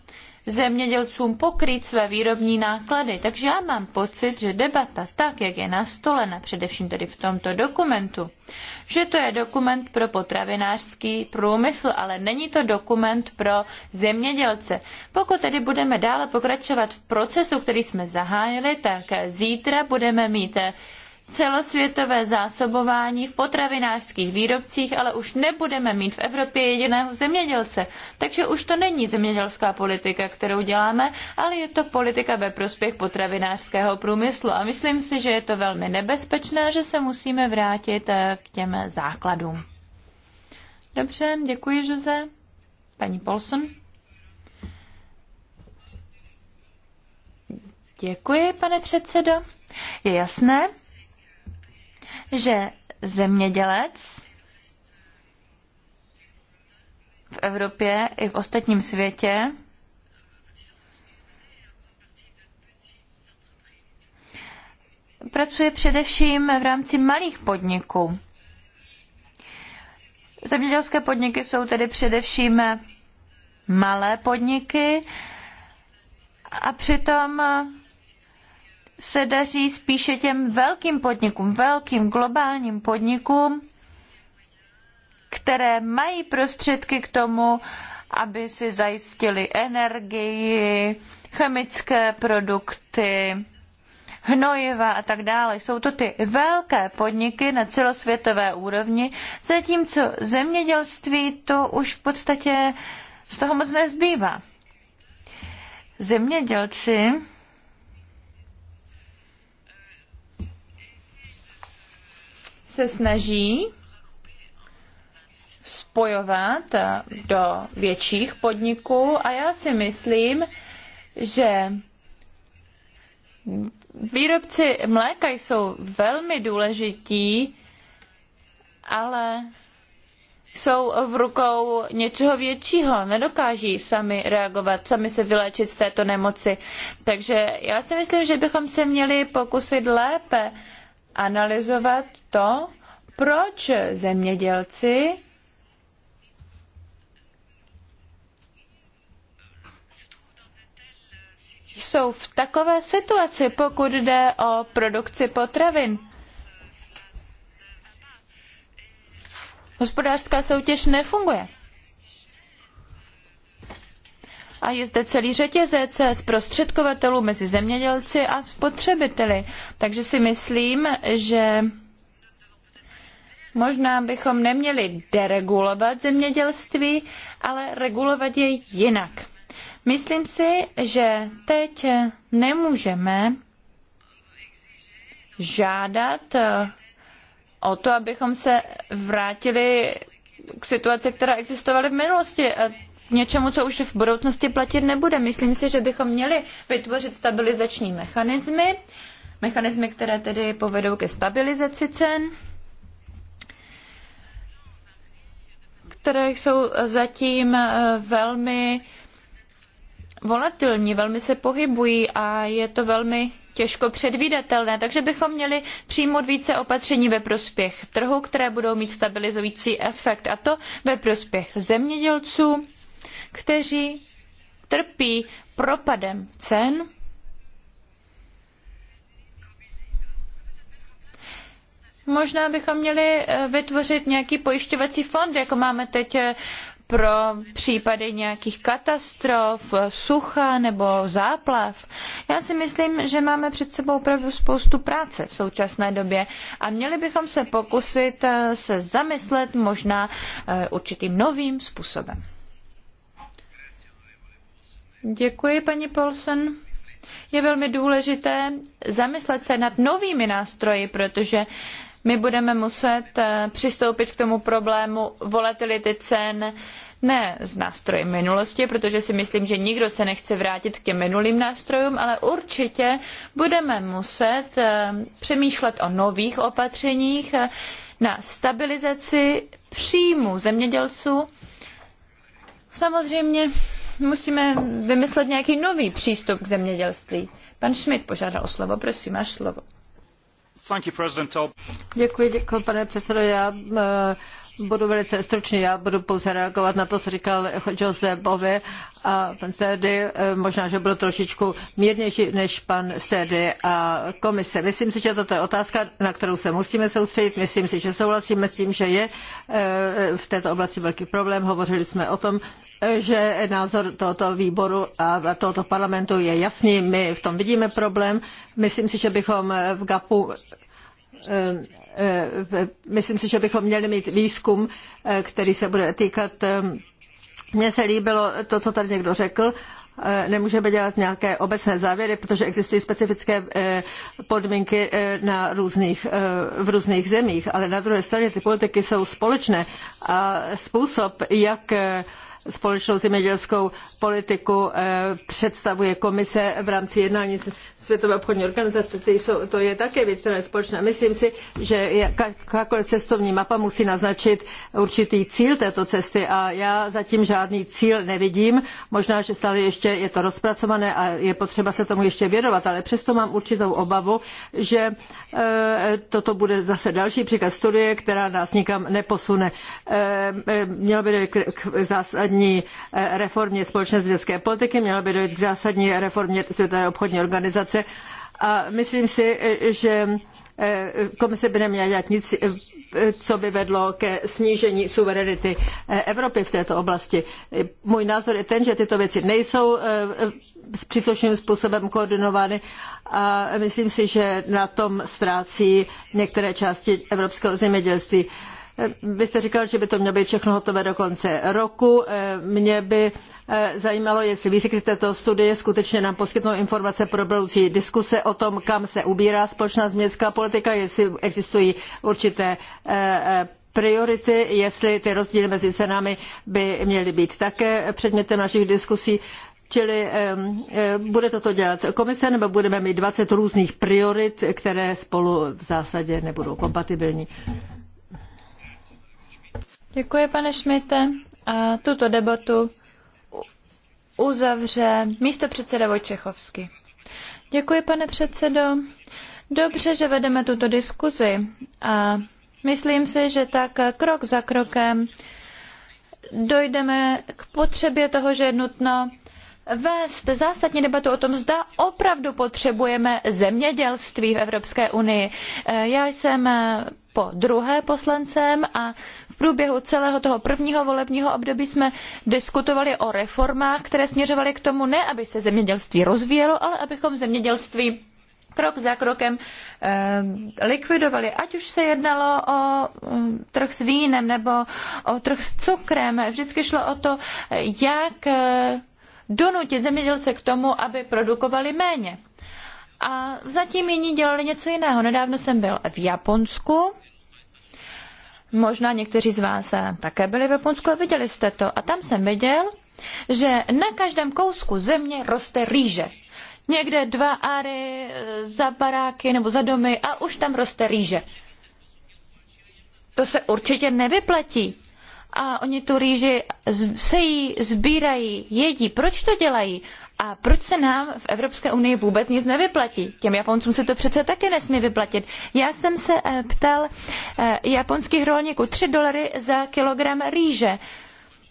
zemědělcům pokrýt své výrobní náklady. Takže já mám pocit, že debata tak, jak je nastolena, především tedy v tomto dokumentu, že to je dokument pro potravinářský průmysl, ale není to dokument pro zemědělce. Pokud tedy budeme dále pokračovat v procesu, který jsme zahájili, tak zítra budeme mít celosvětové zásobování v potravinářských výrobcích, ale už nebudeme mít v Evropě jediného zemědělce. Takže už to není zemědělská politika, kterou děláme, ale je to politika ve prospěch potravinářského průmyslu. A myslím si, že je to velmi nebezpečné, že se musíme vrátit eh, k těm základům. Dobře, děkuji, Jose. Paní Polson. Děkuji, pane předsedo. Je jasné, že zemědělec v Evropě i v ostatním světě pracuje především v rámci malých podniků. Zemědělské podniky jsou tedy především malé podniky a přitom se daří spíše těm velkým podnikům, velkým globálním podnikům, které mají prostředky k tomu, aby si zajistili energii, chemické produkty, hnojiva a tak dále. Jsou to ty velké podniky na celosvětové úrovni, zatímco zemědělství to už v podstatě z toho moc nezbývá. Zemědělci se snaží spojovat do větších podniků a já si myslím, že výrobci mléka jsou velmi důležití, ale jsou v rukou něčeho většího, nedokáží sami reagovat, sami se vyléčit z této nemoci. Takže já si myslím, že bychom se měli pokusit lépe analyzovat to, proč zemědělci jsou v takové situaci, pokud jde o produkci potravin. Hospodářská soutěž nefunguje. A je zde celý řetězec zprostředkovatelů mezi zemědělci a spotřebiteli. Takže si myslím, že možná bychom neměli deregulovat zemědělství, ale regulovat jej jinak. Myslím si, že teď nemůžeme žádat eh, o to, abychom se vrátili k situaci, která existovala v minulosti. Eh, něčemu, co už v budoucnosti platit nebude. Myslím si, že bychom měli vytvořit stabilizační mechanismy, mechanismy, které tedy povedou ke stabilizaci cen, které jsou zatím eh, velmi volatilní, velmi se pohybují a je to velmi těžko předvídatelné, takže bychom měli přijmout více opatření ve prospěch trhu, které budou mít stabilizující efekt, a to ve prospěch zemědělců, kteří trpí propadem cen, možná bychom měli eh, vytvořit nějaký pojišťovací fond, jako máme teď eh, pro případy nějakých katastrof, sucha nebo záplav. Já si myslím, že máme před sebou opravdu spoustu práce v současné době a měli bychom se pokusit eh, se zamyslet možná určitým novým způsobem. Děkuji, paní Paulsen. Je velmi důležité zamyslet se nad novými nástroji, protože my budeme muset eh, přistoupit k tomu problému volatility cen ne z nástroji minulosti, protože si myslím, že nikdo se nechce vrátit k těm minulým nástrojům, ale určitě budeme muset eh, přemýšlet o nových opatřeních eh, na stabilizaci příjmů zemědělců. Samozřejmě musíme vymyslet nějaký nový přístup k zemědělství. Pan Schmidt požádal o slovo, prosím, máš slovo. Děkuji, děkuji, pane předsedo. Já eh, budu velice stručný, já budu pouze reagovat na to, co říkal Jose Bove a pan Sedy, eh, možná, že budu trošičku mírnější než pan Sedy a komise. Myslím si, že toto je otázka, na kterou se musíme soustředit. Myslím si, že souhlasíme s tím, že je eh, v této oblasti velký problém. Hovořili jsme o tom že názor tohoto výboru a tohoto parlamentu je jasný. My v tom vidíme problém. Myslím si, že bychom v GAPu eh, eh, myslím si, že bychom měli mít výzkum, eh, který se bude týkat. Mně se líbilo to, co tady někdo řekl, nemůžeme dělat nějaké obecné závěry, protože existují specifické podmínky na různých, v různých zemích, ale na druhé straně ty politiky jsou společné a způsob, jak společnou zemědělskou politiku eh, představuje komise v rámci jednání Světové obchodní organizace, ty jsou, to je také věc, která je společná. Myslím si, že jakákoliv cestovní mapa musí naznačit určitý cíl této cesty a já zatím žádný cíl nevidím. Možná, že stále ještě je to rozpracované a je potřeba se tomu ještě věnovat, ale přesto mám určitou obavu, že e, toto bude zase další příklad studie, která nás nikam neposune. E, e, mělo by dojít k, k zásadní reformě společné politiky, mělo by dojít k zásadní reformě Světové obchodní organizace komise a myslím si, že eh, komise by neměla dělat nic, eh, co by vedlo ke snížení suverenity eh, Evropy v této oblasti. Můj názor je ten, že tyto věci nejsou příslušným způsobem koordinovány a myslím si, že na tom ztrácí některé části evropského zemědělství. Vy jste říkal, že by to mělo být všechno hotové do konce roku. Mě by eh, zajímalo, jestli výsledky této studie skutečně nám poskytnou informace pro budoucí diskuse o tom, kam se ubírá společná změstská politika, jestli existují určité eh, eh, priority, jestli ty rozdíly mezi cenami by měly být také předmětem našich diskusí. Čili bude toto dělat komise, nebo budeme mít 20 různých priorit, které spolu v zásadě nebudou kompatibilní. Děkuji, pane Šmite. A tuto debatu uzavře místo předseda Vojčechovsky. Děkuji, pane předsedo. Dobře, že vedeme tuto diskuzi a myslím si, že tak krok za krokem dojdeme k potřebě toho, že je nutno vést zásadní debatu o tom, zda opravdu potřebujeme zemědělství v Evropské unii. E, já jsem po druhé poslancem a průběhu celého toho prvního volebního období jsme diskutovali o reformách, které směřovaly k tomu ne, aby se zemědělství rozvíjelo, ale abychom zemědělství krok za krokem eh, likvidovali. Ať už se jednalo o mm, trh s vínem nebo o trh s cukrem, vždycky šlo o to, jak eh, donutit zemědělce k tomu, aby produkovali méně. A zatím jiní dělali něco jiného. Nedávno jsem byl v Japonsku Možná někteří z vás eh, také byli v Japonsku a viděli jste to. A tam jsem viděl, že na každém kousku země roste rýže. Někde dva ary eh, za baráky nebo za domy a už tam roste rýže. To se určitě nevyplatí. A oni tu rýži sejí, sbírají, jedí. Proč to dělají? A proč se nám v Evropské unii vůbec nic nevyplatí? Těm Japoncům se to přece taky nesmí vyplatit. Já jsem se eh, ptal eh, japonských rolníků 3 dolary za kilogram rýže.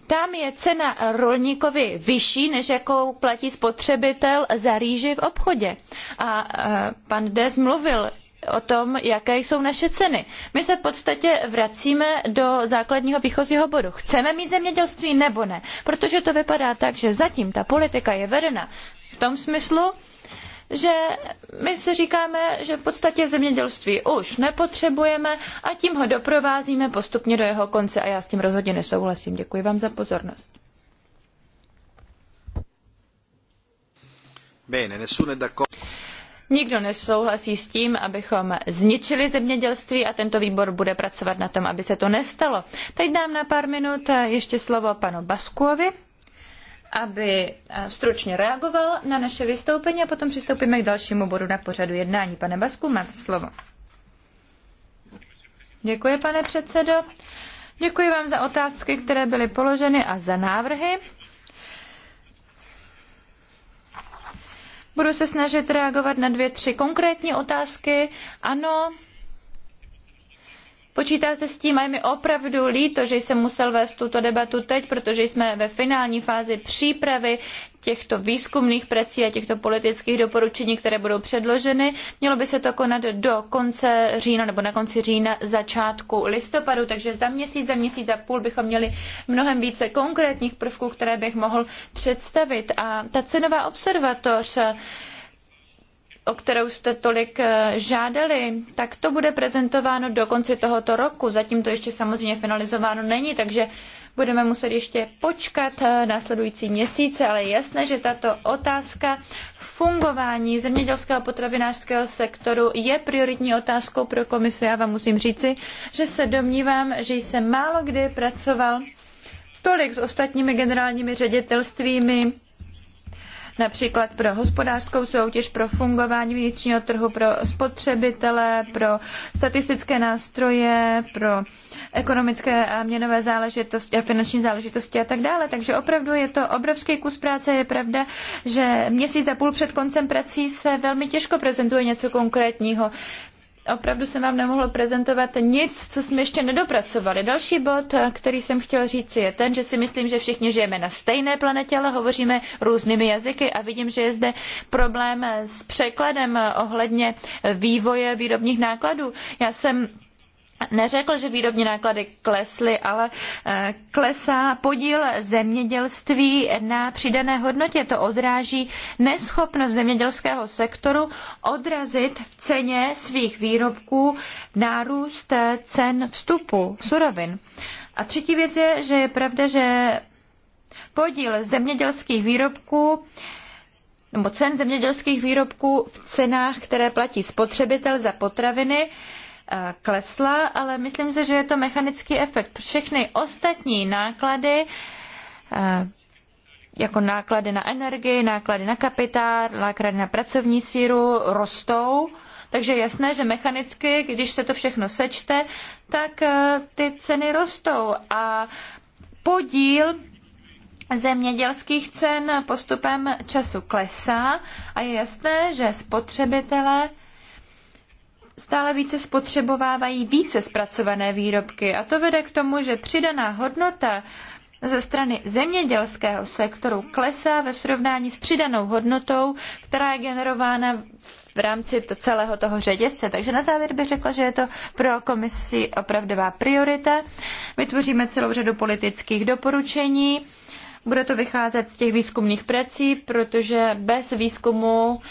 Tam je cena rolníkovi vyšší, než jakou platí spotřebitel za rýži v obchodě. A eh, pan Des mluvil o tom, jaké jsou naše ceny. My se v podstatě vracíme do základního výchozího bodu. Chceme mít zemědělství nebo ne? Protože to vypadá tak, že zatím ta politika je vedena v tom smyslu, že my si říkáme, že v podstatě zemědělství už nepotřebujeme a tím ho doprovázíme postupně do jeho konce a já s tím rozhodně nesouhlasím. Děkuji vám za pozornost. Bene, nessuno è d'accordo. Nikdo nesouhlasí s tím, abychom zničili zemědělství a tento výbor bude pracovat na tom, aby se to nestalo. Teď dám na pár minut eh, ještě slovo panu Baskuovi, aby eh, stručně reagoval na naše vystoupení a potom přistoupíme k dalšímu bodu na pořadu jednání. Pane Basku, máte slovo. Děkuji, pane předsedo. Děkuji vám za otázky, které byly položeny a za návrhy. Budu se snažit reagovat na dvě, tři konkrétní otázky. Ano, Počítá se s tím a je mi opravdu líto, že jsem musel vést tuto debatu teď, protože jsme ve finální fázi přípravy těchto výzkumných prací a těchto politických doporučení, které budou předloženy. Mělo by se to konat do konce října nebo na konci října, začátku listopadu, takže za měsíc, za měsíc a půl bychom měli mnohem více konkrétních prvků, které bych mohl představit. A ta cenová observatoř o kterou jste tolik eh, žádali, tak to bude prezentováno do konce tohoto roku. Zatím to ještě samozřejmě finalizováno není, takže budeme muset ještě počkat eh, následující měsíce, ale je jasné, že tato otázka fungování zemědělského potravinářského sektoru je prioritní otázkou pro komisi. Já vám musím říci, že se domnívám, že jsem málo kdy pracoval tolik s ostatními generálními ředitelstvími například pro hospodářskou soutěž, pro fungování vnitřního trhu, pro spotřebitele, pro statistické nástroje, pro ekonomické a měnové záležitosti a finanční záležitosti a tak dále. Takže opravdu je to obrovský kus práce. Je pravda, že měsíc a půl před koncem prací se velmi těžko prezentuje něco konkrétního opravdu jsem vám nemohl prezentovat nic, co jsme ještě nedopracovali. Další bod, který jsem chtěl říci, je ten, že si myslím, že všichni žijeme na stejné planetě, ale hovoříme různými jazyky a vidím, že je zde problém s překladem ohledně vývoje výrobních nákladů. Já jsem neřekl, že výrobní náklady klesly, ale eh, klesá podíl zemědělství na přidané hodnotě. To odráží neschopnost zemědělského sektoru odrazit v ceně svých výrobků nárůst eh, cen vstupu surovin. A třetí věc je, že je pravda, že podíl zemědělských výrobků nebo cen zemědělských výrobků v cenách, které platí spotřebitel za potraviny, Eh, klesla, ale myslím si, že je to mechanický efekt. Všechny ostatní náklady eh, jako náklady na energii, náklady na kapitál, náklady na pracovní síru rostou. Takže je jasné, že mechanicky, když se to všechno sečte, tak eh, ty ceny rostou a podíl zemědělských cen postupem času klesá a je jasné, že spotřebitelé stále více spotřebovávají více zpracované výrobky a to vede k tomu, že přidaná hodnota ze strany zemědělského sektoru klesá ve srovnání s přidanou hodnotou, která je generována v rámci to celého toho řetězce. Takže na závěr bych řekla, že je to pro komisi opravdová priorita. Vytvoříme celou řadu politických doporučení. Bude to vycházet z těch výzkumných prací, protože bez výzkumu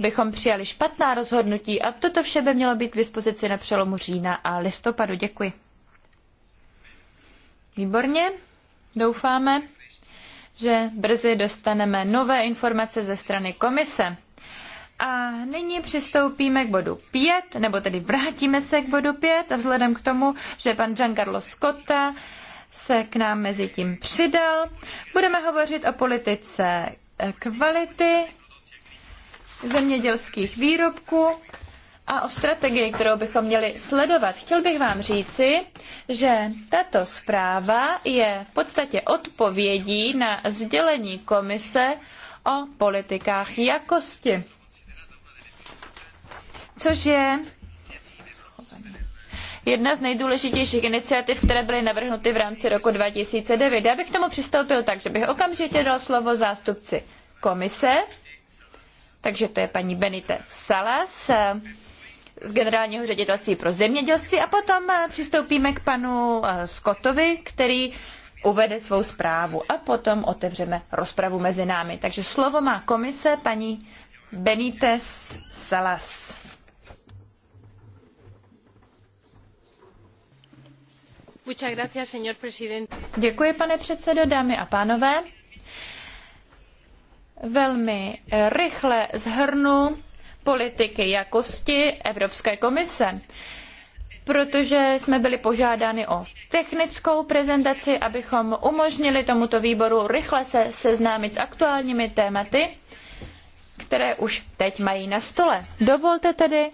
bychom přijali špatná rozhodnutí a toto vše by mělo být k dispozici na přelomu října a listopadu. Děkuji. Výborně, doufáme, že brzy dostaneme nové informace ze strany komise. A nyní přistoupíme k bodu 5, nebo tedy vrátíme se k bodu 5, a vzhledem k tomu, že pan Giancarlo Scotta se k nám mezi tím přidal. Budeme hovořit o politice kvality zemědělských výrobků a o strategii, kterou bychom měli sledovat. Chtěl bych vám říci, že tato zpráva je v podstatě odpovědí na sdělení komise o politikách jakosti, což je jedna z nejdůležitějších iniciativ, které byly navrhnuty v rámci roku 2009. Já bych k tomu přistoupil tak, že bych okamžitě dal slovo zástupci komise, takže to je paní Benite Salas eh, z generálního ředitelství pro zemědělství a potom eh, přistoupíme k panu eh, Scottovi, který uvede svou zprávu a potom otevřeme rozpravu mezi námi. Takže slovo má komise paní Benítez Salas. Děkuji, pane předsedo, dámy a pánové velmi eh, rychle zhrnu politiky jakosti Evropské komise, protože jsme byli požádáni o technickou prezentaci, abychom umožnili tomuto výboru rychle se seznámit s aktuálními tématy, které už teď mají na stole. Dovolte tedy,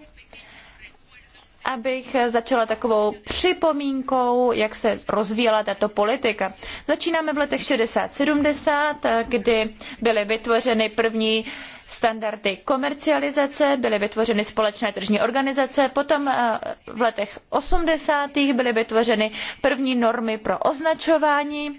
abych začala takovou připomínkou, jak se rozvíjela tato politika. Začínáme v letech 60-70, kdy byly vytvořeny první standardy komercializace, byly vytvořeny společné tržní organizace, potom eh, v letech 80. byly vytvořeny první normy pro označování,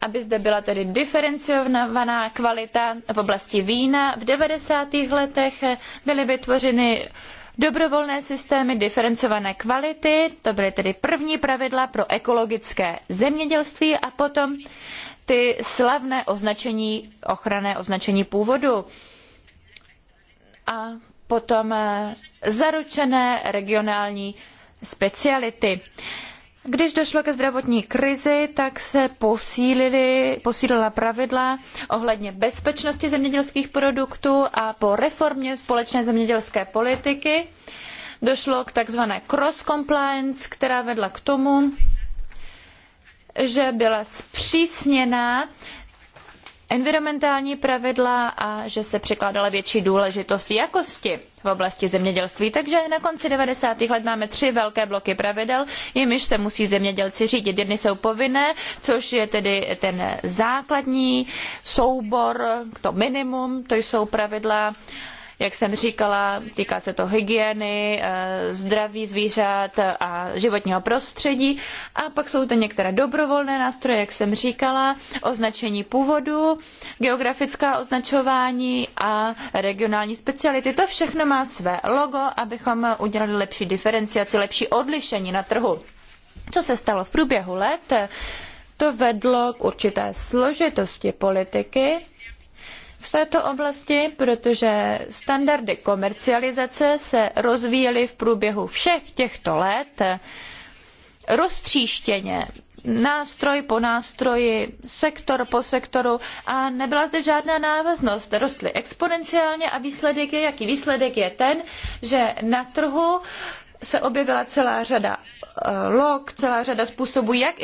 aby zde byla tedy diferenciovaná kvalita v oblasti vína. V 90. letech byly vytvořeny dobrovolné systémy diferencované kvality, to byly tedy první pravidla pro ekologické zemědělství a potom ty slavné označení, ochranné označení původu. A potom eh, zaručené regionální speciality. Když došlo ke zdravotní krizi, tak se posílili, posílila pravidla ohledně bezpečnosti zemědělských produktů a po reformě společné zemědělské politiky došlo k takzvané cross compliance, která vedla k tomu, že byla zpřísněna environmentální pravidla a že se překládala větší důležitost jakosti v oblasti zemědělství. Takže na konci 90. let máme tři velké bloky pravidel, jimiž se musí zemědělci řídit. Jedny jsou povinné, což je tedy ten základní soubor, to minimum, to jsou pravidla jak jsem říkala, týká se to hygieny, eh, zdraví zvířat a životního prostředí. A pak jsou to některé dobrovolné nástroje, jak jsem říkala, označení původu, geografická označování a regionální speciality. To všechno má své logo, abychom udělali lepší diferenciaci, lepší odlišení na trhu. Co se stalo v průběhu let? To vedlo k určité složitosti politiky, v této oblasti, protože standardy komercializace se rozvíjely v průběhu všech těchto let roztříštěně, nástroj po nástroji, sektor po sektoru a nebyla zde žádná návaznost. Rostly exponenciálně a výsledek je, jaký výsledek je ten, že na trhu se objevila celá řada eh, log, celá řada způsobů, jak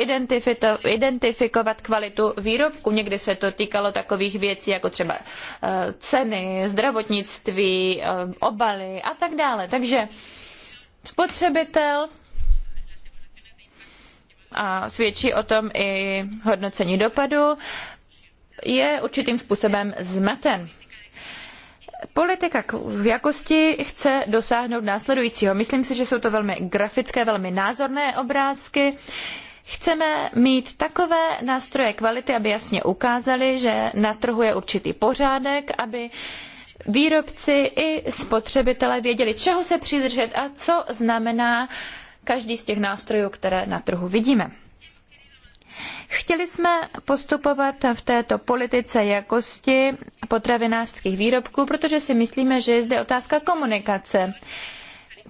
identifikovat kvalitu výrobku. Někdy se to týkalo takových věcí, jako třeba eh, ceny, zdravotnictví, eh, obaly a tak dále. Takže spotřebitel a svědčí o tom i hodnocení dopadu, je určitým způsobem zmaten. Politika jakosti chce dosáhnout následujícího. Myslím si, že jsou to velmi grafické, velmi názorné obrázky. Chceme mít takové nástroje kvality, aby jasně ukázali, že na trhu je určitý pořádek, aby výrobci i spotřebitelé věděli, čeho se přidržet a co znamená každý z těch nástrojů, které na trhu vidíme. Chtěli jsme postupovat v této politice jakosti potravinářských výrobků, protože si myslíme, že je zde otázka komunikace.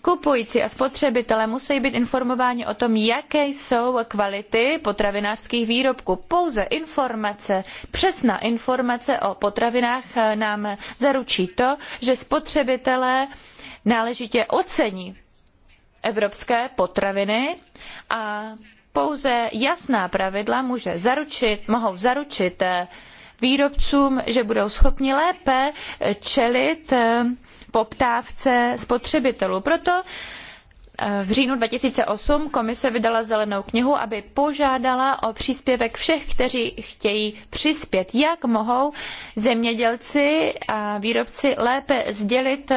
Kupující a spotřebitelé musí být informováni o tom, jaké jsou kvality potravinářských výrobků. Pouze informace, přesná informace o potravinách nám zaručí to, že spotřebitelé náležitě ocení evropské potraviny a pouze jasná pravidla může zaručit, mohou zaručit eh, výrobcům, že budou schopni lépe eh, čelit eh, poptávce spotřebitelů. Proto v říjnu 2008 komise vydala zelenou knihu, aby požádala o příspěvek všech, kteří chtějí přispět. Jak mohou zemědělci a výrobci lépe sdělit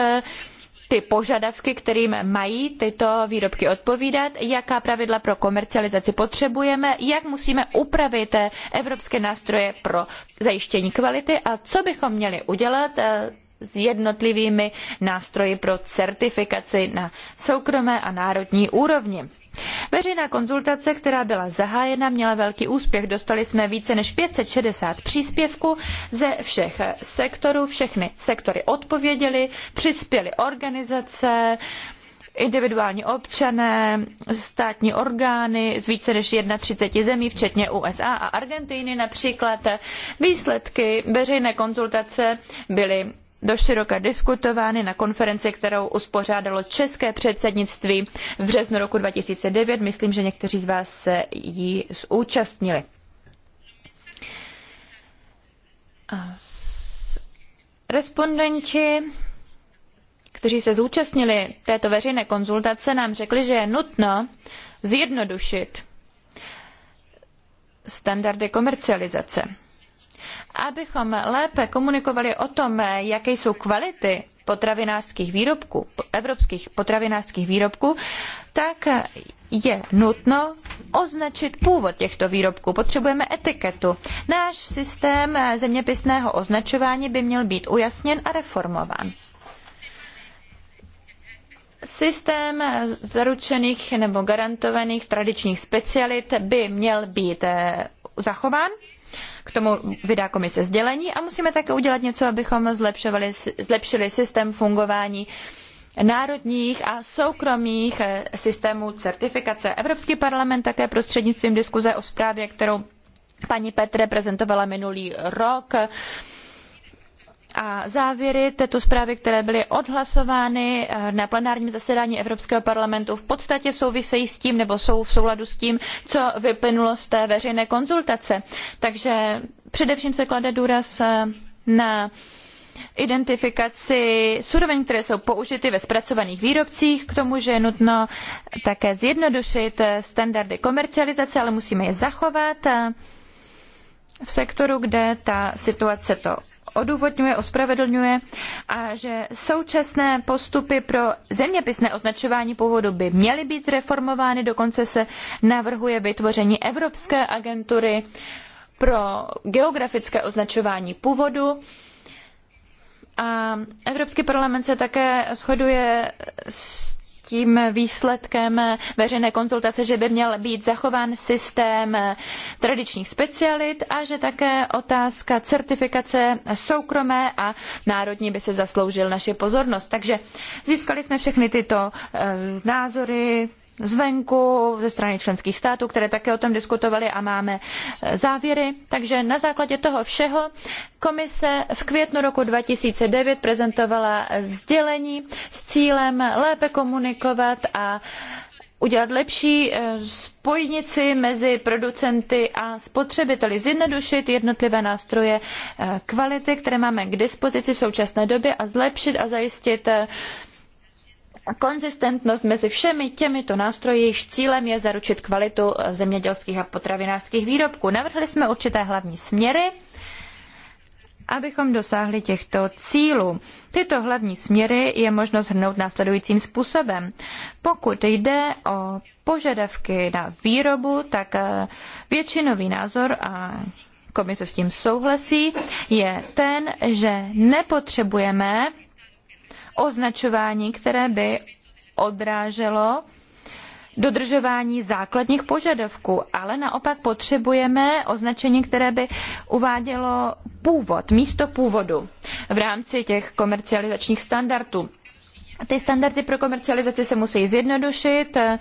ty požadavky, kterým mají tyto výrobky odpovídat, jaká pravidla pro komercializaci potřebujeme, jak musíme upravit eh, evropské nástroje pro zajištění kvality a co bychom měli udělat eh, s jednotlivými nástroji pro certifikaci na soukromé a národní úrovni. Veřejná konzultace, která byla zahájena, měla velký úspěch. Dostali jsme více než 560 příspěvků ze všech sektorů. Všechny sektory odpověděly, přispěly organizace, individuální občané, státní orgány z více než 31 zemí, včetně USA a Argentiny například. Výsledky veřejné konzultace byly doširoka diskutovány na konferenci, kterou uspořádalo české předsednictví v březnu roku 2009. Myslím, že někteří z vás se jí zúčastnili. Respondenti kteří se zúčastnili této veřejné konzultace, nám řekli, že je nutno zjednodušit standardy komercializace. Abychom lépe komunikovali o tom, jaké jsou kvality potravinářských výrobků, evropských potravinářských výrobků, tak je nutno označit původ těchto výrobků. Potřebujeme etiketu. Náš systém zeměpisného označování by měl být ujasněn a reformován systém zaručených nebo garantovaných tradičních specialit by měl být eh, zachován k tomu vydá komise sdělení a musíme také udělat něco, abychom zlepšovali, zlepšili systém fungování národních a soukromých eh, systémů certifikace. Evropský parlament také prostřednictvím diskuze o zprávě, kterou paní Petre prezentovala minulý rok, a závěry této zprávy, které byly odhlasovány eh, na plenárním zasedání Evropského parlamentu, v podstatě souvisejí s tím nebo jsou v souladu s tím, co vyplynulo z té veřejné konzultace. Takže především se klade důraz eh, na identifikaci surovin, které jsou použity ve zpracovaných výrobcích, k tomu, že je nutno také zjednodušit eh, standardy komercializace, ale musíme je zachovat. A v sektoru, kde ta situace to odůvodňuje, ospravedlňuje a že současné postupy pro zeměpisné označování původu by měly být reformovány. Dokonce se navrhuje vytvoření Evropské agentury pro geografické označování původu. A Evropský parlament se také shoduje s tím výsledkem veřejné konzultace, že by měl být zachován systém tradičních specialit a že také otázka certifikace soukromé a národní by se zasloužil naši pozornost. Takže získali jsme všechny tyto eh, názory, zvenku, ze strany členských států, které také o tom diskutovaly a máme eh, závěry. Takže na základě toho všeho komise v květnu roku 2009 prezentovala sdělení s cílem lépe komunikovat a udělat lepší eh, spojnici mezi producenty a spotřebiteli, zjednodušit jednotlivé nástroje eh, kvality, které máme k dispozici v současné době a zlepšit a zajistit a konzistentnost mezi všemi těmito nástroji, jejichž cílem je zaručit kvalitu eh, zemědělských a potravinářských výrobků. Navrhli jsme určité hlavní směry, abychom dosáhli těchto cílů. Tyto hlavní směry je možno shrnout následujícím způsobem. Pokud jde o požadavky na výrobu, tak eh, většinový názor a komise s tím souhlasí, je ten, že nepotřebujeme označování, které by odráželo dodržování základních požadavků, ale naopak potřebujeme označení, které by uvádělo původ, místo původu v rámci těch komercializačních standardů. Ty standardy pro komercializaci se musí zjednodušit eh,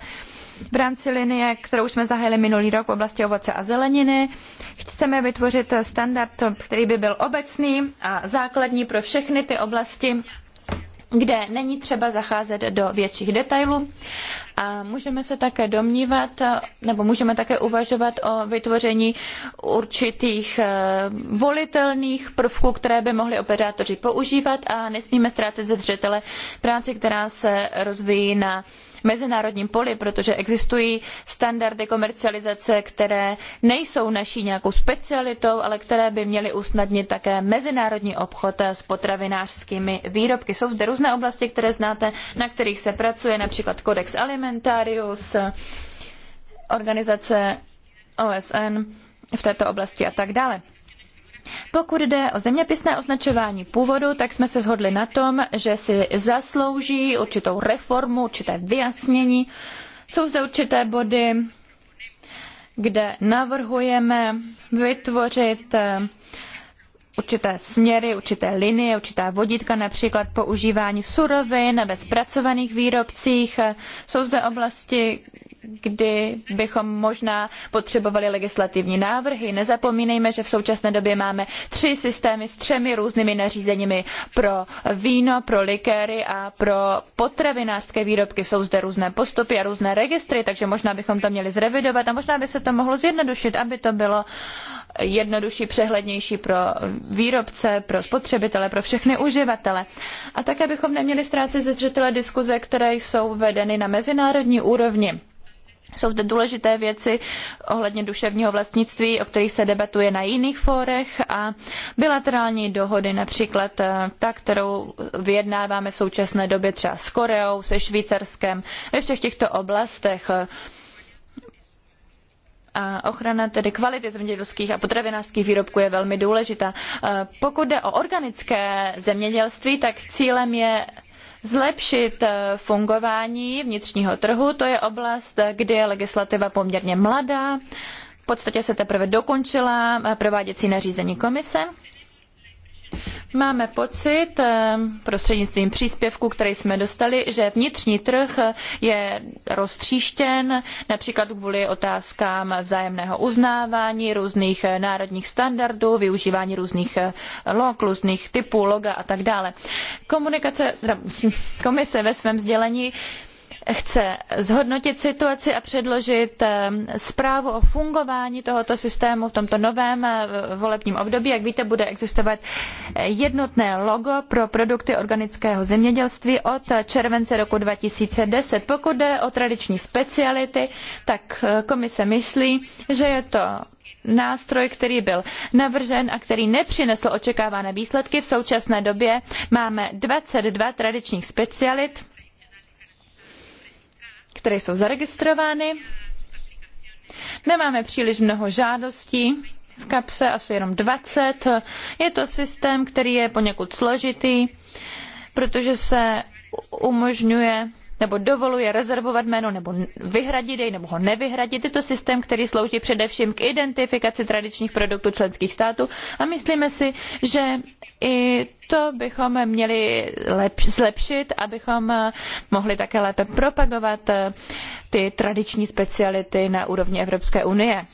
v rámci linie, kterou jsme zahájili minulý rok v oblasti ovoce a zeleniny. Chceme vytvořit standard, který by byl obecný a základní pro všechny ty oblasti kde není třeba zacházet do větších detailů. A můžeme se také domnívat, nebo můžeme také uvažovat o vytvoření určitých eh, volitelných prvků, které by mohli operátoři používat a nesmíme ztrácet ze zřetele práci, která se rozvíjí na mezinárodním poli, protože existují standardy komercializace, které nejsou naší nějakou specialitou, ale které by měly usnadnit také mezinárodní obchod s potravinářskými výrobky. Jsou zde různé oblasti, které znáte, na kterých se pracuje, například Codex Alimentarius, organizace OSN v této oblasti a tak dále. Pokud jde o zeměpisné označování původu, tak jsme se shodli na tom, že si zaslouží určitou reformu, určité vyjasnění. Jsou zde určité body, kde navrhujeme vytvořit eh, určité směry, určité linie, určitá vodítka, například používání surovin ve zpracovaných výrobcích. Jsou zde oblasti, kdy bychom možná potřebovali legislativní návrhy. Nezapomínejme, že v současné době máme tři systémy s třemi různými nařízeními pro víno, pro likéry a pro potravinářské výrobky. Jsou zde různé postupy a různé registry, takže možná bychom to měli zrevidovat a možná by se to mohlo zjednodušit, aby to bylo jednodušší, přehlednější pro výrobce, pro spotřebitele, pro všechny uživatele. A také bychom neměli ztrácet ze zřetele diskuze, které jsou vedeny na mezinárodní úrovni. Jsou zde důležité věci ohledně duševního vlastnictví, o kterých se debatuje na jiných fórech a bilaterální dohody, například eh, ta, kterou vyjednáváme v současné době třeba s Koreou, se Švýcarskem, ve všech těchto oblastech. A ochrana tedy kvality zemědělských a potravinářských výrobků je velmi důležitá. Eh, pokud jde o organické zemědělství, tak cílem je zlepšit eh, fungování vnitřního trhu. To je oblast, eh, kde je legislativa poměrně mladá. V podstatě se teprve dokončila eh, prováděcí nařízení komise. Máme pocit eh, prostřednictvím příspěvku, který jsme dostali, že vnitřní trh eh, je roztříštěn například kvůli otázkám vzájemného uznávání různých eh, národních standardů, využívání různých log, různých typů loga a tak dále. Komunikace, (laughs) komise ve svém sdělení chce zhodnotit situaci a předložit eh, zprávu o fungování tohoto systému v tomto novém eh, volebním období. Jak víte, bude existovat eh, jednotné logo pro produkty organického zemědělství od července roku 2010. Pokud jde o tradiční speciality, tak komise myslí, že je to nástroj, který byl navržen a který nepřinesl očekávané výsledky. V současné době máme 22 tradičních specialit které jsou zaregistrovány. Nemáme příliš mnoho žádostí, v kapse asi jenom 20. Je to systém, který je poněkud složitý, protože se umožňuje nebo dovoluje rezervovat jméno nebo vyhradit jej nebo ho nevyhradit. Je to systém, který slouží především k identifikaci tradičních produktů členských států a myslíme si, že i to bychom měli zlepšit, abychom eh, mohli také lépe propagovat eh, ty tradiční speciality na úrovni Evropské unie.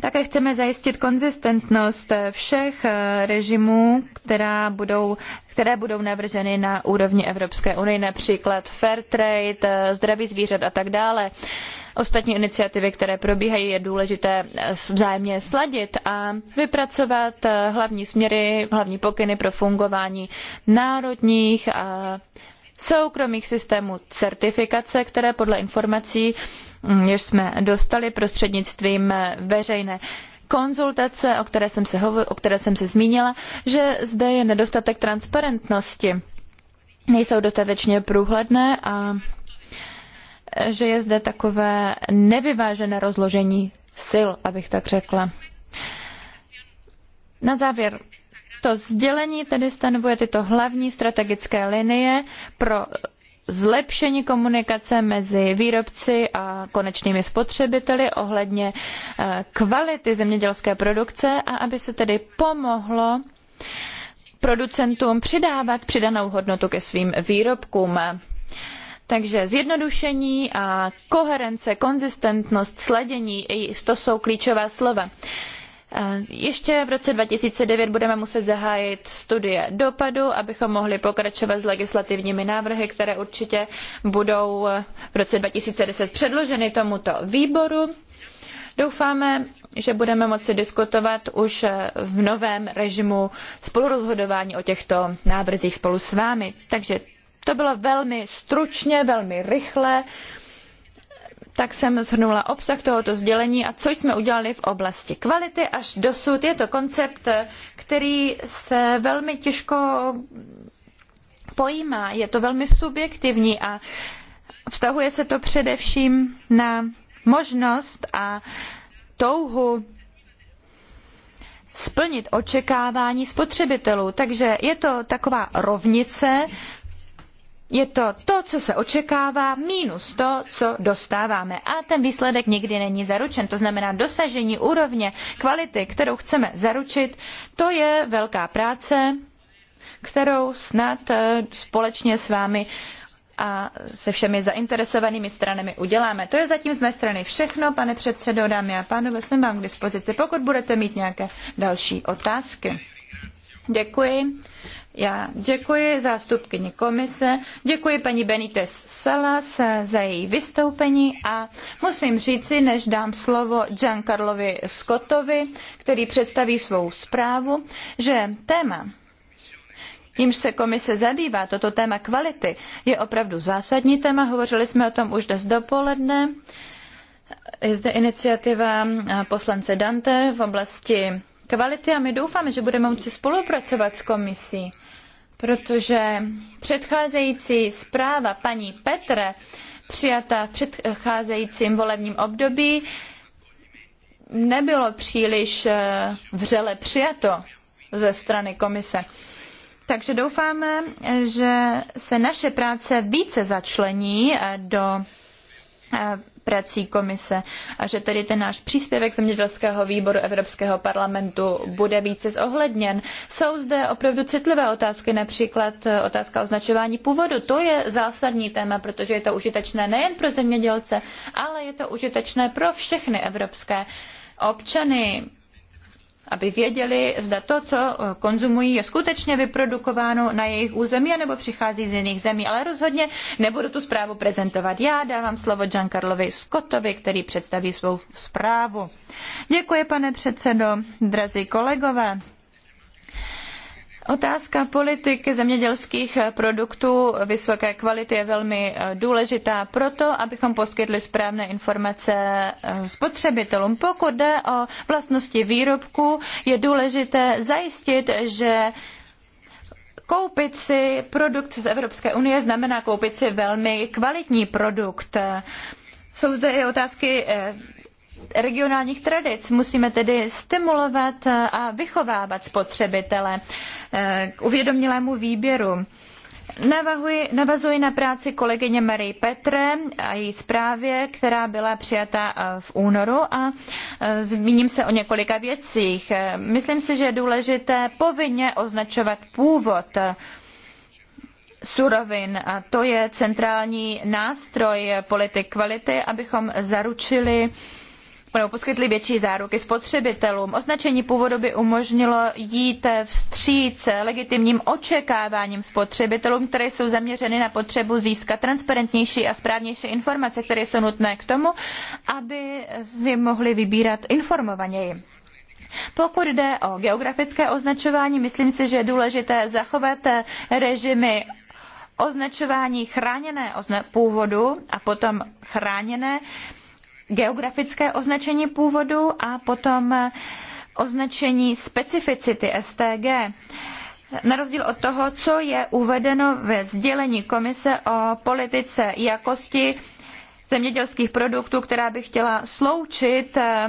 Také chceme zajistit konzistentnost všech eh, režimů, která budou, které budou navrženy na úrovni Evropské unie, například fair trade, eh, zdraví zvířat a tak dále. Ostatní iniciativy, které probíhají, je důležité eh, vzájemně sladit a vypracovat hlavní směry, hlavní pokyny pro fungování národních a soukromých systémů certifikace, které podle informací jež jsme dostali prostřednictvím veřejné konzultace, o které jsem se, hovo- o které jsem se zmínila, že zde je nedostatek transparentnosti. Nejsou dostatečně průhledné a že je zde takové nevyvážené rozložení sil, abych tak řekla. Na závěr, to sdělení tedy stanovuje tyto hlavní strategické linie pro zlepšení komunikace mezi výrobci a konečnými spotřebiteli ohledně eh, kvality zemědělské produkce a aby se tedy pomohlo producentům přidávat přidanou hodnotu ke svým výrobkům. Takže zjednodušení a koherence, konzistentnost, sledění, to jsou klíčová slova. Eh, ještě v roce 2009 budeme muset zahájit studie dopadu, abychom mohli pokračovat s legislativními návrhy, které určitě budou eh, v roce 2010 předloženy tomuto výboru. Doufáme, že budeme moci diskutovat už eh, v novém režimu spolurozhodování o těchto návrzích spolu s vámi. Takže to bylo velmi stručně, velmi rychle tak jsem shrnula obsah tohoto sdělení a co jsme udělali v oblasti kvality až dosud. Je to koncept, který se velmi těžko pojímá, je to velmi subjektivní a vztahuje se to především na možnost a touhu splnit očekávání spotřebitelů. Takže je to taková rovnice, je to to, co se očekává, minus to, co dostáváme. A ten výsledek nikdy není zaručen. To znamená dosažení úrovně kvality, kterou chceme zaručit, to je velká práce, kterou snad eh, společně s vámi a se všemi zainteresovanými stranami uděláme. To je zatím z mé strany všechno, pane předsedo, dámy a pánové, jsem vám k dispozici, pokud budete mít nějaké další otázky. Děkuji. Já děkuji zástupkyni komise, děkuji paní Benitez Salas za její vystoupení a musím říci, než dám slovo Giancarlovi Scottovi, který představí svou zprávu, že téma, Jímž se komise zabývá, toto téma kvality, je opravdu zásadní téma. Hovořili jsme o tom už dnes dopoledne. Je zde iniciativa poslance Dante v oblasti kvality a my doufáme, že budeme moci spolupracovat s komisí protože předcházející zpráva paní Petre, přijatá v předcházejícím volebním období, nebylo příliš eh, vřele přijato ze strany komise. Takže doufáme, že se naše práce více začlení eh, do prací komise a že tedy ten náš příspěvek zemědělského výboru Evropského parlamentu bude více zohledněn. Jsou zde opravdu citlivé otázky, například otázka označování původu. To je zásadní téma, protože je to užitečné nejen pro zemědělce, ale je to užitečné pro všechny evropské občany, aby věděli, zda to, co eh, konzumují, je skutečně vyprodukováno na jejich území nebo přichází z jiných zemí. Ale rozhodně nebudu tu zprávu prezentovat já, dávám slovo Giancarlovi Scottovi, který představí svou zprávu. Děkuji, pane předsedo, drazí kolegové. Otázka politiky zemědělských produktů vysoké kvality je velmi eh, důležitá proto, abychom poskytli správné informace eh, spotřebitelům. Pokud jde o vlastnosti výrobku, je důležité zajistit, že koupit si produkt z Evropské unie znamená koupit si velmi kvalitní produkt. Jsou zde i otázky eh, regionálních tradic. Musíme tedy stimulovat a vychovávat spotřebitele eh, k uvědomilému výběru. Navahuji, navazuji na práci kolegyně Marie Petre a její zprávě, která byla přijata eh, v únoru a eh, zmíním se o několika věcích. Myslím si, že je důležité povinně označovat původ surovin a to je centrální nástroj politik kvality, abychom zaručili uh, poskytli větší záruky spotřebitelům. Označení původu by umožnilo jít vstříc legitimním očekáváním spotřebitelům, které jsou zaměřeny na potřebu získat transparentnější a správnější informace, které jsou nutné k tomu, aby si mohli vybírat informovaněji. Pokud jde o geografické označování, myslím si, že je důležité zachovat režimy označování chráněné původu a potom chráněné geografické označení původu a potom označení specificity STG. Na rozdíl od toho, co je uvedeno ve sdělení komise o politice jakosti zemědělských produktů, která by chtěla sloučit eh,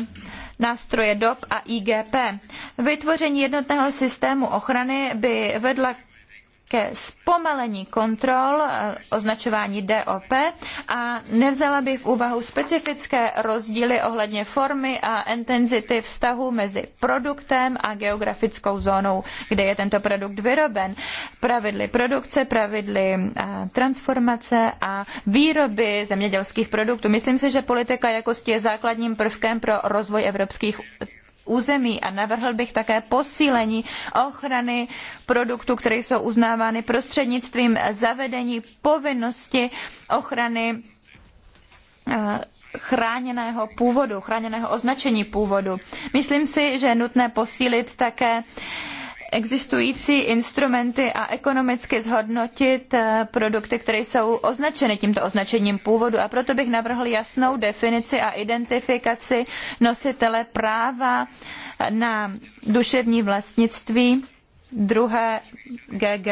nástroje DOP a IGP. Vytvoření jednotného systému ochrany by vedla ke zpomalení kontrol eh, označování DOP a nevzala by v úvahu specifické rozdíly ohledně formy a intenzity vztahu mezi produktem a geografickou zónou, kde je tento produkt vyroben, pravidly produkce, pravidly eh, transformace a výroby zemědělských produktů. Myslím si, že politika jakosti je základním prvkem pro rozvoj evropských území a navrhl bych také posílení ochrany produktů, které jsou uznávány prostřednictvím zavedení povinnosti ochrany eh, chráněného původu, chráněného označení původu. Myslím si, že je nutné posílit také uh, existující instrumenty a ekonomicky zhodnotit eh, produkty, které jsou označeny tímto označením původu. A proto bych navrhl jasnou definici a identifikaci nositele práva na duševní vlastnictví druhé GG.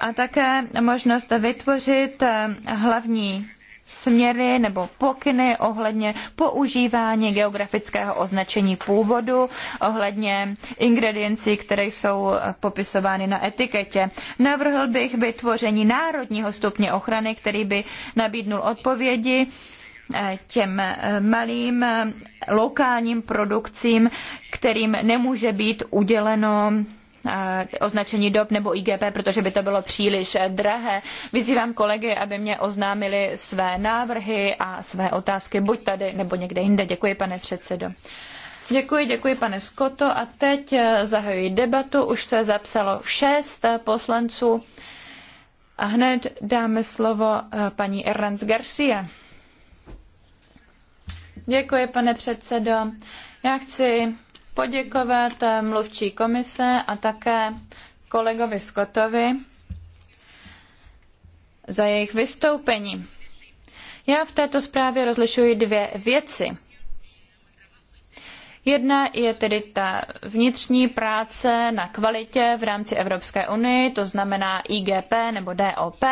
A také možnost vytvořit eh, hlavní směry nebo pokyny ohledně používání geografického označení původu, ohledně ingrediencí, které jsou eh, popisovány na etiketě. Navrhl bych vytvoření národního stupně ochrany, který by nabídnul odpovědi eh, těm eh, malým lokálním produkcím, kterým nemůže být uděleno Eh, označení DOP nebo IGP, protože by to bylo příliš eh, drahé. Vyzývám kolegy, aby mě oznámili své návrhy a své otázky, buď tady nebo někde jinde. Děkuji, pane předsedo. Děkuji, děkuji pane Skoto. A teď eh, zahajuji debatu. Už se zapsalo šest poslanců. A hned dáme slovo paní Erlands Garcia. Děkuji, pane předsedo. Já chci poděkovat mluvčí komise a také kolegovi Scottovi za jejich vystoupení. Já v této zprávě rozlišuji dvě věci. Jedna je tedy ta vnitřní práce na kvalitě v rámci Evropské unie, to znamená IGP nebo DOP.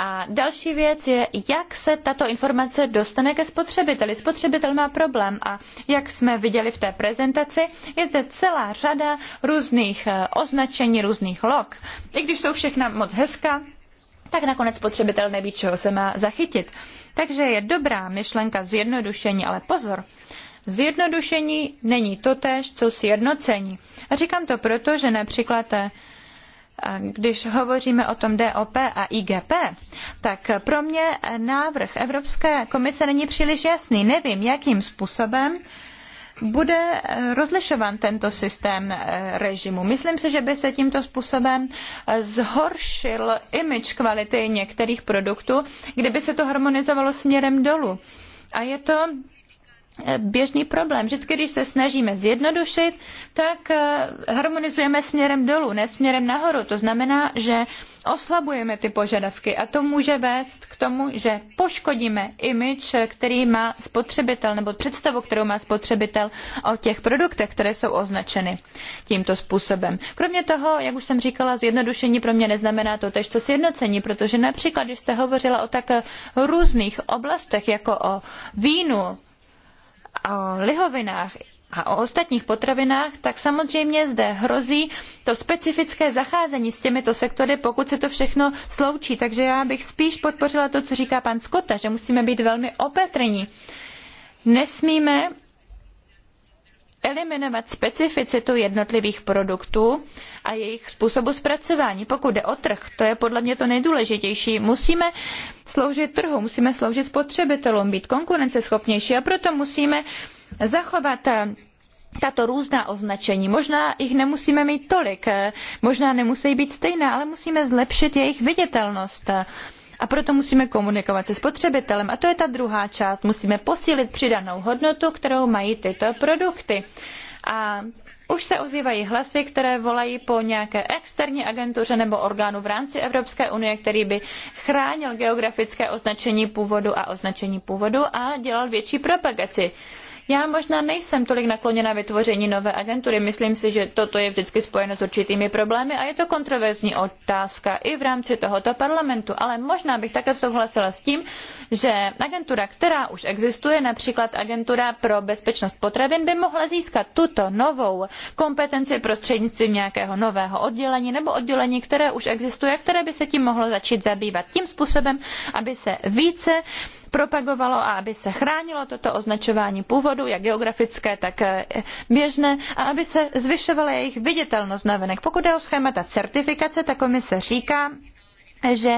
A další věc je, jak se tato informace dostane ke spotřebiteli. Spotřebitel má problém a jak jsme viděli v té prezentaci, je zde celá řada různých eh, označení, různých log. I když jsou všechna moc hezká, tak nakonec spotřebitel neví, čeho se má zachytit. Takže je dobrá myšlenka zjednodušení, ale pozor, zjednodušení není totéž, co sjednocení. A říkám to proto, že například eh, když hovoříme o tom DOP a IGP, tak pro mě návrh Evropské komise není příliš jasný. Nevím, jakým způsobem bude rozlišován tento systém eh, režimu. Myslím si, že by se tímto způsobem eh, zhoršil image kvality některých produktů, kdyby se to harmonizovalo směrem dolů. A je to Eh, běžný problém. Vždycky, když se snažíme zjednodušit, tak eh, harmonizujeme směrem dolů, ne směrem nahoru. To znamená, že oslabujeme ty požadavky a to může vést k tomu, že poškodíme image, eh, který má spotřebitel nebo představu, kterou má spotřebitel o těch produktech, které jsou označeny tímto způsobem. Kromě toho, jak už jsem říkala, zjednodušení pro mě neznamená to tež, co sjednocení, protože například, když jste hovořila o tak různých oblastech, jako o vínu, o lihovinách a o ostatních potravinách, tak samozřejmě zde hrozí to specifické zacházení s těmito sektory, pokud se to všechno sloučí. Takže já bych spíš podpořila to, co říká pan Skota, že musíme být velmi opatrní. Nesmíme eliminovat specificitu jednotlivých produktů a jejich způsobu zpracování. Pokud jde o trh, to je podle mě to nejdůležitější. Musíme sloužit trhu, musíme sloužit spotřebitelům, být konkurenceschopnější a proto musíme zachovat eh, tato různá označení. Možná jich nemusíme mít tolik, eh, možná nemusí být stejná, ale musíme zlepšit jejich viditelnost. A proto musíme komunikovat se spotřebitelem. A to je ta druhá část. Musíme posílit přidanou hodnotu, kterou mají tyto produkty. A už se ozývají hlasy, které volají po nějaké externí agentuře nebo orgánu v rámci Evropské unie, který by chránil geografické označení původu a označení původu a dělal větší propagaci. Já možná nejsem tolik nakloněna vytvoření nové agentury. Myslím si, že toto je vždycky spojeno s určitými problémy a je to kontroverzní otázka i v rámci tohoto parlamentu. Ale možná bych také souhlasila s tím, že agentura, která už existuje, například agentura pro bezpečnost potravin, by mohla získat tuto novou kompetenci prostřednictvím nějakého nového oddělení nebo oddělení, které už existuje, které by se tím mohlo začít zabývat tím způsobem, aby se více propagovalo a aby se chránilo toto označování původu, jak geografické, tak eh, běžné, a aby se zvyšovala jejich viditelnost navenek. Pokud jde o schémata certifikace, tak komise říká, že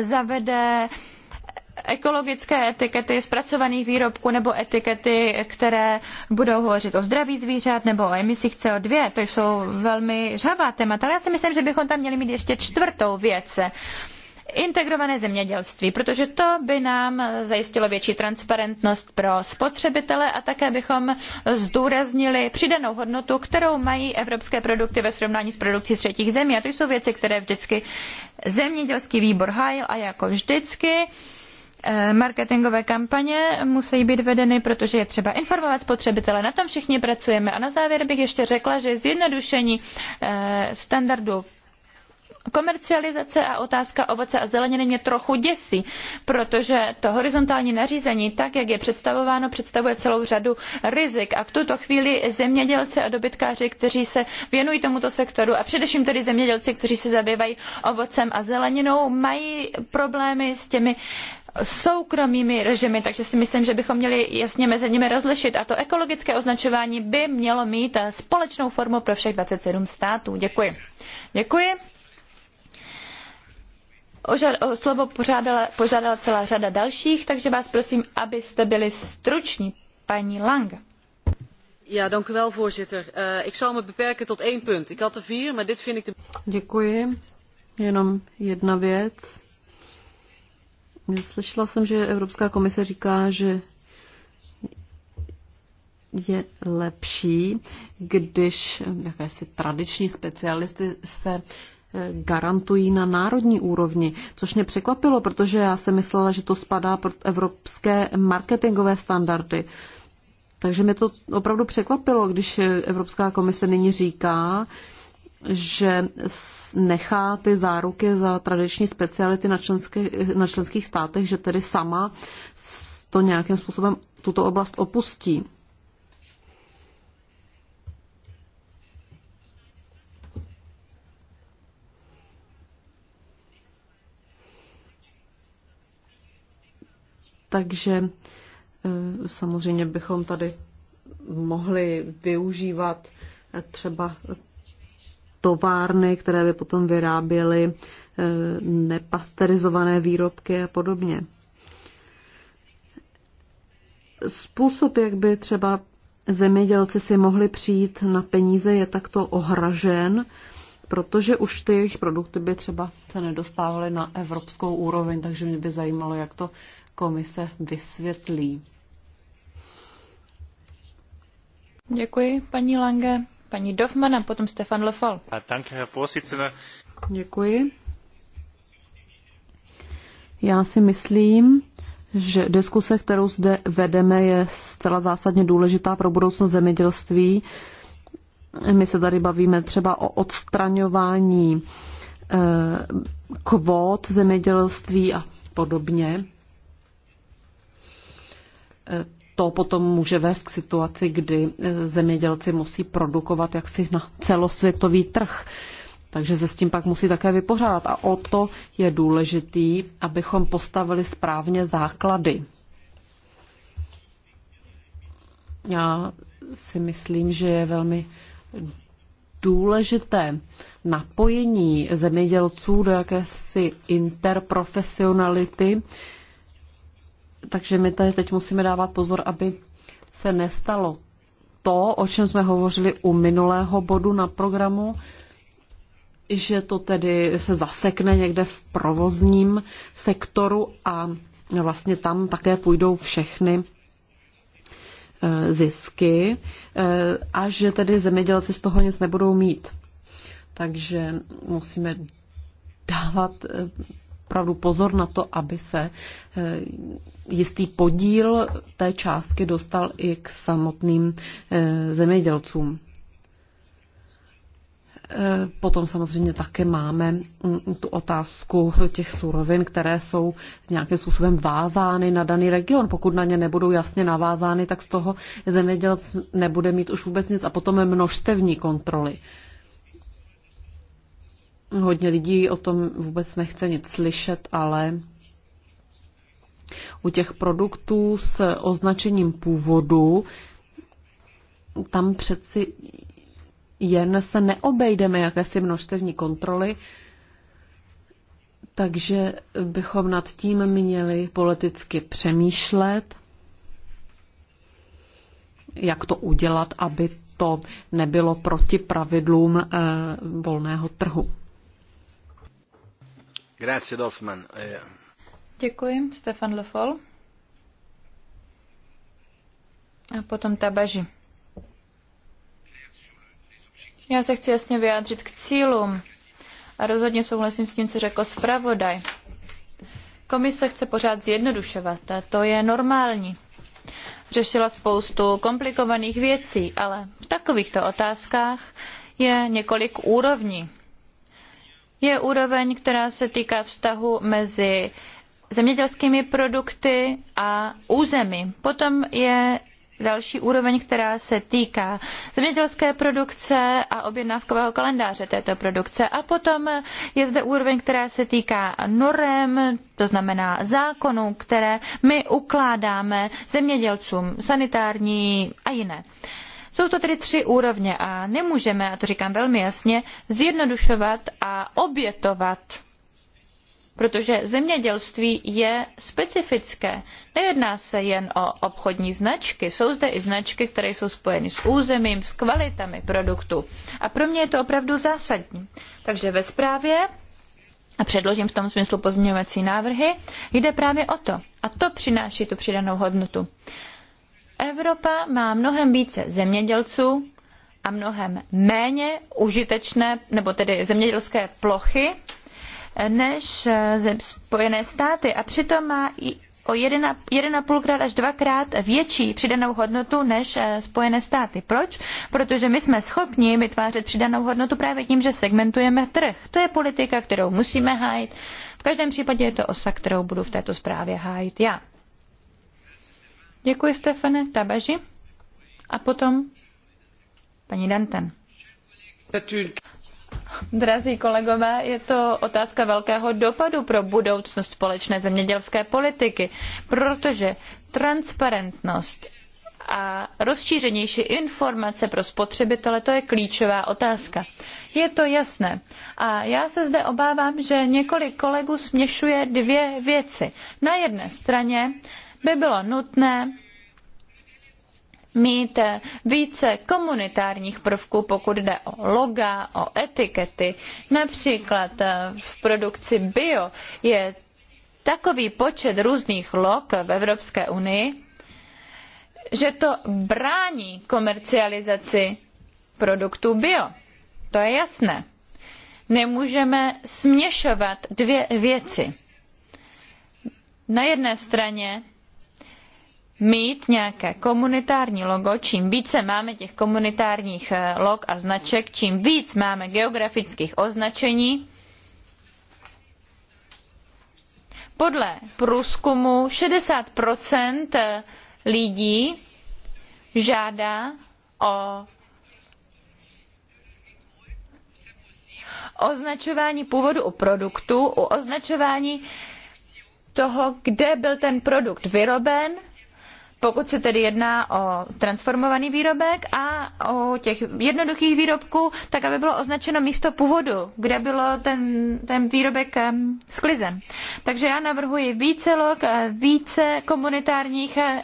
zavede ekologické etikety zpracovaných výrobků nebo etikety, které budou hovořit o zdraví zvířat nebo o emisích CO2. To jsou velmi žhavá témata, ale já si myslím, že bychom tam měli mít ještě čtvrtou věc integrované zemědělství, protože to by nám zajistilo větší transparentnost pro spotřebitele a také bychom zdůraznili přidanou hodnotu, kterou mají evropské produkty ve srovnání s produkcí třetích zemí. A to jsou věci, které vždycky zemědělský výbor hájil a jako vždycky eh, marketingové kampaně musí být vedeny, protože je třeba informovat spotřebitele. Na tom všichni pracujeme. A na závěr bych ještě řekla, že zjednodušení eh, standardu komercializace a otázka ovoce a zeleniny mě trochu děsí, protože to horizontální nařízení, tak jak je představováno, představuje celou řadu rizik. A v tuto chvíli zemědělci a dobytkáři, kteří se věnují tomuto sektoru, a především tedy zemědělci, kteří se zabývají ovocem a zeleninou, mají problémy s těmi soukromými režimy, takže si myslím, že bychom měli jasně mezi nimi rozlišit. A to ekologické označování by mělo mít společnou formu pro všech 27 států. Děkuji. Děkuji o slovo požádala, požádala celá řada dalších, takže vás prosím, abyste byli struční, paní Lang. Ja, dank u wel, voorzitter. Uh, ik zal me beperken tot één punt. Ik had er vier, maar dit vind ik de... Děkuji. Jenom jedna věc. Slyšela jsem, že Evropská komise říká, že je lepší, když jakési tradiční specialisty se garantují na národní úrovni, což mě překvapilo, protože já jsem myslela, že to spadá pod evropské marketingové standardy. Takže mě to opravdu překvapilo, když Evropská komise nyní říká, že nechá ty záruky za tradiční speciality na, členské, na členských státech, že tedy sama to nějakým způsobem tuto oblast opustí. Takže eh, samozřejmě bychom tady mohli využívat eh, třeba továrny, které by potom vyráběly eh, nepasterizované výrobky a podobně. Způsob, jak by třeba zemědělci si mohli přijít na peníze, je takto ohražen, protože už ty jejich produkty by třeba se nedostávaly na evropskou úroveň, takže mě by zajímalo, jak to komise vysvětlí. Děkuji, paní Lange, paní Dofman a potom Stefan Lefol. Děkuji. Já si myslím, že diskuse, kterou zde vedeme, je zcela zásadně důležitá pro budoucnost zemědělství. My se tady bavíme třeba o odstraňování eh, kvót zemědělství a podobně to potom může vést k situaci, kdy eh, zemědělci musí produkovat jaksi na celosvětový trh. Takže se s tím pak musí také vypořádat. A o to je důležitý, abychom postavili správně základy. Já si myslím, že je velmi důležité napojení zemědělců do jakési interprofesionality, takže my tady teď musíme dávat pozor, aby se nestalo to, o čem jsme hovořili u minulého bodu na programu, že to tedy se zasekne někde v provozním sektoru a vlastně tam také půjdou všechny e, zisky e, a že tedy zemědělci z toho nic nebudou mít. Takže musíme dávat e, opravdu pozor na to, aby se eh, jistý podíl té částky dostal i k samotným eh, zemědělcům. Eh, potom samozřejmě také máme mm, tu otázku těch surovin, které jsou nějakým způsobem vázány na daný region. Pokud na ně nebudou jasně navázány, tak z toho zemědělec nebude mít už vůbec nic. A potom množstevní kontroly. Hodně lidí o tom vůbec nechce nic slyšet, ale u těch produktů s označením původu tam přeci jen se neobejdeme jakési množstevní kontroly, takže bychom nad tím měli politicky přemýšlet, jak to udělat, aby to nebylo proti pravidlům eh, volného trhu. Grazie, eh, Děkuji, Stefan Lefol. A potom Tabaži. Já se chci jasně vyjádřit k cílům a rozhodně souhlasím s tím, co řekl zpravodaj. Komise chce pořád zjednodušovat a to je normální. Řešila spoustu komplikovaných věcí, ale v takovýchto otázkách je několik úrovní je úroveň, která se týká vztahu mezi zemědělskými produkty a území. Potom je další úroveň, která se týká zemědělské produkce a objednávkového kalendáře této produkce. A potom je zde úroveň, která se týká norem, to znamená zákonů, které my ukládáme zemědělcům, sanitární a jiné. Uh, jsou to tedy tři úrovně a nemůžeme, a to říkám velmi jasně, zjednodušovat a obětovat protože zemědělství je specifické. Nejedná se jen o obchodní značky, jsou zde i značky, které jsou spojeny s územím, s kvalitami produktu. A pro mě je to opravdu zásadní. Takže ve zprávě, a předložím v tom smyslu pozměňovací návrhy, jde právě o to. A to přináší tu přidanou hodnotu. Evropa má mnohem více zemědělců a mnohem méně užitečné, nebo tedy zemědělské plochy, než eh, Spojené státy. A přitom má i o 1,5 krát až dvakrát větší přidanou hodnotu než eh, Spojené státy. Proč? Protože my jsme schopni vytvářet přidanou hodnotu právě tím, že segmentujeme trh. To je politika, kterou musíme hájit. V každém případě je to osa, kterou budu v této zprávě hájit já. Děkuji, Stefane Tabaži. A potom paní Danten. Drazí kolegové, je to otázka velkého dopadu pro budoucnost společné zemědělské politiky, protože transparentnost a rozšířenější informace pro spotřebitele, to je klíčová otázka. Je to jasné. A já se zde obávám, že několik kolegů směšuje dvě věci. Na jedné straně by bylo nutné mít více komunitárních prvků, pokud jde o loga, o etikety. Například eh, v produkci bio je takový počet různých log v Evropské unii, že to brání komercializaci produktů bio. To je jasné. Nemůžeme směšovat dvě věci. Na jedné straně mít nějaké komunitární logo, čím více máme těch komunitárních eh, log a značek, čím víc máme geografických označení, podle průzkumu 60 eh, lidí žádá o označování původu u produktu, u označování toho, kde byl ten produkt vyroben pokud se tedy jedná o transformovaný výrobek a o těch jednoduchých výrobků, tak aby bylo označeno místo původu, kde bylo ten, ten výrobek sklizen. Takže já navrhuji více log, eh, více komunitárních eh,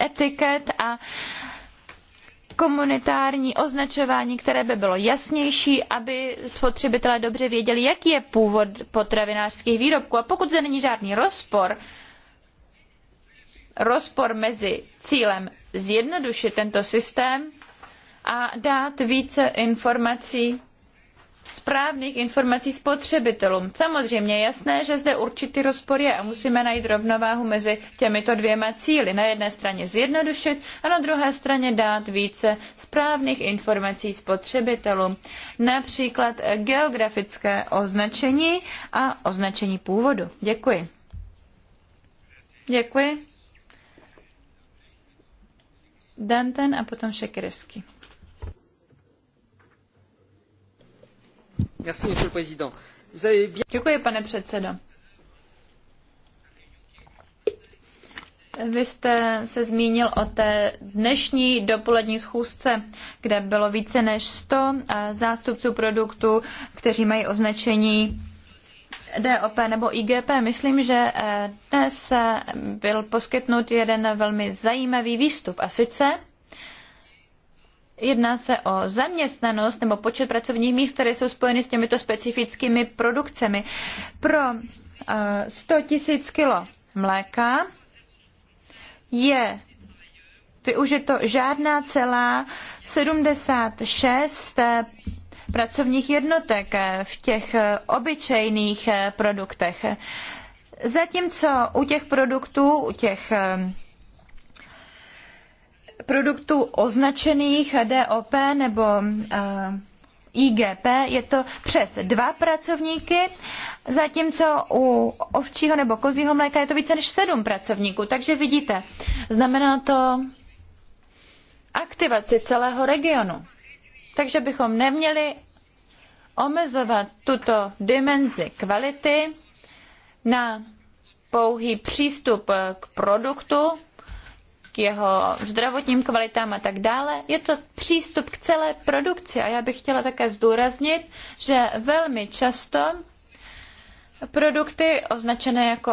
etiket a komunitární označování, které by bylo jasnější, aby spotřebitelé dobře věděli, jaký je původ potravinářských výrobků. A pokud zde není žádný rozpor, rozpor mezi cílem zjednodušit tento systém a dát více informací, správných informací spotřebitelům. Samozřejmě je jasné, že zde určitý rozpor je a musíme najít rovnováhu mezi těmito dvěma cíli. Na jedné straně zjednodušit a na druhé straně dát více správných informací spotřebitelům. Například geografické označení a označení původu. Děkuji. Děkuji. Danten a potom Šekeresky. Děkuji, pane předsedo. Vy jste se zmínil o té dnešní dopolední schůzce, kde bylo více než 100 eh, zástupců produktů, kteří mají označení DOP nebo IGP, myslím, že eh, dnes eh, byl poskytnut jeden velmi zajímavý výstup a sice Jedná se o zaměstnanost nebo počet pracovních míst, které jsou spojeny s těmito specifickými produkcemi. Pro 100 eh, tisíc kilo mléka je využito žádná celá 76 pracovních jednotek eh, v těch eh, obyčejných eh, produktech. Zatímco u těch produktů, u těch produktů označených DOP nebo IGP je to přes dva pracovníky, zatímco u ovčího nebo kozího mléka je to více než sedm pracovníků. Takže vidíte, znamená to aktivaci celého regionu. Takže bychom neměli omezovat tuto dimenzi kvality na pouhý přístup k produktu, k jeho zdravotním kvalitám a tak dále. Je to přístup k celé produkci a já bych chtěla také zdůraznit, že velmi často produkty označené jako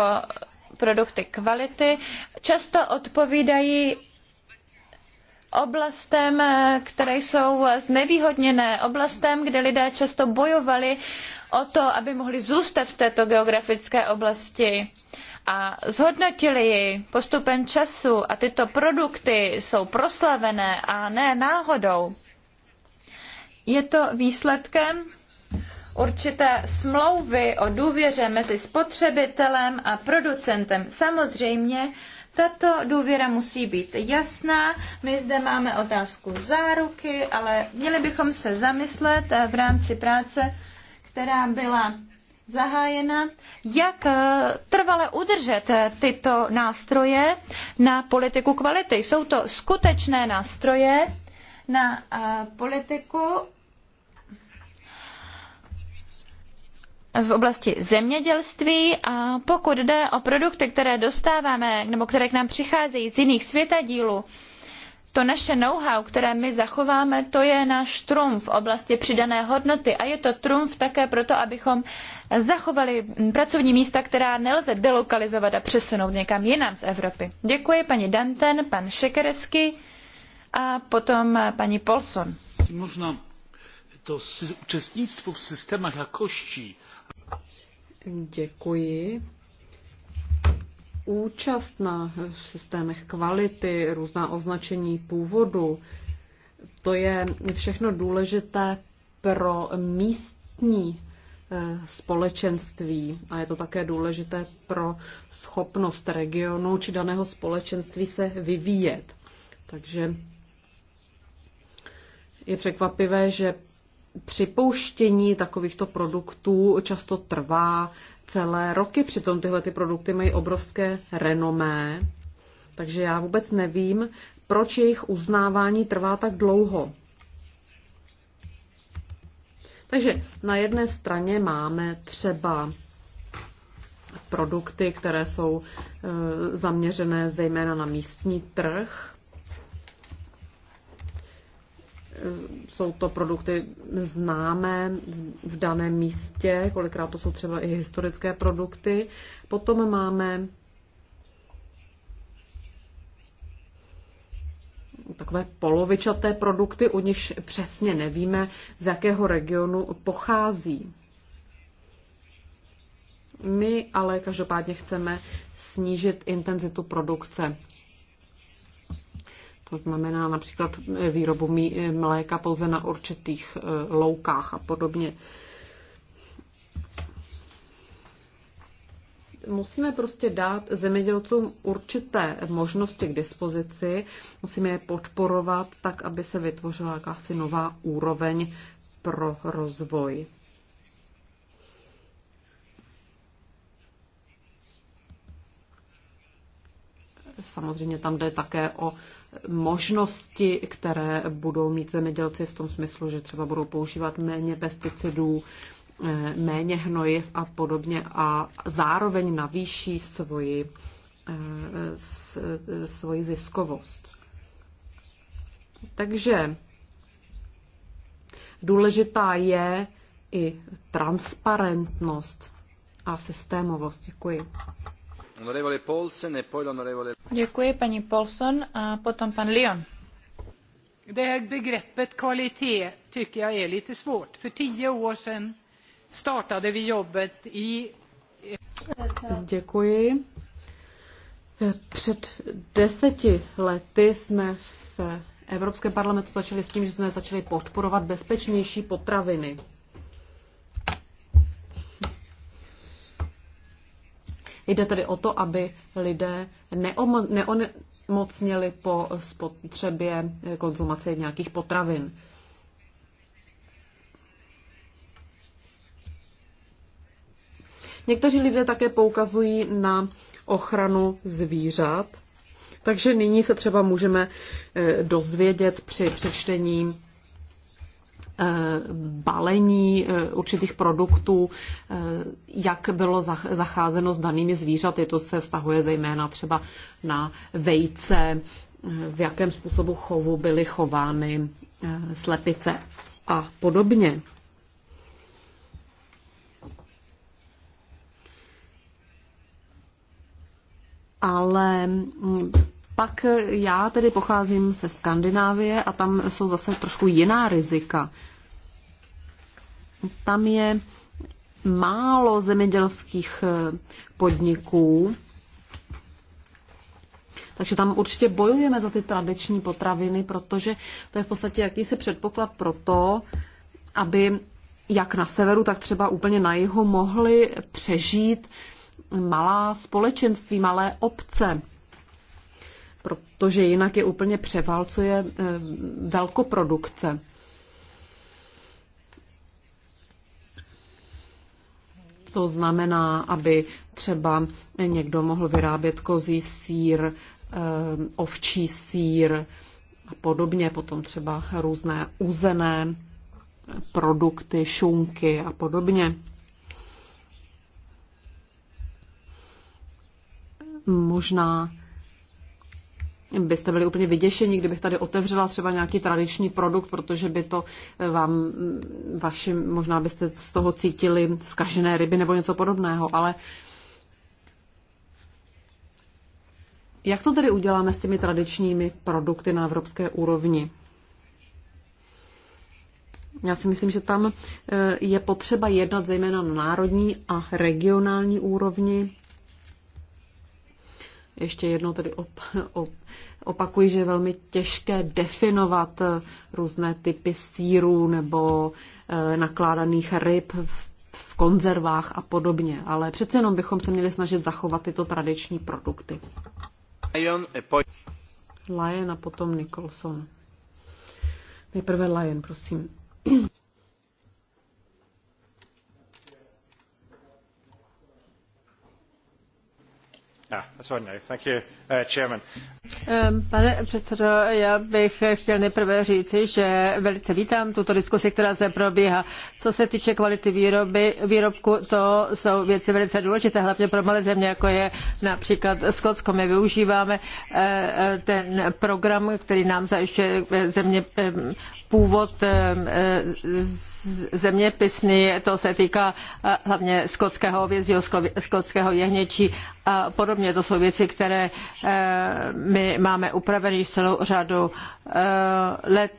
produkty kvality často odpovídají oblastem, eh, které jsou znevýhodněné, oblastem, kde lidé často bojovali o to, aby mohli zůstat v této geografické oblasti a zhodnotili ji postupem času a tyto produkty jsou proslavené a ne náhodou. Je to výsledkem určité smlouvy o důvěře mezi spotřebitelem a producentem. Samozřejmě, tato důvěra musí být jasná. My zde máme otázku záruky, ale měli bychom se zamyslet eh, v rámci práce, která byla zahájena, jak eh, trvale udržet eh, tyto nástroje na politiku kvality. Jsou to skutečné nástroje na politiku v oblasti zemědělství a pokud jde o produkty, které dostáváme nebo které k nám přicházejí z jiných světadílů, to naše know-how, které my zachováme, to je náš trumf v oblasti přidané hodnoty a je to trumf také proto, abychom zachovali pracovní místa, která nelze delokalizovat a přesunout někam jinam z Evropy. Děkuji paní Danten, pan Šekeresky a potom paní Polson. Možná to účastnictvo v systémech jakości Děkuji. Účast na systémech kvality, různá označení původu, to je všechno důležité pro místní eh, společenství a je to také důležité pro schopnost regionu či daného společenství se vyvíjet. Takže je překvapivé, že připouštění takovýchto produktů často trvá celé roky, přitom tyhle ty produkty mají obrovské renomé, takže já vůbec nevím, proč jejich uznávání trvá tak dlouho. Takže na jedné straně máme třeba produkty, které jsou e, zaměřené zejména na místní trh, Eh, jsou to produkty známé v daném místě, kolikrát to jsou třeba i historické produkty. Potom máme takové polovičaté produkty, u nich přesně nevíme, z jakého regionu pochází. My ale každopádně chceme snížit intenzitu produkce to znamená například eh, výrobu eh, mléka pouze na určitých eh, loukách a podobně. Musíme prostě dát zemědělcům určité možnosti k dispozici, musíme je podporovat tak, aby se vytvořila jakási nová úroveň pro rozvoj. Samozřejmě tam jde také o možnosti, které budou mít zemědělci v tom smyslu, že třeba budou používat méně pesticidů, eh, méně hnojiv a podobně a zároveň navýší svoji, eh, eh, svoji ziskovost. Takže důležitá je i transparentnost a systémovost. Děkuji. E Děkuji paní Paulson a potom pan Lyon. Det här begreppet kvalitet tycker jag är lite svårt. För tio år sedan startade vi jobbet i... Děkuji. Před deseti lety jsme v Evropském parlamentu začali s tím, že jsme začali podporovat bezpečnější potraviny. Jde tedy o to, aby lidé neomocněli po spotřebě eh, konzumace nějakých potravin. Někteří lidé také poukazují na ochranu zvířat, takže nyní se třeba můžeme eh, dozvědět při přečtení Eh, balení eh, určitých produktů, eh, jak bylo zacházeno s danými zvířaty. To se stahuje zejména třeba na vejce, v jakém způsobu chovu byly chovány slepice a podobně. Ale mm, pak eh, já tedy pocházím ze Skandinávie a tam jsou zase trošku jiná rizika. Tam je málo zemědělských eh, podniků, takže tam určitě bojujeme za ty tradiční potraviny, protože to je v podstatě jakýsi předpoklad pro to, aby jak na severu, tak třeba úplně na jihu mohly přežít malá společenství, malé obce protože jinak je úplně převálcuje eh, velkoprodukce. To znamená, aby třeba někdo mohl vyrábět kozí sír, eh, ovčí sír a podobně, potom třeba různé uzené produkty, šunky a podobně. Možná byste byli úplně vyděšeni, kdybych tady otevřela třeba nějaký tradiční produkt, protože by to eh, vám, mm, vašim, možná byste z toho cítili zkažené ryby nebo něco podobného, ale jak to tedy uděláme s těmi tradičními produkty na evropské úrovni? Já si myslím, že tam eh, je potřeba jednat zejména na národní a regionální úrovni. Ještě jednou tedy op, op, opakuji, že je velmi těžké definovat eh, různé typy sírů nebo eh, nakládaných ryb v, konzervách a podobně, ale přece jenom bychom se měli snažit zachovat tyto tradiční produkty. Lion eh, a potom Nicholson. Nejprve Lion, prosím. Ah, uh, pane předsedo, já bych chtěl nejprve říci, že velice vítám tuto diskusi, která zde probíhá. Co se týče kvality výroby, výrobku, to jsou věci velice důležité, hlavně pro malé země, jako je například Skotsko. My využíváme eh, ten program, který nám zajišťuje eh, země původ eh, z zeměpisný, to se týká eh, hlavně skotského hovězího, skotského jehněčí a podobně. To jsou věci, které eh, my máme upraveny již celou řadu eh, let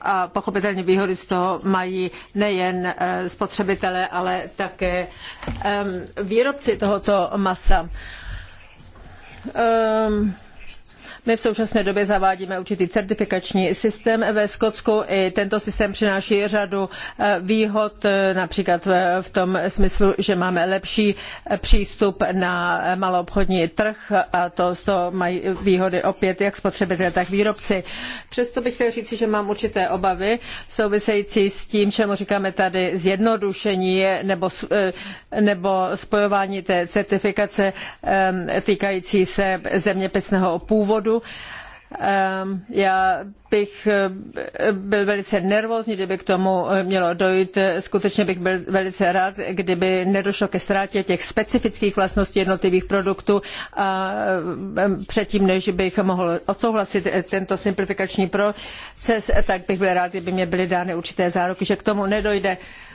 a pochopitelně výhody z toho mají nejen spotřebitelé, ale také výrobci tohoto masa. My v současné době zavádíme určitý certifikační systém ve Skotsku. I tento systém přináší řadu eh, výhod, eh, například v tom smyslu, že máme lepší eh, přístup na maloobchodní trh a to, to mají výhody opět jak spotřebitelé, tak výrobci. Přesto bych chtěl říci, že mám určité obavy související s tím, čemu říkáme tady zjednodušení nebo, nebo spojování té certifikace týkající se zeměpisného původu nákladů. Ehm, já bych eh, byl velice nervózní, kdyby k tomu mělo dojít. Skutečně bych byl velice rád, kdyby nedošlo ke ztrátě těch specifických vlastností jednotlivých produktů a ehm, předtím, než bych mohl odsouhlasit tento simplifikační proces, tak bych byl rád, kdyby mě byly dány určité záruky, že k tomu nedojde. Uh,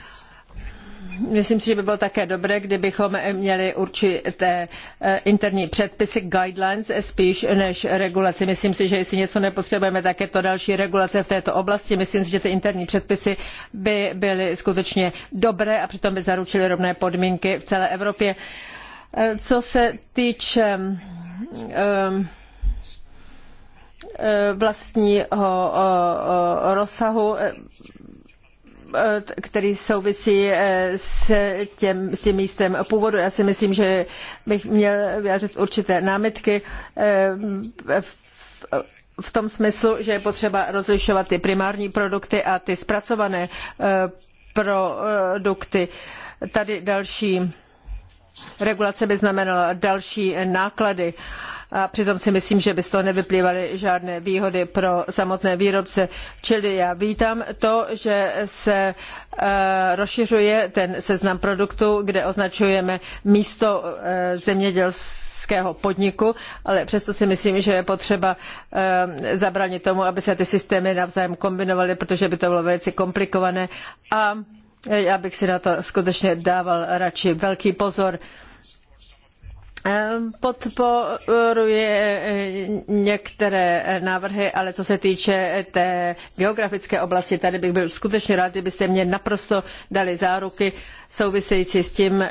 Myslím si, že by bylo také dobré, kdybychom měli určité eh, interní předpisy, guidelines, eh, spíš než regulaci. Myslím si, že jestli něco nepotřebujeme, tak je to další regulace v této oblasti. Myslím si, že ty interní předpisy by byly skutečně dobré a přitom by zaručily rovné podmínky v celé Evropě. Eh, co se týče ehm, vlastního rozsahu Eh, který souvisí eh, s, těm, s tím místem původu. Já si myslím, že bych měl vyjádřit určité námitky eh, v tom smyslu, že je potřeba rozlišovat ty primární produkty a ty zpracované produkty. Tady další regulace by znamenala další náklady a přitom si myslím, že by z toho nevyplývaly žádné výhody pro samotné výrobce. Čili já vítám to, že se e, rozšiřuje ten seznam produktů, kde označujeme místo zemědělství zemědělského podniku, ale přesto si myslím, že je potřeba e, zabránit tomu, aby se ty systémy navzájem kombinovaly, protože by to bylo velice komplikované a já bych si na to skutečně dával radši velký pozor. Podporuje eh, některé eh, návrhy, ale co se týče eh, té geografické oblasti, tady bych byl skutečně rád, kdybyste mě naprosto dali záruky související s tím,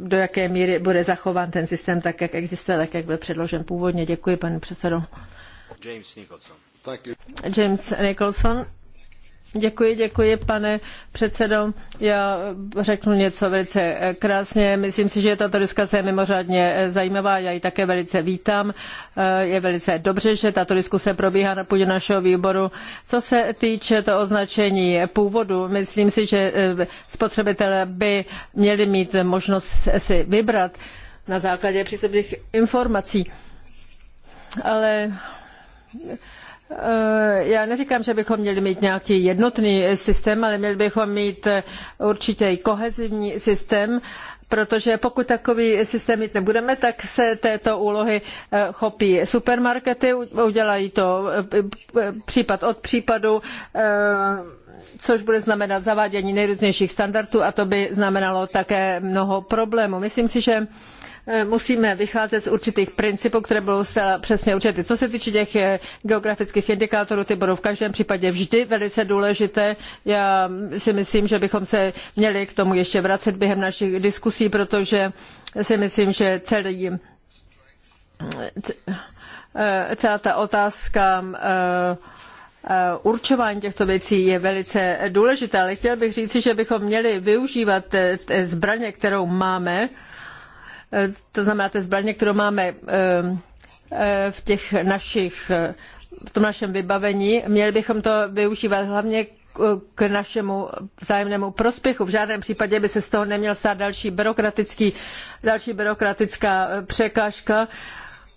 do jaké míry bude zachován ten systém tak, jak existuje, tak, jak byl předložen původně. Děkuji, pane předsedo. James Nicholson. James Nicholson. Děkuji, děkuji, pane předsedo. Já řeknu něco velice krásně. Myslím si, že tato diskuse je mimořádně zajímavá. Já ji také velice vítám. Je velice dobře, že tato diskuse probíhá na půdě našeho výboru. Co se týče to označení původu, myslím si, že eh, spotřebitelé by měli mít možnost si vybrat na základě příslušných informací. Ale Eh, já neříkám, že bychom měli mít nějaký jednotný systém, ale měli bychom mít eh, určitě i kohezivní systém, protože pokud takový systém mít nebudeme, tak se této úlohy eh, chopí supermarkety, udělají to případ od případu, což bude znamenat zavádění nejrůznějších standardů a to by znamenalo také mnoho problémů. Myslím si, že Eh, musíme vycházet z určitých principů, které budou zcela přesně určité. Co se týče těch eh, geografických indikátorů, ty budou v každém případě vždy velice důležité. Já si myslím, že bychom se měli k tomu ještě vracet během našich diskusí, protože si myslím, že celý eh, celá ta otázka určování těchto věcí je velice důležitá, ale chtěl bych říci, že bychom měli využívat zbraně, kterou máme, Eh, to znamená té zbraně, kterou máme eh, eh, v těch našich v tom našem vybavení, měli bychom to využívat hlavně k našemu vzájemnému prospěchu. V žádném případě by se z toho neměl stát další, byrokratický, další byrokratická překážka,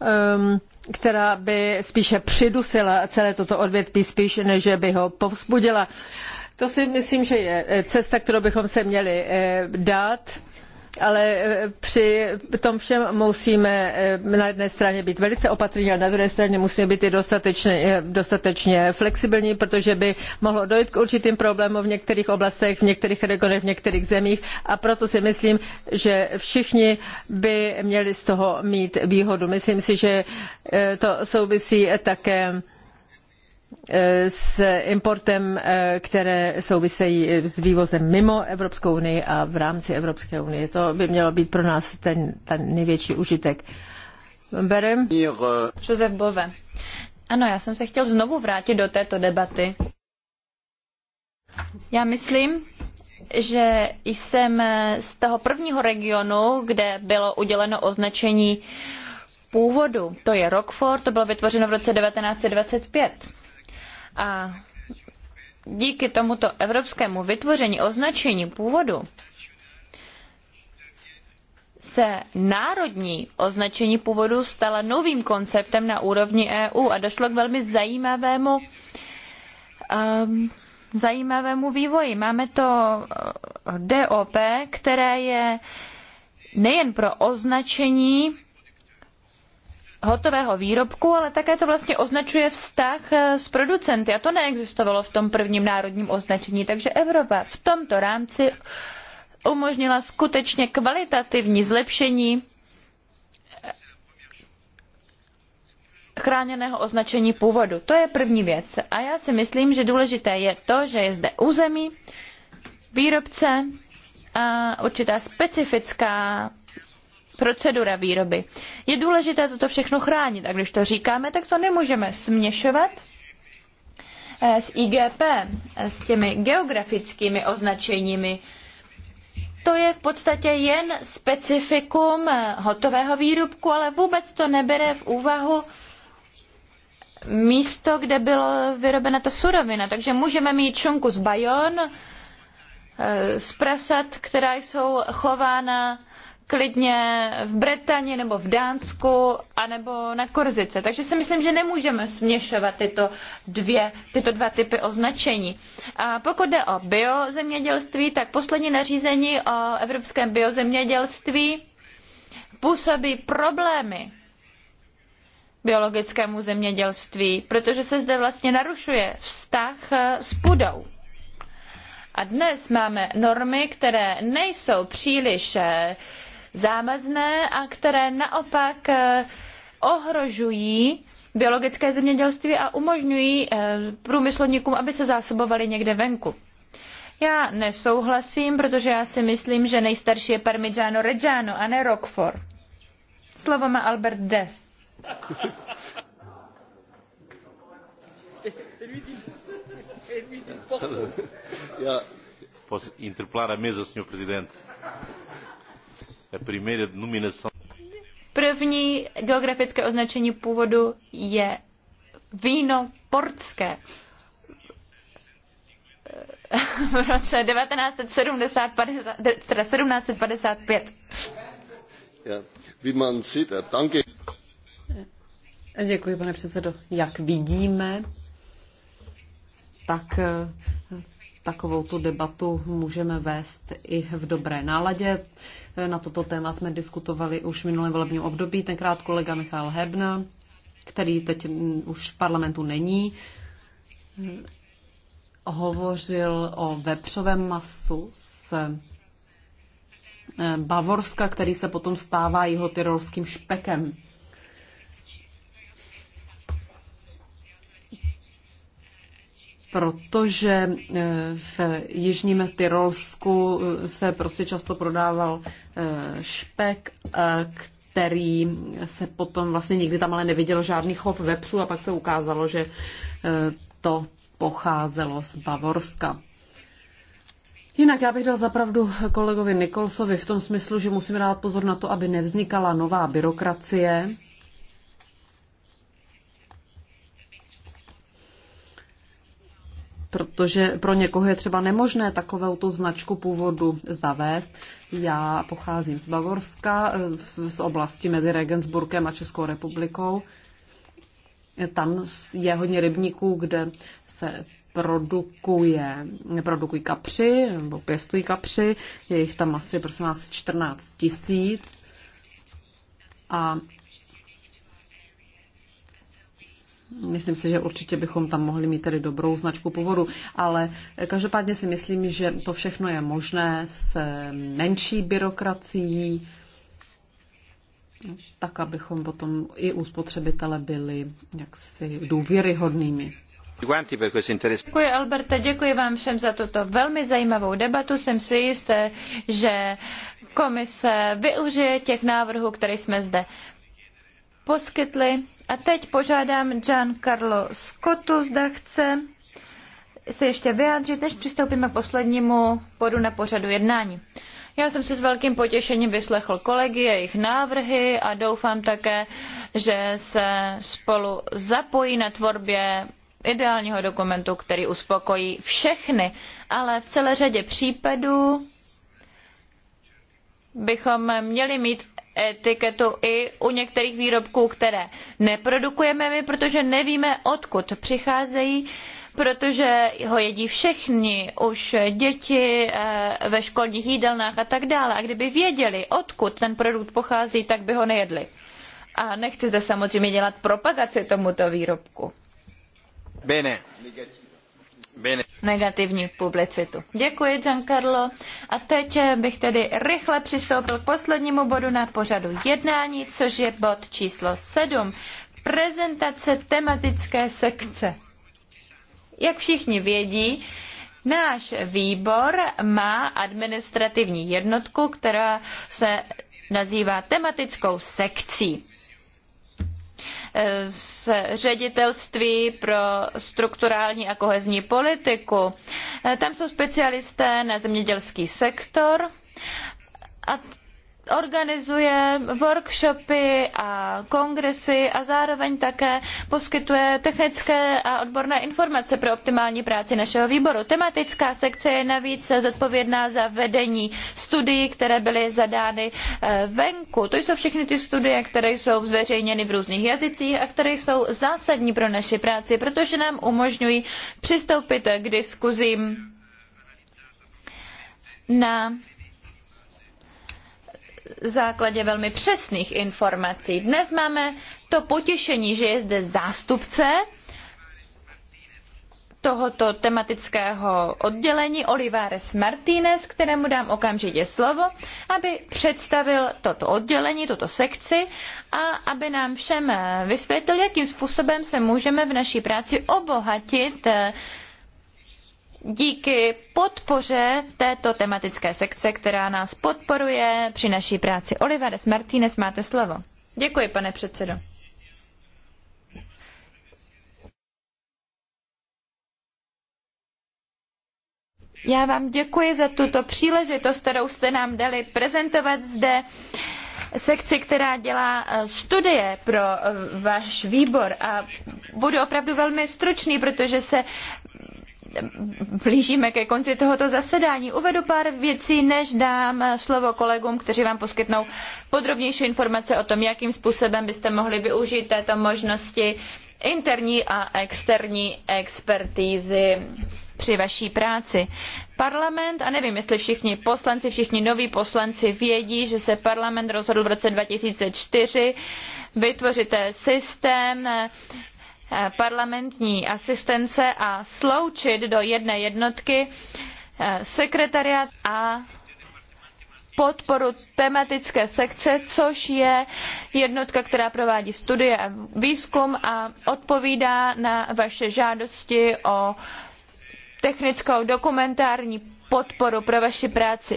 ehm, která by spíše přidusila celé toto odvětví, spíš než by ho povzbudila. To si myslím, že je cesta, kterou bychom se měli dát ale e, při tom všem musíme e, na jedné straně být velice opatrní, ale na druhé straně musíme být i dostatečně, e, dostatečně flexibilní, protože by mohlo dojít k určitým problémům v některých oblastech, v některých regionech, v některých zemích a proto si myslím, že všichni by měli z toho mít výhodu. Myslím si, že to souvisí také Eh, s importem, eh, které souvisejí eh, s vývozem mimo Evropskou unii a v rámci Evropské unie. To by mělo být pro nás ten, ten největší užitek. Berem? Josef Bove. Ano, já jsem se chtěl znovu vrátit do této debaty. Já myslím, že jsem z toho prvního regionu, kde bylo uděleno označení původu, to je Rockford, to bylo vytvořeno v roce 1925. A díky tomuto evropskému vytvoření označení původu se národní označení původu stala novým konceptem na úrovni EU a došlo k velmi zajímavému um, zajímavému vývoji. Máme to eh, DOP, které je nejen pro označení hotového výrobku, ale také to vlastně označuje vztah eh, s producenty. A to neexistovalo v tom prvním národním označení. Takže Evropa v tomto rámci umožnila skutečně kvalitativní zlepšení eh, chráněného označení původu. To je první věc. A já si myslím, že důležité je to, že je zde území, výrobce a určitá specifická procedura výroby. Je důležité toto všechno chránit a když to říkáme, tak to nemůžeme směšovat eh, s IGP, eh, s těmi geografickými označeními. To je v podstatě jen specifikum eh, hotového výrobku, ale vůbec to nebere v úvahu místo, kde byla vyrobena ta surovina. Takže můžeme mít šunku z Bayon, z prasat, která jsou chována klidně v Bretani nebo v Dánsku a nebo na Korzice. Takže si myslím, že nemůžeme směšovat tyto, dvě, tyto dva typy označení. A pokud jde o biozemědělství, tak poslední nařízení o evropském biozemědělství působí problémy biologickému zemědělství, protože se zde vlastně narušuje vztah eh, s půdou. A dnes máme normy, které nejsou příliš eh, závazné a které naopak eh, ohrožují biologické zemědělství a umožňují eh, průmyslovníkům, aby se zásobovali někde venku. Já nesouhlasím, protože já si myslím, že nejstarší je Parmigiano Reggiano a ne Roquefort. Slovo má Albert Des. Posso interpelar a mesa, Sr. Presidente? První geografické označení původu je víno portské. (laughs) V roce 1970, 1755. Děkuji, pane předsedo. Jak vidíme, tak takovou tu debatu můžeme vést i v dobré náladě. Na toto téma jsme diskutovali už v minulém volebním období, tenkrát kolega Michal Hebner, který teď už v parlamentu není, hovořil o vepřovém masu z eh, Bavorska, který se potom stává jeho tyrolským špekem. protože eh, v jižním Tyrolsku eh, se prostě často prodával eh, špek, který se potom vlastně nikdy tam ale neviděl žádný chov vepřů a pak se ukázalo, že to pocházelo z Bavorska. Jinak já bych dal zapravdu kolegovi Nikolsovi v tom smyslu, že musíme dát pozor na to, aby nevznikala nová byrokracie, protože pro někoho je třeba nemožné takovou tu značku původu zavést. Já pocházím z Bavorska, eh, z oblasti mezi Regensburgem a Českou republikou. Tam je hodně rybníků, kde se produkuje, produkují kapři, nebo pěstují kapři, je jich tam asi, prosím vás, 14 tisíc. A Myslím si, že určitě bychom tam mohli mít tedy dobrou značku původu, ale každopádně si myslím, že to všechno je možné s menší byrokracií, tak abychom potom i u spotřebitele byli jaksi důvěryhodnými. Děkuji, Alberte, děkuji vám všem za tuto velmi zajímavou debatu. Jsem si jisté, že komise využije těch návrhů, které jsme zde poskytli. A teď požádám Giancarlo Scotto, zda chce se ještě vyjádřit, než přistoupíme k poslednímu bodu na pořadu jednání. Já jsem si s velkým potěšením vyslechl kolegy, jejich návrhy a doufám také, že se spolu zapojí na tvorbě ideálního dokumentu, který uspokojí všechny. Ale v celé řadě případů bychom měli mít etiketu i u některých výrobků, které neprodukujeme my, protože nevíme, odkud přicházejí, protože ho jedí všichni, už děti eh, ve školních jídelnách a tak dále. A kdyby věděli, odkud ten produkt pochází, tak by ho nejedli. A nechcete samozřejmě dělat propagaci tomuto výrobku. Bene negativní publicitu. Děkuji, Giancarlo. A teď eh, bych tedy rychle přistoupil k poslednímu bodu na pořadu jednání, což je bod číslo 7. Prezentace tematické sekce. Jak všichni vědí, náš výbor má administrativní jednotku, která se nazývá tematickou sekcí z ředitelství pro strukturální a kohezní politiku. Tam jsou specialisté na zemědělský sektor a organizuje workshopy a kongresy a zároveň také poskytuje technické a odborné informace pro optimální práci našeho výboru. Tematická sekce je navíc zodpovědná za vedení studií, které byly zadány eh, venku. To jsou všechny ty studie, které jsou zveřejněny v různých jazycích a které jsou zásadní pro naši práci, protože nám umožňují přistoupit k diskuzím na základě velmi přesných informací. Dnes máme to potěšení, že je zde zástupce tohoto tematického oddělení Olivares Martínez, kterému dám okamžitě slovo, aby představil toto oddělení, tuto sekci a aby nám všem vysvětlil, jakým způsobem se můžeme v naší práci obohatit díky podpoře této tematické sekce, která nás podporuje při naší práci. Olivares Martínez, máte slovo. Děkuji, pane předsedo. Já vám děkuji za tuto příležitost, kterou jste nám dali prezentovat zde sekci, která dělá eh, studie pro eh, váš výbor a budu opravdu velmi stručný, protože se blížíme ke konci tohoto zasedání. Uvedu pár věcí, než dám slovo kolegům, kteří vám poskytnou podrobnější informace o tom, jakým způsobem byste mohli využít této možnosti interní a externí expertízy při vaší práci. Parlament, a nevím, jestli všichni poslanci, všichni noví poslanci vědí, že se parlament rozhodl v roce 2004 vytvořit systém Eh, parlamentní asistence a sloučit do jedné jednotky eh, sekretariát a podporu tematické sekce, což je jednotka, která provádí studie a výzkum a odpovídá na vaše žádosti o technickou dokumentární podporu pro vaši práci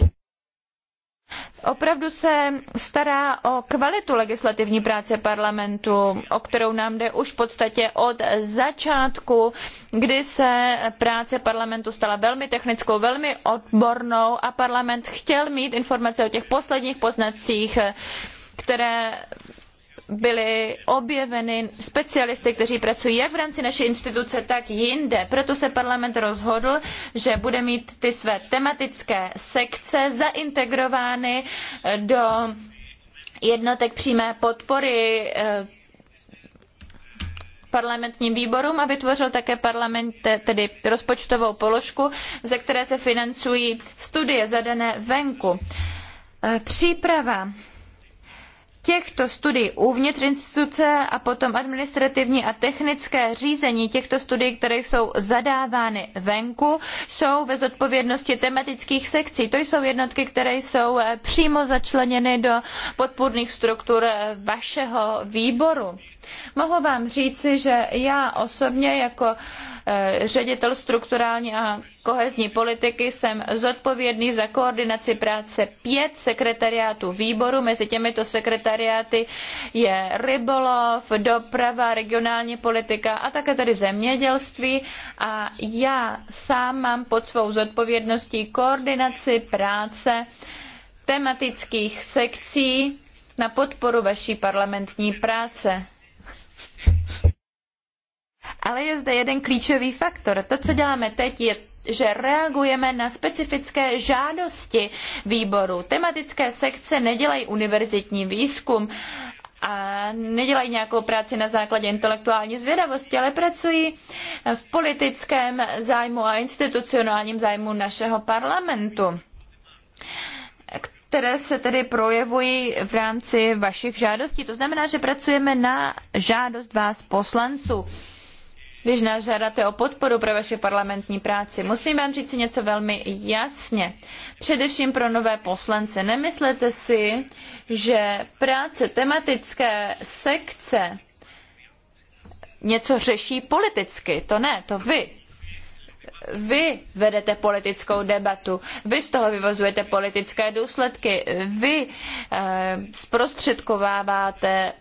opravdu se stará o kvalitu legislativní práce parlamentu, o kterou nám jde už v podstatě od začátku, kdy se práce parlamentu stala velmi technickou, velmi odbornou a parlament chtěl mít informace o těch posledních poznacích, které byly objeveny specialisty, kteří pracují jak v rámci naší instituce, tak jinde. Proto se parlament rozhodl, že bude mít ty své tematické sekce zaintegrovány do jednotek přímé podpory eh, parlamentním výborům a vytvořil také parlament, tedy rozpočtovou položku, ze které se financují studie zadané venku. Eh, příprava těchto studií uvnitř instituce a potom administrativní a technické řízení těchto studií, které jsou zadávány venku, jsou ve zodpovědnosti tematických sekcí. To jsou jednotky, které jsou eh, přímo začleněny do podpůrných struktur eh, vašeho výboru. Mohu vám říci, že já osobně jako Eh, ředitel strukturální a kohezní politiky jsem zodpovědný za koordinaci práce pět sekretariátů výboru. Mezi těmito sekretariáty je rybolov, doprava, regionální politika a také tedy zemědělství. A já sám mám pod svou zodpovědností koordinaci práce tematických sekcí na podporu vaší parlamentní práce. Ale je zde jeden klíčový faktor. To, co děláme teď, je že reagujeme na specifické žádosti výboru. Tematické sekce nedělají univerzitní výzkum a nedělají nějakou práci na základě intelektuální zvědavosti, ale pracují v politickém zájmu a institucionálním zájmu našeho parlamentu které se tedy projevují v rámci vašich žádostí. To znamená, že pracujeme na žádost vás poslanců když nás žádáte o podporu pro vaši parlamentní práci. Musím vám říct něco velmi jasně. Především pro nové poslance. Nemyslete si, že práce tematické sekce něco řeší politicky. To ne, to vy. Vy vedete politickou debatu, vy z toho vyvozujete politické důsledky, vy eh, zprostředkováváte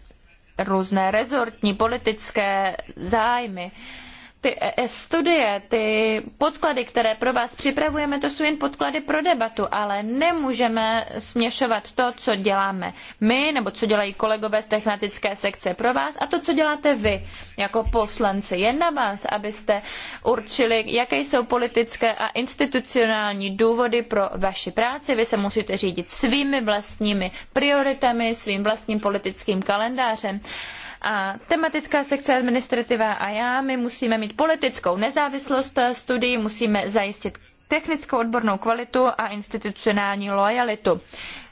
různé rezortní politické zájmy ty e, e, studie, ty podklady, které pro vás připravujeme, to jsou jen podklady pro debatu, ale nemůžeme směšovat to, co děláme my, nebo co dělají kolegové z technické sekce pro vás a to, co děláte vy jako poslanci. Je na vás, abyste určili, jaké jsou politické a institucionální důvody pro vaši práci. Vy se musíte řídit svými vlastními prioritami, svým vlastním politickým kalendářem a tematická sekce administrativa a já, my musíme mít politickou nezávislost studií, musíme zajistit technickou odbornou kvalitu a institucionální lojalitu.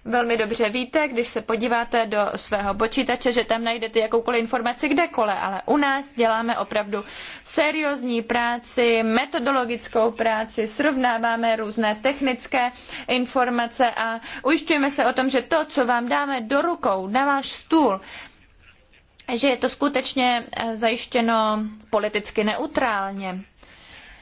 Velmi dobře víte, když se podíváte do svého počítače, že tam najdete jakoukoliv informaci kdekoliv, ale u nás děláme opravdu seriózní práci, metodologickou práci, srovnáváme různé technické informace a ujišťujeme se o tom, že to, co vám dáme do rukou na váš stůl, že je to skutečně eh, zajištěno politicky neutrálně.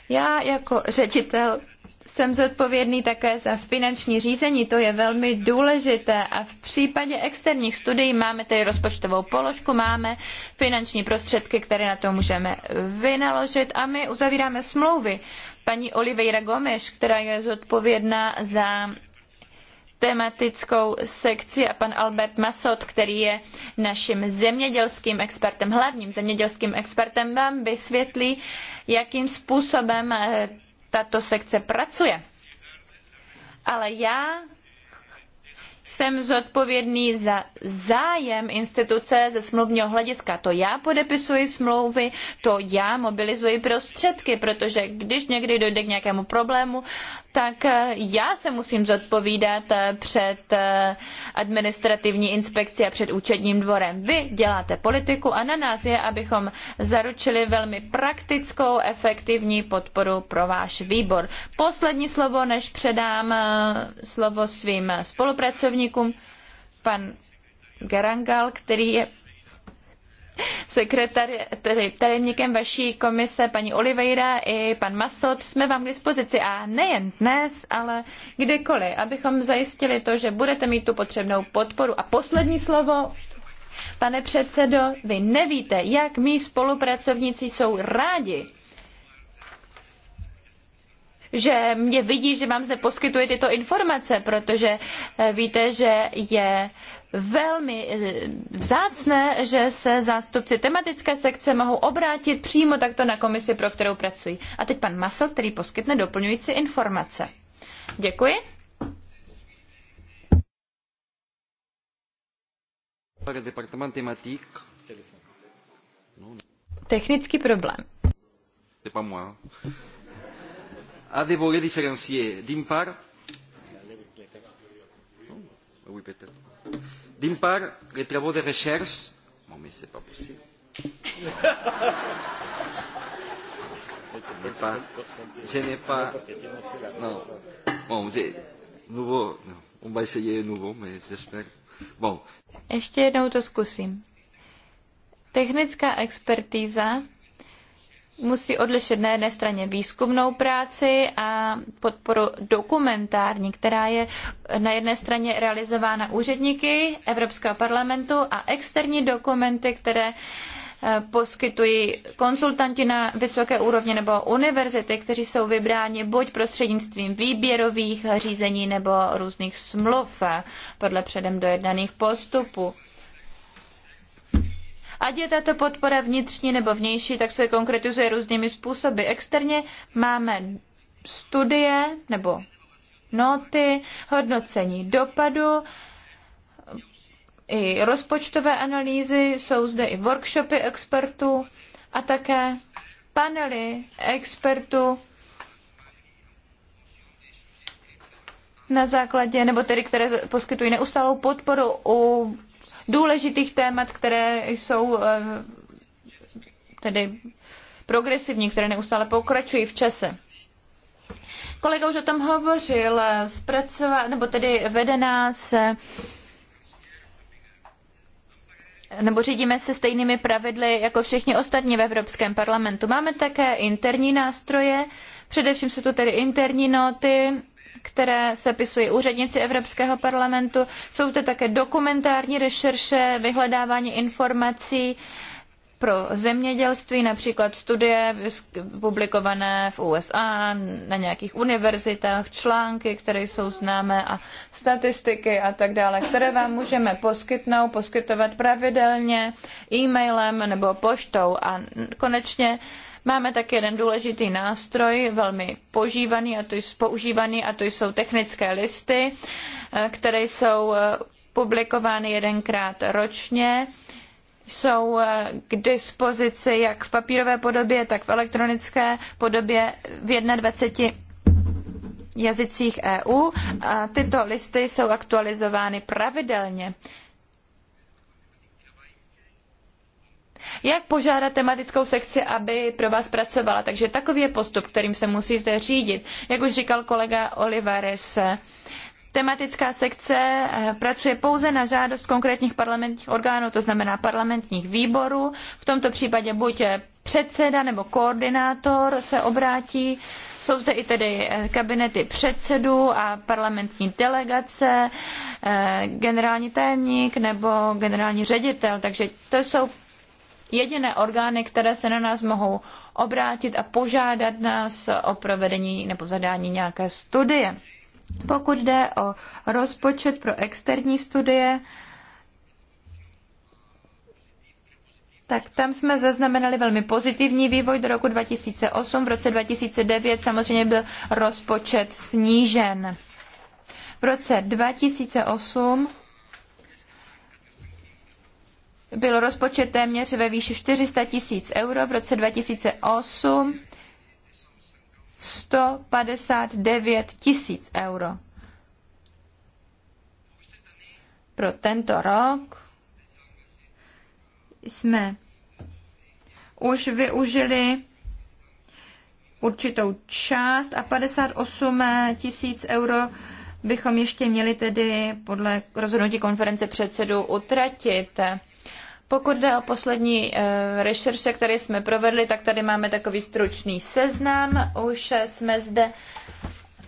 Já jako ředitel jsem zodpovědný také za finanční řízení, to je velmi důležité a v případě externích studií máme tedy rozpočtovou položku, máme finanční prostředky, které na to můžeme eh, vynaložit a my uzavíráme smlouvy. Paní Oliveira Gomes, která je zodpovědná za tematickou sekci a pan Albert Masot, který je naším zemědělským expertem, hlavním zemědělským expertem, vám vysvětlí, jakým způsobem eh, tato sekce pracuje. Ale já jsem zodpovědný za zájem instituce ze smluvního hlediska. To já podepisuji smlouvy, to já mobilizuji prostředky, protože když někdy dojde k nějakému problému, tak eh, já se musím zodpovídat eh, před eh, administrativní inspekcí a před účetním dvorem. Vy děláte politiku a na nás je, abychom zaručili velmi praktickou, efektivní podporu pro váš výbor. Poslední slovo, než předám slovo svým spolupracovníkům, pan Garangal, který je sekretari, tajemníkem vaší komise paní Oliveira i pan Masot. Jsme vám k dispozici a nejen dnes, ale kdykoliv, abychom zajistili to, že budete mít tu potřebnou podporu. A poslední slovo Pane předsedo, vy nevíte, jak mý spolupracovníci jsou rádi, že mě vidí, že vám zde poskytuje tyto informace, protože eh, víte, že je velmi eh, vzácné, že se zástupci tematické sekce mohou obrátit přímo takto na komisi, pro kterou pracují. A teď pan Maso, který poskytne doplňující informace. Děkuji. Technický problém à des volets différenciés. D'une part, oui, oh, peut-être. D'une part, les travaux de recherche. Non, mais c'est pas possible. (laughs) je n'ai pas. Je n'ai pas. Non. Bon, nouveau. Non. On va essayer nouveau, mais j'espère. Bon. Ještě jednou to zkusím. Technická expertíza musí odlišit na jedné straně výzkumnou práci a podporu dokumentární, která je na jedné straně realizována úředníky Evropského parlamentu a externí dokumenty, které eh, poskytují konzultanti na vysoké úrovni nebo univerzity, kteří jsou vybráni buď prostřednictvím výběrových řízení nebo různých smluv eh, podle předem dojednaných postupů. Ať je tato podpora vnitřní nebo vnější, tak se konkretizuje různými způsoby. Externě máme studie nebo noty, hodnocení dopadu, i rozpočtové analýzy, jsou zde i workshopy expertů a také panely expertů na základě, nebo tedy které poskytují neustálou podporu u důležitých témat, které jsou eh, tedy progresivní, které neustále pokračují v čase. Kolega už o tom hovořil, eh, zpracová, nebo tedy vede nás nebo řídíme se stejnými pravidly jako všichni ostatní v Evropském parlamentu. Máme také interní nástroje, především jsou to tedy interní noty, které sepisují úředníci Evropského parlamentu. Jsou to také dokumentární rešerše, vyhledávání informací pro zemědělství, například studie publikované v USA na nějakých univerzitách, články, které jsou známé a statistiky a tak dále, které vám můžeme poskytnout, poskytovat pravidelně e-mailem nebo poštou a konečně Máme také jeden důležitý nástroj, velmi požívaný a to jsou, používaný, a to jsou technické listy, eh, které jsou eh, publikovány jedenkrát ročně jsou eh, k dispozici jak v papírové podobě, tak v elektronické podobě v 21 jazycích EU. A tyto listy jsou aktualizovány pravidelně. jak požádat tematickou sekci, aby pro vás pracovala. Takže takový je postup, kterým se musíte řídit. Jak už říkal kolega Olivares, tematická sekce eh, pracuje pouze na žádost konkrétních parlamentních orgánů, to znamená parlamentních výborů. V tomto případě buď eh, předseda nebo koordinátor se obrátí. Jsou zde i tedy eh, kabinety předsedů a parlamentní delegace, generální tajemník nebo generální ředitel, takže to jsou jediné orgány, které se na nás mohou obrátit a požádat nás o provedení nebo zadání nějaké studie. Pokud jde o rozpočet pro externí studie, tak tam jsme zaznamenali velmi pozitivní vývoj do roku 2008. V roce 2009 samozřejmě byl rozpočet snížen. V roce 2008 byl rozpočet téměř ve výši 400 tisíc euro, v roce 2008 159 tisíc euro. Pro tento rok jsme už využili určitou část a 58 tisíc euro bychom ještě měli tedy podle rozhodnutí konference předsedu utratit. Pokud jde o poslední eh, rešerše, které jsme provedli, tak tady máme takový stručný seznam. Už jsme zde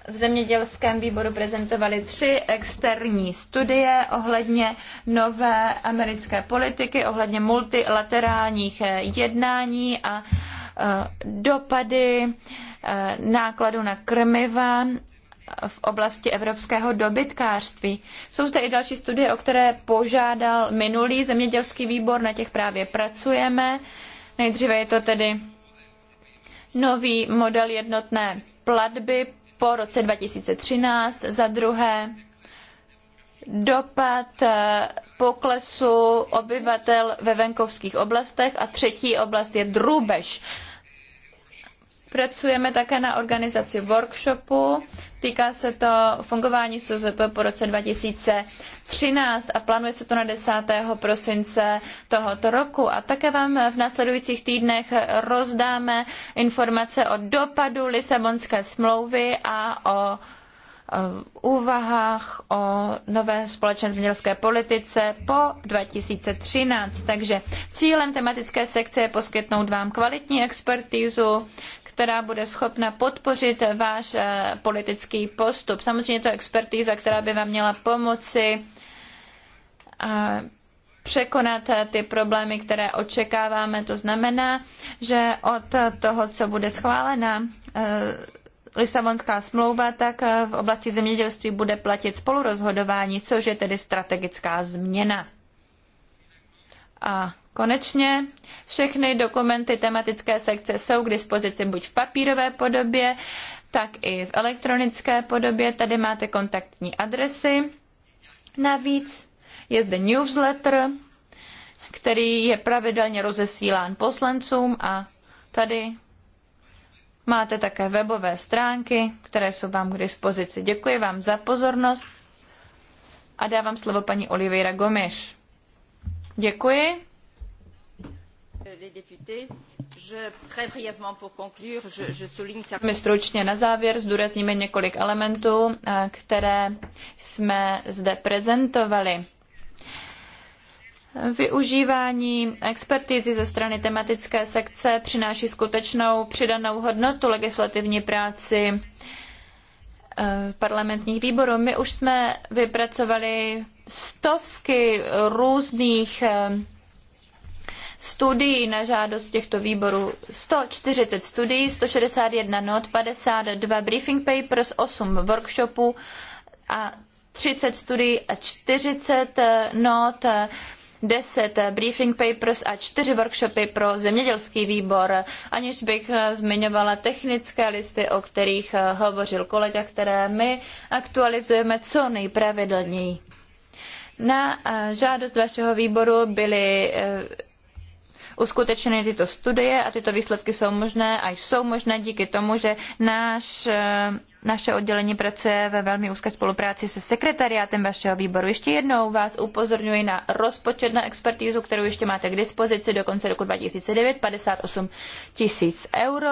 v zemědělském výboru prezentovali tři externí studie ohledně nové americké politiky, ohledně multilaterálních eh, jednání a eh, dopady nákladu na krmiva v oblasti evropského dobytkářství. Jsou zde i další studie, o které požádal minulý zemědělský výbor, na těch právě pracujeme. Nejdříve je to tedy nový model jednotné platby po roce 2013, za druhé dopad eh, poklesu obyvatel ve venkovských oblastech a třetí oblast je drůbež. Pracujeme také na organizaci workshopu. Týká se to fungování SZP po roce 2013 a plánuje se to na 10. prosince tohoto roku. A také vám v následujících týdnech rozdáme informace o dopadu Lisabonské smlouvy a o úvahách o nové společné zemědělské politice po 2013. Takže cílem tematické sekce je poskytnout vám kvalitní expertízu, která bude schopna podpořit váš eh, politický postup. Samozřejmě to je expertíza, která by vám měla pomoci eh, překonat eh, ty problémy, které očekáváme. To znamená, že od toho, co bude schválena Lisabonská smlouva, tak v oblasti zemědělství bude platit spolurozhodování, což je tedy strategická změna. A Konečně všechny dokumenty tematické sekce jsou k dispozici buď v papírové podobě, tak i v elektronické podobě. Tady máte kontaktní adresy. Navíc je zde newsletter, který je pravidelně rozesílán poslancům a tady máte také webové stránky, které jsou vám k dispozici. Děkuji vám za pozornost a dávám slovo paní Oliveira Gomes. Děkuji. Velmi stručně na závěr zdůrazníme několik elementů, eh, které jsme zde prezentovali. Využívání expertizy ze strany tematické sekce přináší skutečnou přidanou hodnotu legislativní práci eh, parlamentních výborů. My už jsme vypracovali stovky různých eh, studií na žádost těchto výborů. 140 studií, 161 not, 52 briefing papers, 8 workshopů a 30 studií a 40 eh, not, 10 briefing papers a 4 workshopy pro zemědělský výbor, aniž bych eh, zmiňovala technické listy, o kterých eh, hovořil kolega, které my aktualizujeme co nejpravidelněji. Na žádost vašeho výboru byly uskutečněny tyto studie a tyto výsledky jsou možné a jsou možné díky tomu, že náš eh, naše oddělení pracuje ve velmi úzké spolupráci se sekretariátem vašeho výboru. Ještě jednou vás upozorňuji na rozpočet na expertízu, kterou ještě máte k dispozici do konce roku 2009, 58 tisíc euro.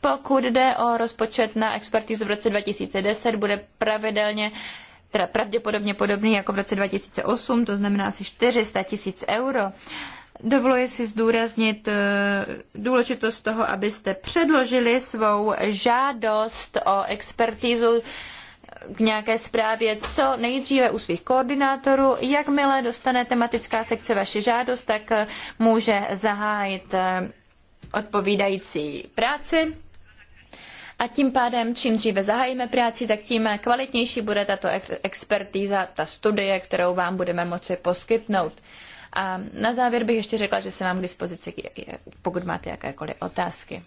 Pokud jde o rozpočet na expertízu v roce 2010, bude pravidelně teda pravděpodobně podobný jako v roce 2008, to znamená asi 400 tisíc euro. Dovoluji si zdůraznit eh, důležitost toho, abyste předložili svou žádost o expertizu k nějaké zprávě co nejdříve u svých koordinátorů. Jakmile dostane tematická sekce vaši žádost, tak eh, může zahájit eh, odpovídající práci. A tím pádem, čím dříve zahájíme práci, tak tím kvalitnější bude tato expertíza, ta studie, kterou vám budeme moci poskytnout. A na závěr bych ještě řekla, že se mám k dispozici, pokud máte jakékoliv otázky.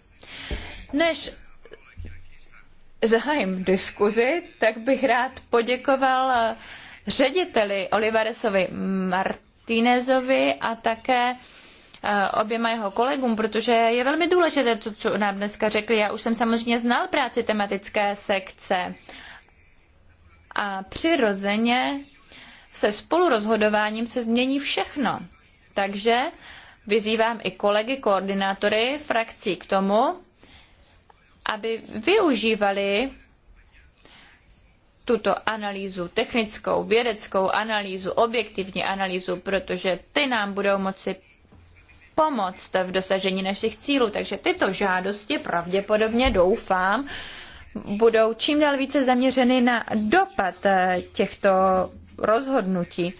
Než zahájím diskuzi, tak bych rád poděkoval řediteli Olivaresovi Martinezovi a také eh, oběma jeho kolegům, protože je velmi důležité to, co nám dneska řekli. Já už jsem samozřejmě znal práci tematické sekce a přirozeně se spolurozhodováním se změní všechno. Takže vyzývám i kolegy koordinátory frakcí k tomu, aby využívali tuto analýzu, technickou, vědeckou analýzu, objektivní analýzu, protože ty nám budou moci pomoct v dosažení našich cílů. Takže tyto žádosti pravděpodobně, doufám, budou čím dál více zaměřeny na dopad eh, těchto rozhodnutí.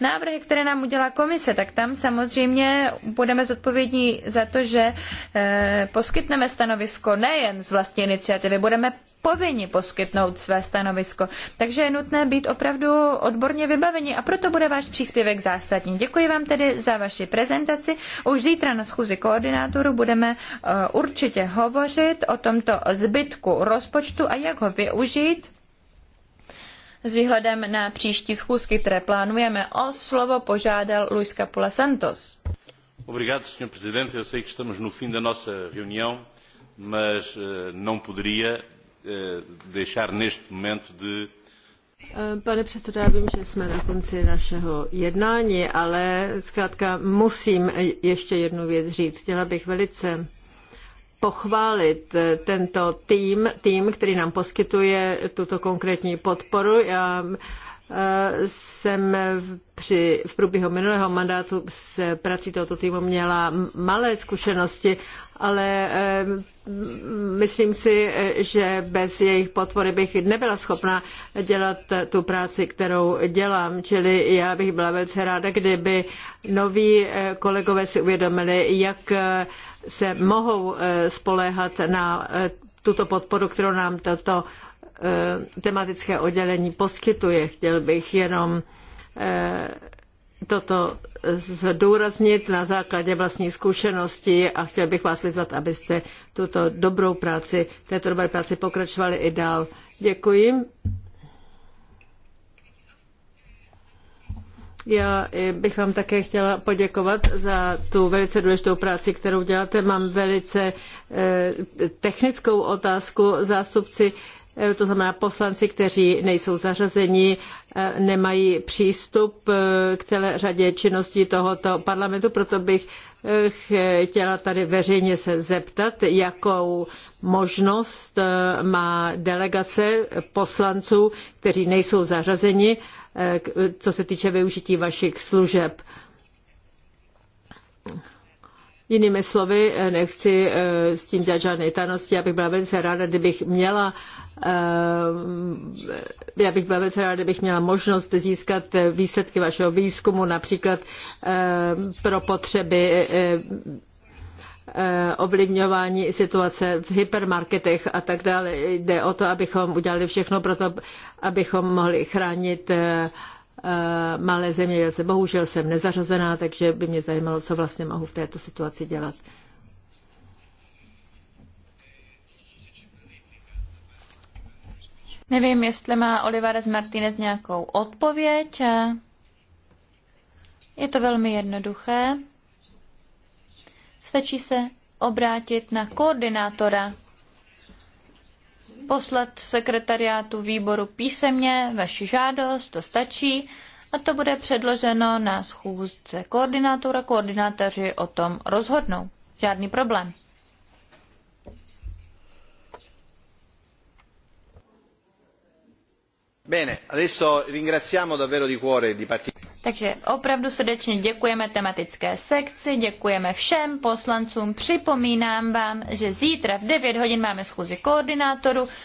Návrhy, které nám udělá komise, tak tam samozřejmě budeme zodpovědní za to, že eh, poskytneme stanovisko nejen z vlastní iniciativy, budeme povinni poskytnout své stanovisko. Takže je nutné být opravdu odborně vybaveni a proto bude váš příspěvek zásadní. Děkuji vám tedy za vaši prezentaci. Už zítra na schůzi koordinátoru budeme eh, určitě hovořit o tomto zbytku rozpočtu a jak ho využít s výhledem na příští schůzky, které plánujeme. O slovo požádal Luis Capula Santos. Obrigado, Sr. Presidente. Eu sei que estamos no fim da nossa reunião, mas eh, não poderia eh, deixar neste momento de eh, Pane předsedo, já vím, že jsme na konci našeho jednání, ale zkrátka musím ještě jednu věc říct. Chtěla bych velice pochválit eh, tento tým, tým, který nám poskytuje tuto konkrétní podporu. Já eh, jsem při, v průběhu minulého mandátu s prací tohoto týmu měla malé zkušenosti, ale eh, myslím si, že bez jejich podpory bych nebyla schopna dělat tu práci, kterou dělám. Čili já bych byla velice ráda, kdyby noví kolegové si uvědomili, jak se mohou eh, spoléhat na eh, tuto podporu, kterou nám toto eh, tematické oddělení poskytuje. Chtěl bych jenom toto zdůraznit na základě vlastní zkušenosti a chtěl bych vás vyzvat, abyste tuto dobrou práci, této dobré práci pokračovali i dál. Děkuji. Já bych vám také chtěla poděkovat za tu velice důležitou práci, kterou děláte. Mám velice eh, technickou otázku. Zástupci, eh, to znamená poslanci, kteří nejsou zařazeni, eh, nemají přístup k celé řadě činností tohoto parlamentu, proto bych chtěla tady veřejně se zeptat, jakou možnost má delegace poslanců, kteří nejsou zařazeni, Eh, co se týče využití vašich služeb. Jinými slovy, eh, nechci eh, s tím dělat žádné tajnosti, já bych byla velice ráda, kdybych měla já bych byla velice ráda, kdybych měla možnost získat výsledky vašeho výzkumu, například pro potřeby Eh, ovlivňování situace v hypermarketech a tak dále. Jde o to, abychom udělali všechno pro to, abychom mohli chránit eh, eh, malé zemědělce. Bohužel jsem nezařazená, takže by mě zajímalo, co vlastně mohu v této situaci dělat. Nevím, jestli má Olivares Martinez nějakou odpověď. Je to velmi jednoduché. Stačí se obrátit na koordinátora, poslat sekretariátu výboru písemně vaši žádost, to stačí a to bude předloženo na schůzce koordinátora. Koordinátoři o tom rozhodnou. Žádný problém. Bene, adesso ringraziamo davvero di cuore di partito. Takže opravdu srdečně děkujeme tematické sekci, děkujeme všem poslancům. Připomínám vám, že zítra v 9 hodin máme schůzi koordinátoru.